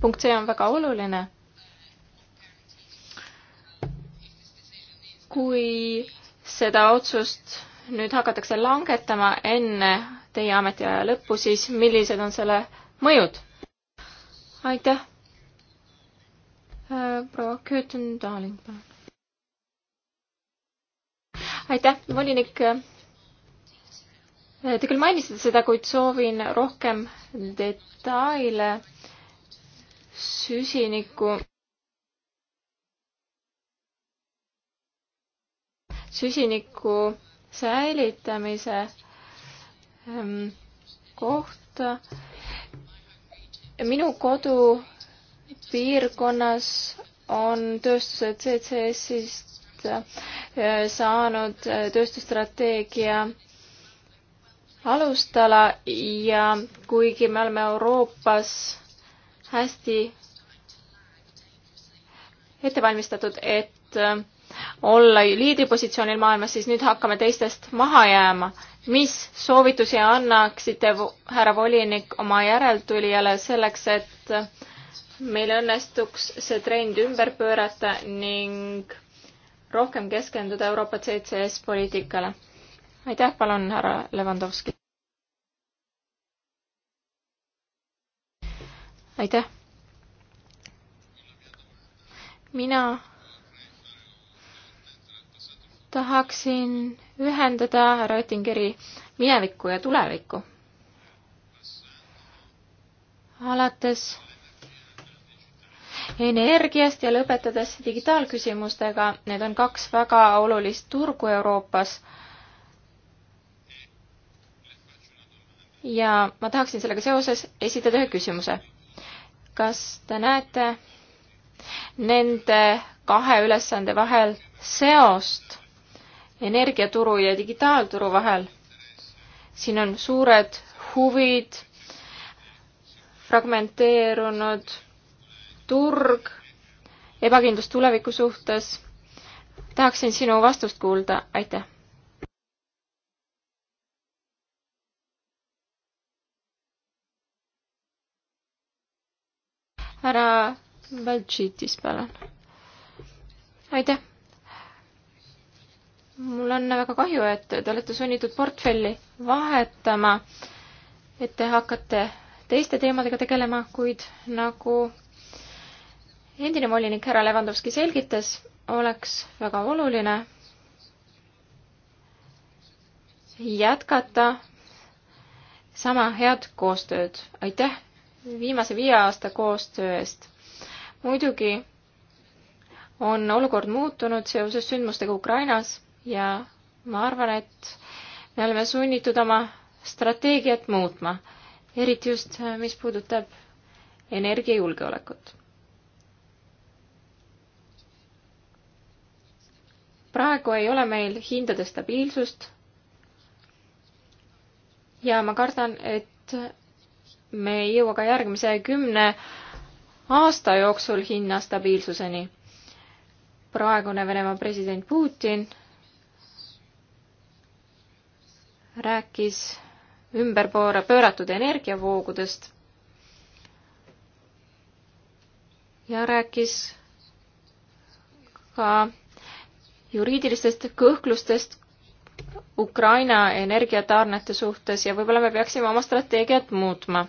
punkt C on väga oluline. kui seda otsust nüüd hakatakse langetama enne teie ametiaja lõppu, siis millised on selle mõjud? aitäh. Äh, proua Kööten-Daaling, palun. aitäh, volinik. Äh, te küll mainisite seda, kuid soovin rohkem detaile süsiniku süsiniku säilitamise ähm, kohta. minu kodupiirkonnas on tööstuse CCS-ist äh, saanud äh, tööstusstrateegia alustala ja kuigi me oleme Euroopas hästi ette valmistatud, et äh, olla liidripositsioonil maailmas, siis nüüd hakkame teistest maha jääma. mis soovitusi annaksite, härra volinik, oma järeltulijale selleks, et meil õnnestuks see trend ümber pöörata ning rohkem keskenduda Euroopa CCS poliitikale? aitäh, palun, härra Levandovski. aitäh. mina tahaksin ühendada härra Oettingeri minevikku ja tulevikku. alates energiast ja lõpetades digitaalküsimustega, need on kaks väga olulist turgu Euroopas. ja ma tahaksin sellega seoses esitada ühe küsimuse. kas te näete nende kahe ülesande vahel seost? energiaturu ja digitaalturu vahel. siin on suured huvid, fragmenteerunud turg, ebakindlus tuleviku suhtes. tahaksin sinu vastust kuulda, aitäh. härra Valtšiitis, palun. aitäh mul on väga kahju, et te olete sunnitud portfelli vahetama, et te hakkate teiste teemadega tegelema, kuid nagu endine volinik härra Levandovski selgitas, oleks väga oluline jätkata sama head koostööd. aitäh viimase viie aasta koostöö eest. muidugi on olukord muutunud seoses sündmustega Ukrainas ja ma arvan, et me oleme sunnitud oma strateegiat muutma, eriti just, äh, mis puudutab energiajulgeolekut. praegu ei ole meil hindade stabiilsust ja ma kardan, et me ei jõua ka järgmise kümne aasta jooksul hinna stabiilsuseni. praegune Venemaa president Putin rääkis ümberpööra-, pööratud energiavoogudest ja rääkis ka juriidilistest kõhklustest Ukraina energiatarnete suhtes ja võib-olla me peaksime oma strateegiat muutma.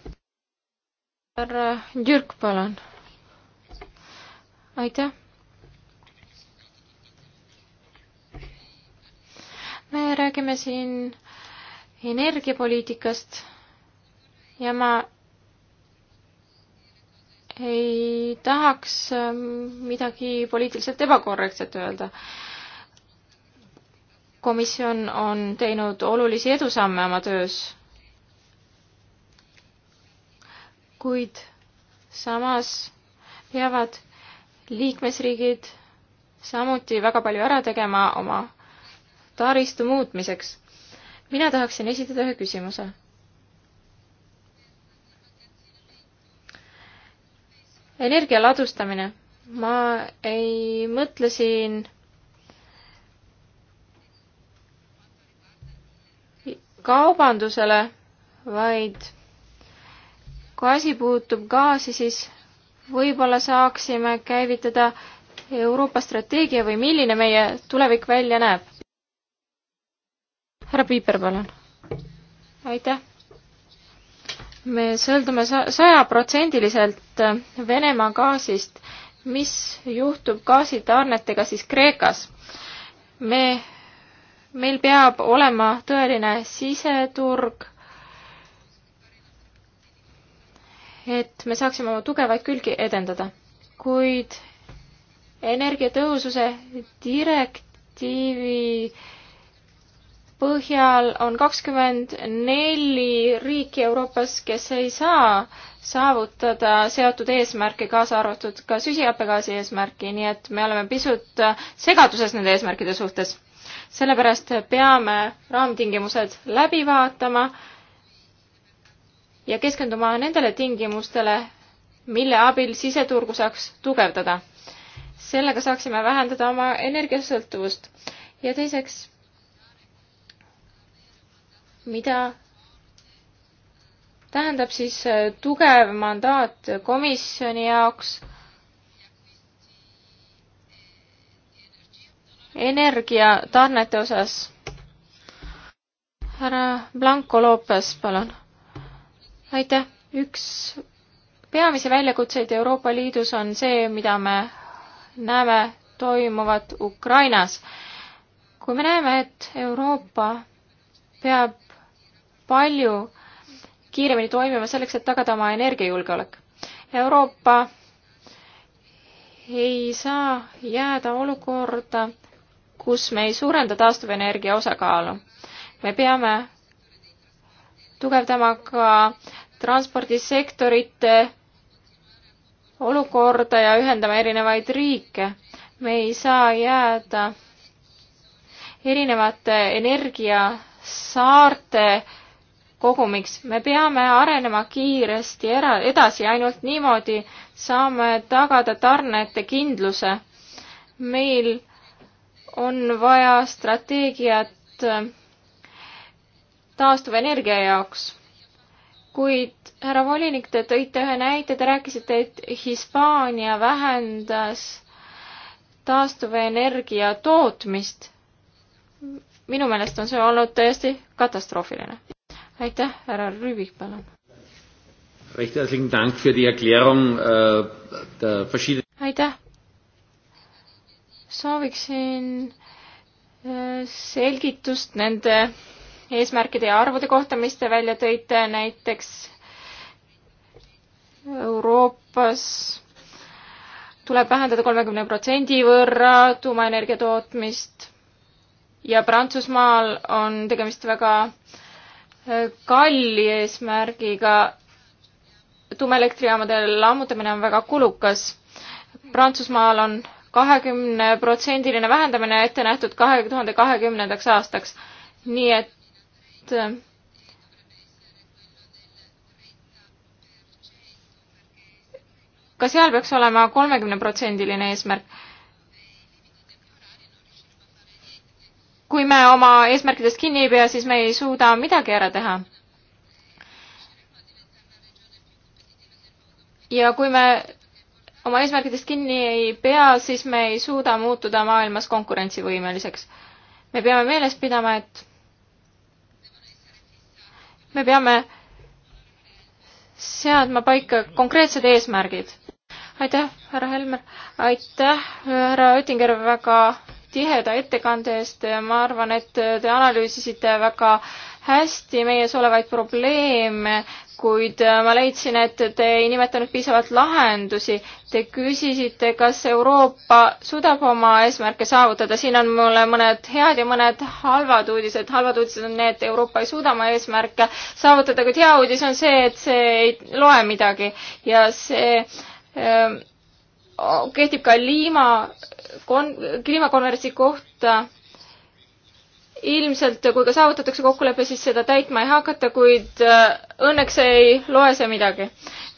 härra Jürk, palun. aitäh. me räägime siin energiapoliitikast ja ma ei tahaks ähm, midagi poliitiliselt ebakorrektset öelda. komisjon on teinud olulisi edusamme oma töös. kuid samas peavad liikmesriigid samuti väga palju ära tegema oma taristu muutmiseks mina tahaksin esitada ühe küsimuse. energia ladustamine. ma ei mõtle siin kaubandusele, vaid kui asi puutub gaasi, siis võib-olla saaksime käivitada Euroopa strateegia või milline meie tulevik välja näeb härra Piiper, palun. aitäh. me sõldume sajaprotsendiliselt äh, Venemaa gaasist. mis juhtub gaasitarnetega siis Kreekas? me, meil peab olema tõeline siseturg et me saaksime oma tugevaid külgi edendada. kuid energiatõhususe direktiivi põhjal on kakskümmend neli riiki Euroopas, kes ei saa saavutada seatud eesmärke, kaasa arvatud ka süsihappegaasi eesmärki, nii et me oleme pisut segaduses nende eesmärkide suhtes. sellepärast peame raamtingimused läbi vaatama ja keskenduma nendele tingimustele, mille abil siseturgu saaks tugevdada. sellega saaksime vähendada oma energiasõltuvust ja teiseks mida tähendab siis äh, tugev mandaat komisjoni jaoks energiatarnete osas. härra Blanco Lopez, palun. aitäh, üks peamisi väljakutseid Euroopa Liidus on see, mida me näeme toimuvat Ukrainas. kui me näeme, et Euroopa peab palju kiiremini toimima selleks, et tagada oma energiajulgeolek. Euroopa ei saa jääda olukorda, kus me ei suurenda taastuvenergia osakaalu. me peame tugevdama ka transpordisektorite olukorda ja ühendama erinevaid riike. me ei saa jääda erinevate energiasaarte kogumiks. me peame arenema kiiresti era-, edasi, ainult niimoodi saame tagada tarnete kindluse. meil on vaja strateegiat äh, taastuvenergia jaoks. kuid härra volinik, te tõite ühe näite, te rääkisite, et Hispaania vähendas taastuvenergia tootmist. minu meelest on see olnud täiesti katastroofiline aitäh, härra Rüübik, palun. Äh, aitäh. sooviksin äh, selgitust nende eesmärkide ja arvude kohta, mis te välja tõite, näiteks Euroopas tuleb vähendada kolmekümne protsendi võrra tuumaenergia tootmist ja Prantsusmaal on tegemist väga äh, kalli eesmärgiga. tuumaelektrijaamade lammutamine on väga kulukas. Prantsusmaal on kahekümne protsendiline vähendamine ette nähtud kahe tuhande kahekümnendaks aastaks. nii et äh, ka seal peaks olema kolmekümne protsendiline eesmärk kui me oma eesmärkidest kinni ei pea, siis me ei suuda midagi ära teha. ja kui me oma eesmärkidest kinni ei pea, siis me ei suuda muutuda maailmas konkurentsivõimeliseks. me peame meeles pidama, et me peame seadma paika konkreetsed eesmärgid. aitäh, härra Helmer, aitäh, härra Oettinger, väga tiheda ettekande eest, ma arvan, et te analüüsisite väga hästi meies olevaid probleeme, kuid ma leidsin, et te ei nimetanud piisavalt lahendusi. Te küsisite, kas Euroopa suudab oma eesmärke saavutada. siin on mulle mõned head ja mõned halvad uudised. halvad uudised on need, et Euroopa ei suuda oma eesmärke saavutada, kuid hea uudis on see, et see ei loe midagi ja see öö, ähm, kehtib ka Liima kon-, kliimakonverentsi kohta. ilmselt, kui ka saavutatakse kokkulepe, siis seda täitma ei hakata, kuid äh, õnneks ei loe see midagi.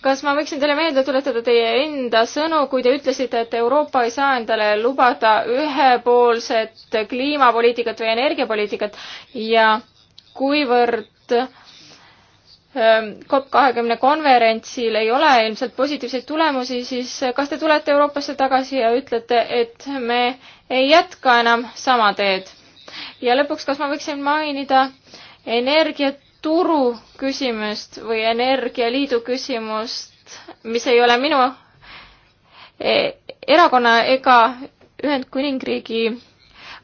kas ma võiksin teile meelde tuletada teie enda sõnu, kui te ütlesite, et Euroopa ei saa endale lubada ühepoolset kliimapoliitikat või energiapoliitikat ja kuivõrd äh, COP kahekümne konverentsil ei ole ilmselt positiivseid tulemusi, siis kas te tulete Euroopasse tagasi ja ütlete, et me ei jätka enam sama teed? ja lõpuks, kas ma võiksin mainida energiaturu küsimust või energialiidu küsimust, mis ei ole minu e, erakonna ega Ühendkuningriigi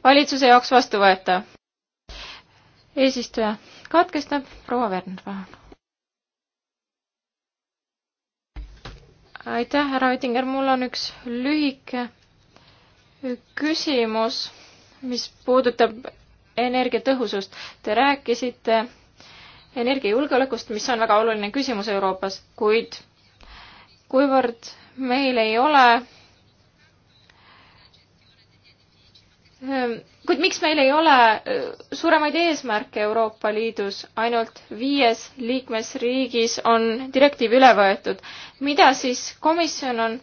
valitsuse jaoks vastuvõetav? eesistuja katkestab, proua Werner, palun aitäh, härra Oettinger, mul on üks lühike küsimus, mis puudutab energiatõhusust. Te rääkisite energiajulgeolekust, mis on väga oluline küsimus Euroopas, kuid kuivõrd meil ei ole kuid miks meil ei ole äh, suuremaid eesmärke Euroopa Liidus, ainult viies liikmesriigis on direktiiv üle võetud. mida siis komisjon on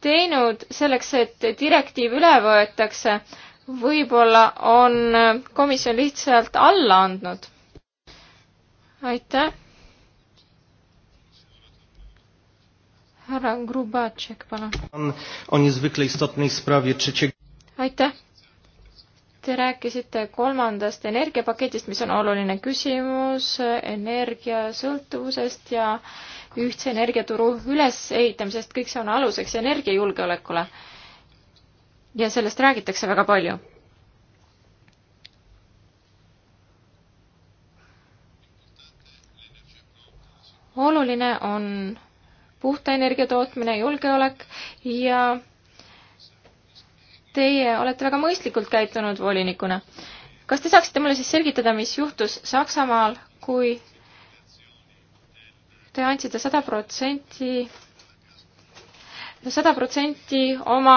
teinud selleks, et direktiiv üle võetakse, võib-olla on äh, komisjon lihtsalt alla andnud? aitäh. härra Grubatšek, palun. aitäh samuti rääkisite kolmandast energiapaketist, mis on oluline küsimus energiasõltuvusest ja ühtse energiaturu ülesehitamisest, kõik see on aluseks energiajulgeolekule. ja sellest räägitakse väga palju. oluline on puhta energia tootmine, julgeolek ja Teie olete väga mõistlikult käitunud volinikuna. kas te saaksite mulle siis selgitada, mis juhtus Saksamaal, kui te andsite sada protsenti, sada protsenti oma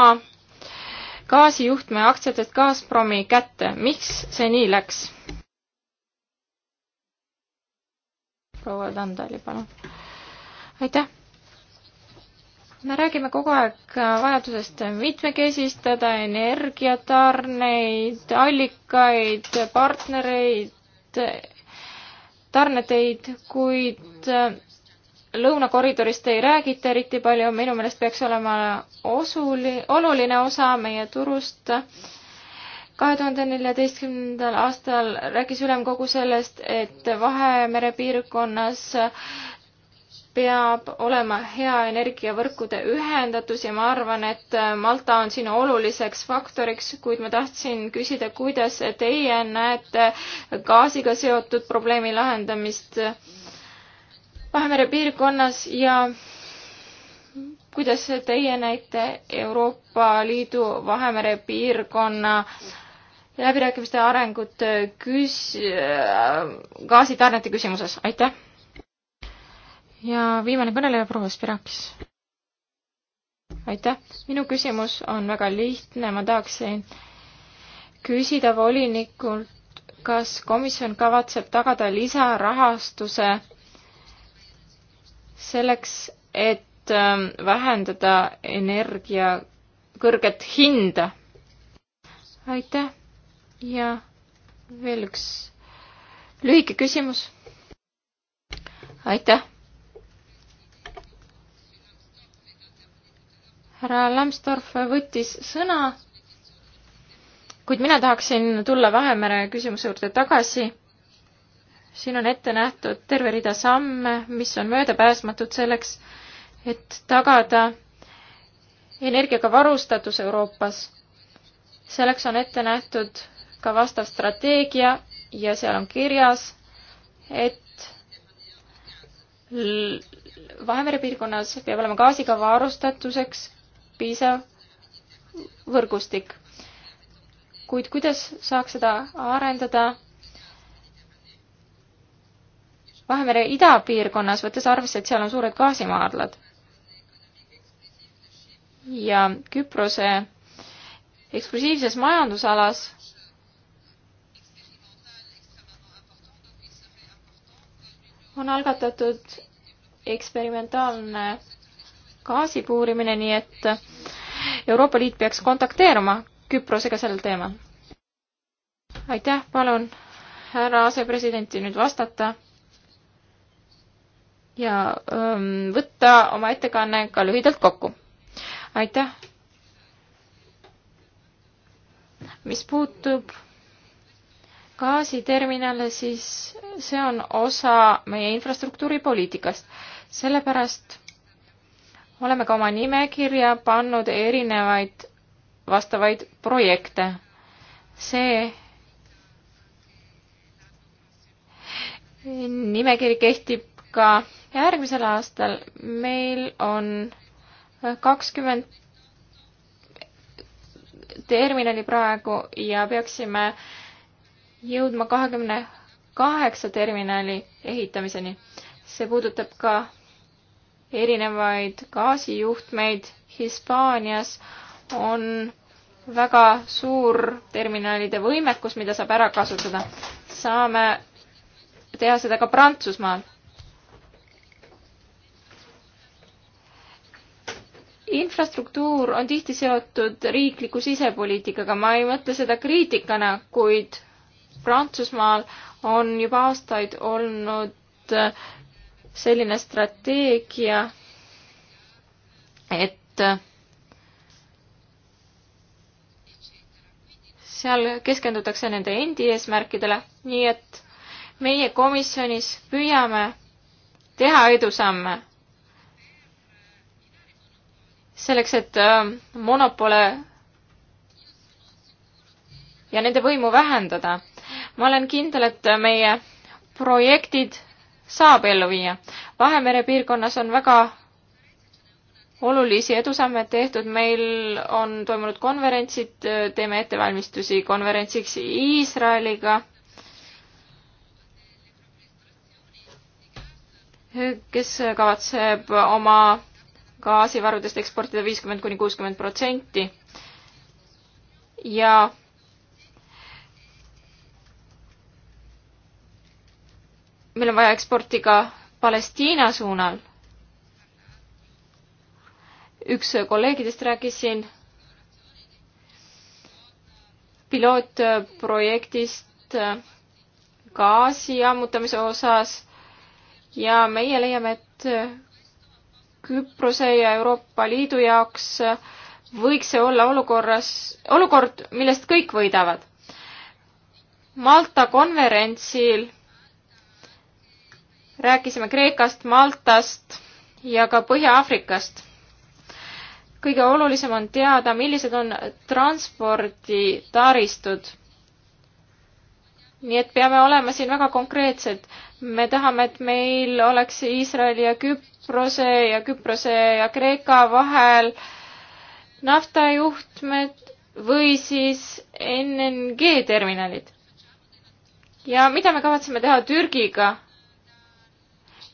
gaasijuhtme aktsiatest Gazpromi kätte. miks see nii läks? proua Tandali, palun. aitäh me räägime kogu aeg vajadusest mitmekesistada energiatarneid, allikaid, partnereid, tarneteid, kuid äh, lõunakoridorist ei räägita eriti palju, minu meelest peaks olema osuli-, oluline osa meie turust. kahe tuhande neljateistkümnendal aastal rääkis ülemkogu sellest, et Vahemere piirkonnas peab olema hea energiavõrkude ühendatus ja ma arvan, et äh, Malta on siin oluliseks faktoriks, kuid ma tahtsin küsida, kuidas teie näete gaasiga seotud probleemi lahendamist äh, Vahemere piirkonnas ja kuidas teie näite Euroopa Liidu Vahemere piirkonna läbirääkimiste arengut äh, küs-, gaasitarnete küsimuses, aitäh! ja viimane kõneleja, proua Spirakis. aitäh, minu küsimus on väga lihtne, ma tahaksin küsida volinikult, kas komisjon kavatseb tagada lisarahastuse selleks, et ähm, vähendada energia kõrget hinda. aitäh ja veel üks lühike küsimus. aitäh. härra Lambsdorff võttis sõna, kuid mina tahaksin tulla Vahemere küsimuse juurde tagasi. siin on ette nähtud terve rida samme, mis on möödapääsmatud selleks, et tagada energiaga varustatus Euroopas. selleks on ette nähtud ka vastav strateegia ja seal on kirjas, et Vahemere piirkonnas peab olema gaasiga varustatuseks piisav võrgustik. kuid kuidas saaks seda arendada Vahemere idapiirkonnas, võttes arvesse, et seal on suured gaasimaardlad? ja Küprose eksklusiivses majandusalas on algatatud eksperimentaalne gaasi puurimine, nii et Euroopa Liit peaks kontakteeruma Küprosega sel teemal. aitäh, palun härra asepresidenti nüüd vastata ja öö, ähm, võtta oma ettekanne ka lühidalt kokku. aitäh. mis puutub gaasiterminale, siis see on osa meie infrastruktuuripoliitikast. sellepärast oleme ka oma nimekirja pannud erinevaid vastavaid projekte. see nimekiri kehtib ka järgmisel aastal. meil on kakskümmend terminali praegu ja peaksime jõudma kahekümne kaheksa terminali ehitamiseni. see puudutab ka erinevaid gaasijuhtmeid. Hispaanias on väga suur terminalide võimekus, mida saab ära kasutada. saame teha seda ka Prantsusmaal. infrastruktuur on tihti seotud riikliku sisepoliitikaga, ma ei mõtle seda kriitikana, kuid Prantsusmaal on juba aastaid olnud selline strateegia, et seal keskendutakse nende endi eesmärkidele, nii et meie komisjonis püüame teha edusamme selleks, et äh, monopole ja nende võimu vähendada. ma olen kindel, et meie projektid saab ellu viia. Vahemere piirkonnas on väga olulisi edusamme tehtud, meil on toimunud konverentsid, teeme ettevalmistusi konverentsiks Iisraeliga. kes kavatseb oma gaasivarudest eksportida viiskümmend kuni kuuskümmend protsenti ja meil on vaja eksporti ka Palestiina suunal. üks kolleegidest rääkis siin pilootprojektist gaasi ammutamise osas ja meie leiame, et Küprose ja Euroopa Liidu jaoks võiks see olla olukorras, olukord, millest kõik võidavad. Malta konverentsil rääkisime Kreekast, Maltast ja ka Põhja-Aafrikast. kõige olulisem on teada, millised on transporditaristud. nii et peame olema siin väga konkreetsed. me tahame, et meil oleks Iisraeli ja Küprose ja Küprose ja Kreeka vahel naftajuhtmed või siis NNG terminalid. ja mida me kavatseme teha Türgiga?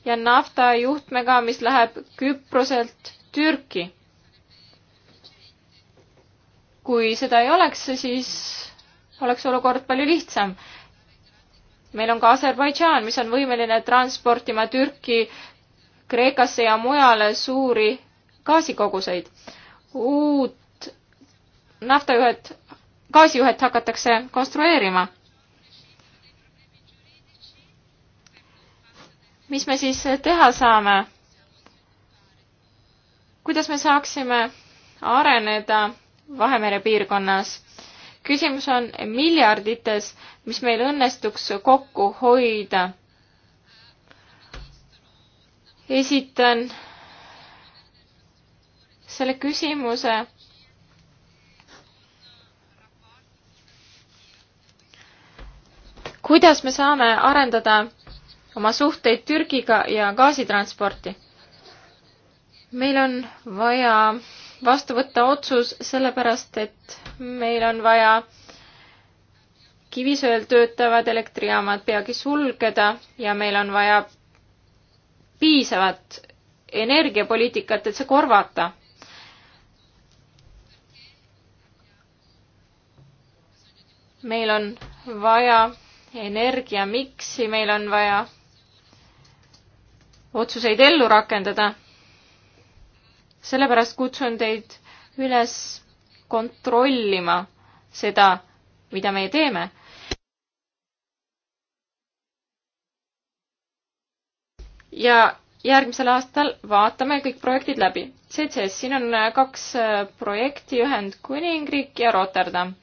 ja naftajuhtmega, mis läheb Küproselt Türki. kui seda ei oleks, siis oleks olukord palju lihtsam. meil on ka Aserbaidžaan, mis on võimeline transportima Türki Kreekasse ja mujale suuri gaasikoguseid. uut naftajuhet, gaasijuhet hakatakse konstrueerima mis me siis teha saame? kuidas me saaksime areneda Vahemere piirkonnas? küsimus on miljardites, mis meil õnnestuks kokku hoida. esitan selle küsimuse kuidas me saame arendada oma suhteid Türgiga ja gaasitransporti. meil on vaja vastu võtta otsus sellepärast, et meil on vaja kivisöel töötavad elektrijaamad peagi sulgeda ja meil on vaja piisavat energiapoliitikat, et see korvata. meil on vaja energiamiksi, meil on vaja otsuseid ellu rakendada. sellepärast kutsun teid üles kontrollima seda, mida meie teeme. ja järgmisel aastal vaatame kõik projektid läbi. CCS, siin on kaks projekti, Ühendkuningriik ja Rotterdam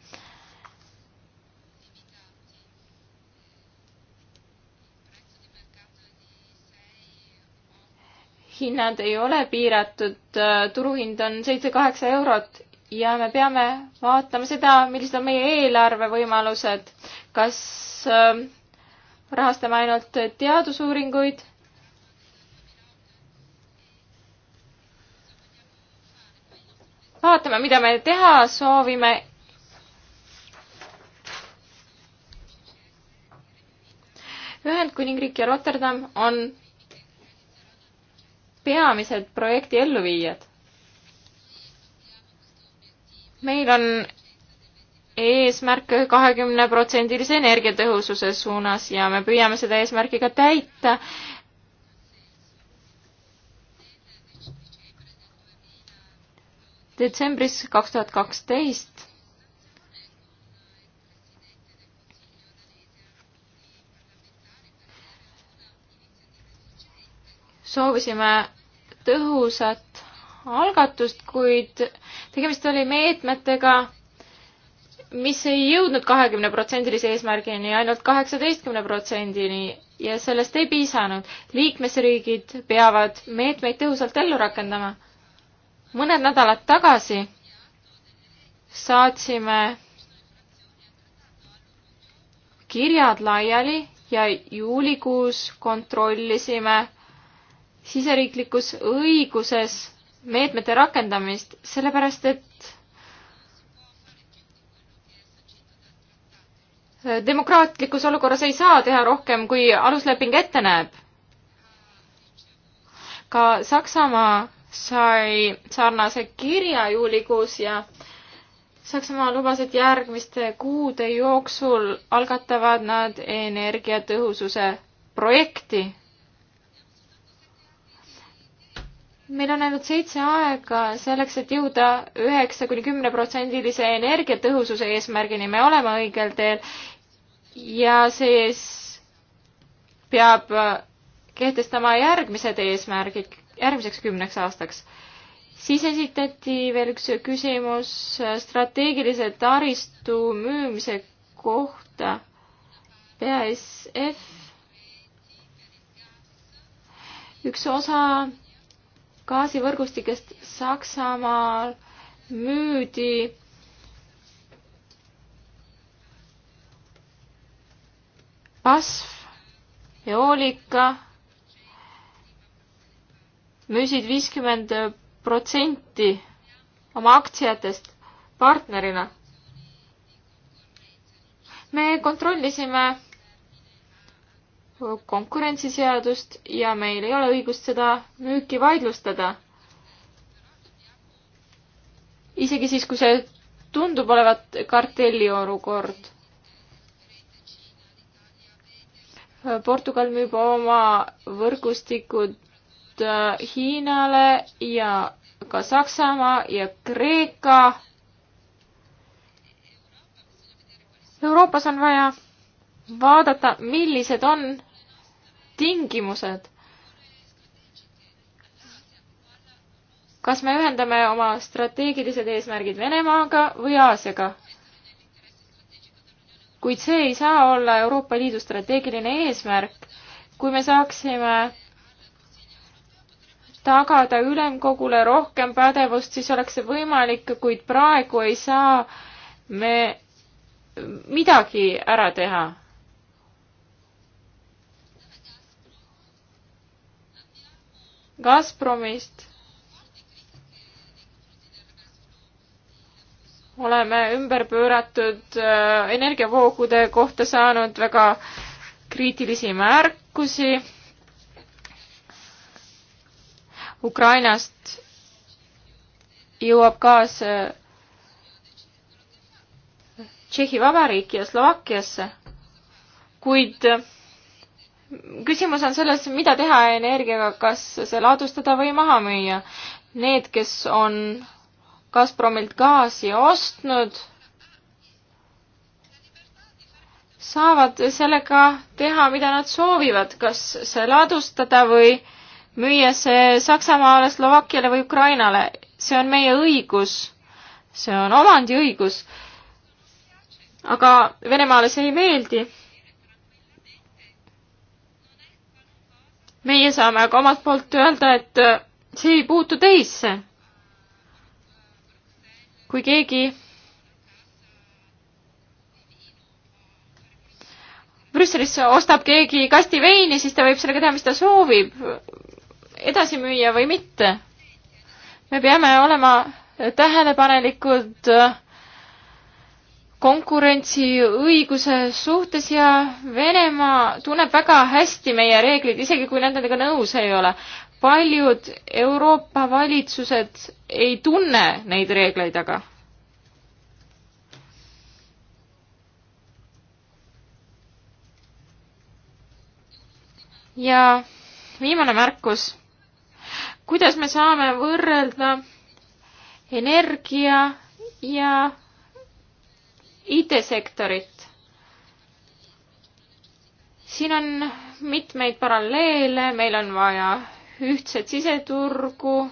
hinnad ei ole piiratud, turuhind on seitse-kaheksa eurot ja me peame vaatama seda, millised on meie eelarvevõimalused. kas ähm, rahastame ainult teadusuuringuid? vaatame, mida me teha soovime. Ühendkuningriik ja Rotterdam on peamised projekti elluviijad. meil on eesmärk kahekümneprotsendilise energiatõhususe suunas ja me püüame seda eesmärki ka täita. detsembris kaks tuhat kaksteist soovisime tõhusat algatust, kuid tegemist oli meetmetega, mis ei jõudnud kahekümne protsendilise eesmärgini, ainult kaheksateistkümne protsendini ja sellest ei piisanud. liikmesriigid peavad meetmeid tõhusalt ellu rakendama. mõned nädalad tagasi saatsime kirjad laiali ja juulikuus kontrollisime siseriiklikus õiguses meetmete rakendamist, sellepärast et demokraatlikus olukorras ei saa teha rohkem, kui alusleping ette näeb. ka Saksamaa sai sarnase kirja juulikuus ja Saksamaa lubas, et järgmiste kuude jooksul algatavad nad energiatõhususe projekti meil on ainult seitse aega selleks, et jõuda üheksa kuni kümne protsendilise energiatõhususe eesmärgini, me oleme õigel teel ja siis peab kehtestama järgmised eesmärgid järgmiseks kümneks aastaks. siis esitati veel üks küsimus strateegilise taristu müümise kohta. BASF üks osa gaasivõrgustikest Saksamaal müüdi BASF, Eolika müüsid viiskümmend protsenti oma aktsiatest partnerina. me kontrollisime konkurentsiseadust ja meil ei ole õigust seda müüki vaidlustada. isegi siis, kui see tundub olevat kartelli olukord. Portugal müüb oma võrgustikud äh, Hiinale ja ka Saksamaa ja Kreeka. Euroopas on vaja vaadata, millised on tingimused. kas me ühendame oma strateegilised eesmärgid Venemaaga või Aasiaga? kuid see ei saa olla Euroopa Liidu strateegiline eesmärk. kui me saaksime tagada ülemkogule rohkem pädevust, siis oleks see võimalik, kuid praegu ei saa me midagi ära teha Gazpromist oleme ümberpööratud äh, energiavoogude kohta saanud väga kriitilisi märkusi. Ukrainast jõuab gaas äh, Tšehhi Vabariiki ja Slovakkiasse, kuid küsimus on selles, mida teha energiaga, kas see ladustada või maha müüa. Need, kes on Gazpromilt gaasi ostnud, saavad sellega teha, mida nad soovivad, kas see ladustada või müüa see Saksamaale, Slovakkiale või Ukrainale. see on meie õigus, see on omandiõigus. aga Venemaale see ei meeldi meie saame aga omalt poolt öelda, et äh, see ei puutu teisse. kui keegi Brüsselis ostab keegi kasti veini, siis ta võib sellega teha, mis ta soovib, edasi müüa või mitte. me peame olema tähelepanelikud äh, konkurentsiõiguse suhtes ja Venemaa tunneb väga hästi meie reeglid, isegi kui nad nendega nõus ei ole. paljud Euroopa valitsused ei tunne neid reegleid aga. ja viimane märkus. kuidas me saame võrrelda energia ja IT-sektorit. siin on mitmeid paralleele, meil on vaja ühtset siseturgu,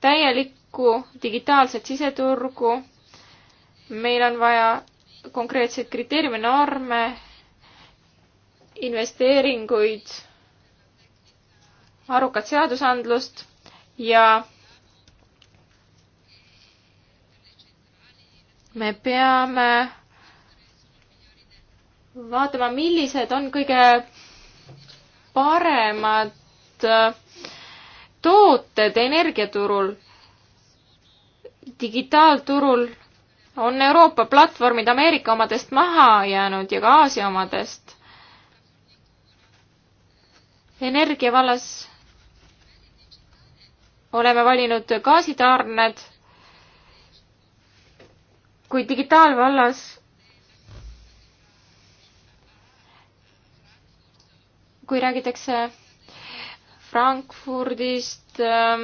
täielikku digitaalset siseturgu. meil on vaja konkreetseid kriteeriume, norme, investeeringuid, arukat seadusandlust ja me peame vaatama, millised on kõige paremad äh, tooted energiaturul. digitaalturul on Euroopa platvormid Ameerika omadest maha jäänud ja ka Aasia omadest. energia vallas oleme valinud gaasitarned kui digitaalvallas kui räägitakse Frankfurdist, ähm,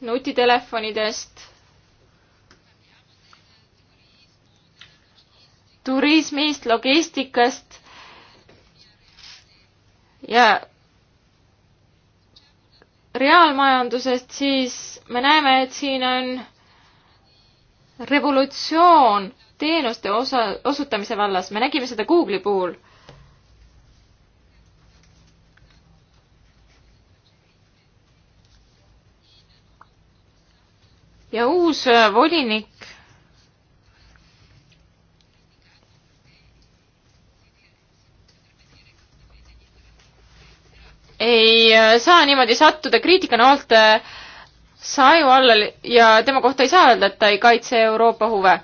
nutitelefonidest, turismist, logistikast ja reaalmajandusest, siis me näeme, et siin on revolutsioon teenuste osa, osutamise vallas, me nägime seda Google'i puhul. ja uus äh, volinik ei äh, saa niimoodi sattuda kriitikana alt äh, saju alla ja tema kohta ei saa öelda, et ta ei kaitse Euroopa huve.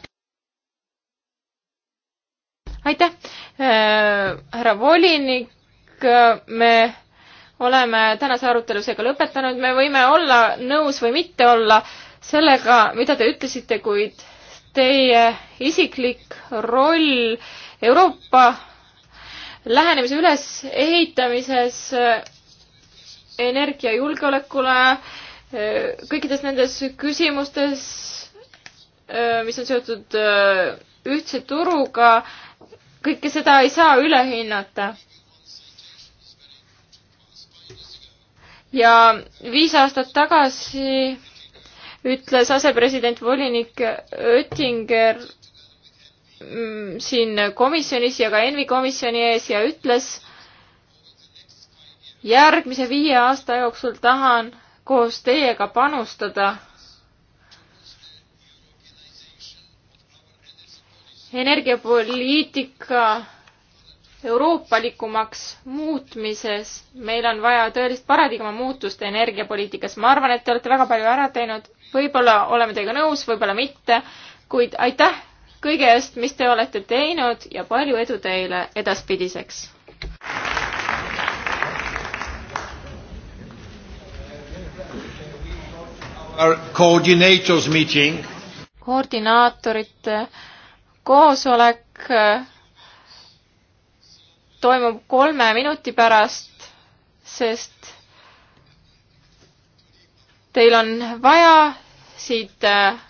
aitäh, äh, härra volinik, me oleme tänase arutelu seega lõpetanud, me võime olla nõus või mitte olla sellega, mida te ütlesite, kuid teie isiklik roll Euroopa lähenemise ülesehitamises energiajulgeolekule äh, Äh, kõikides nendes küsimustes, äh, mis on seotud äh, ühtse turuga, kõike seda ei saa üle hinnata. ja viis aastat tagasi ütles asepresident volinik Oettinger mm, siin komisjonis ja ka ENVI komisjoni ees ja ütles, järgmise viie aasta jooksul tahan koos teiega panustada energiapoliitika euroopalikumaks muutmises. meil on vaja tõelist paradigma muutust energiapoliitikas. ma arvan, et te olete väga palju ära teinud. võib-olla oleme teiega nõus, võib-olla mitte, kuid aitäh kõige eest, mis te olete teinud ja palju edu teile edaspidiseks! koordinaatorite koosolek äh, toimub kolme minuti pärast, sest teil on vaja siit äh,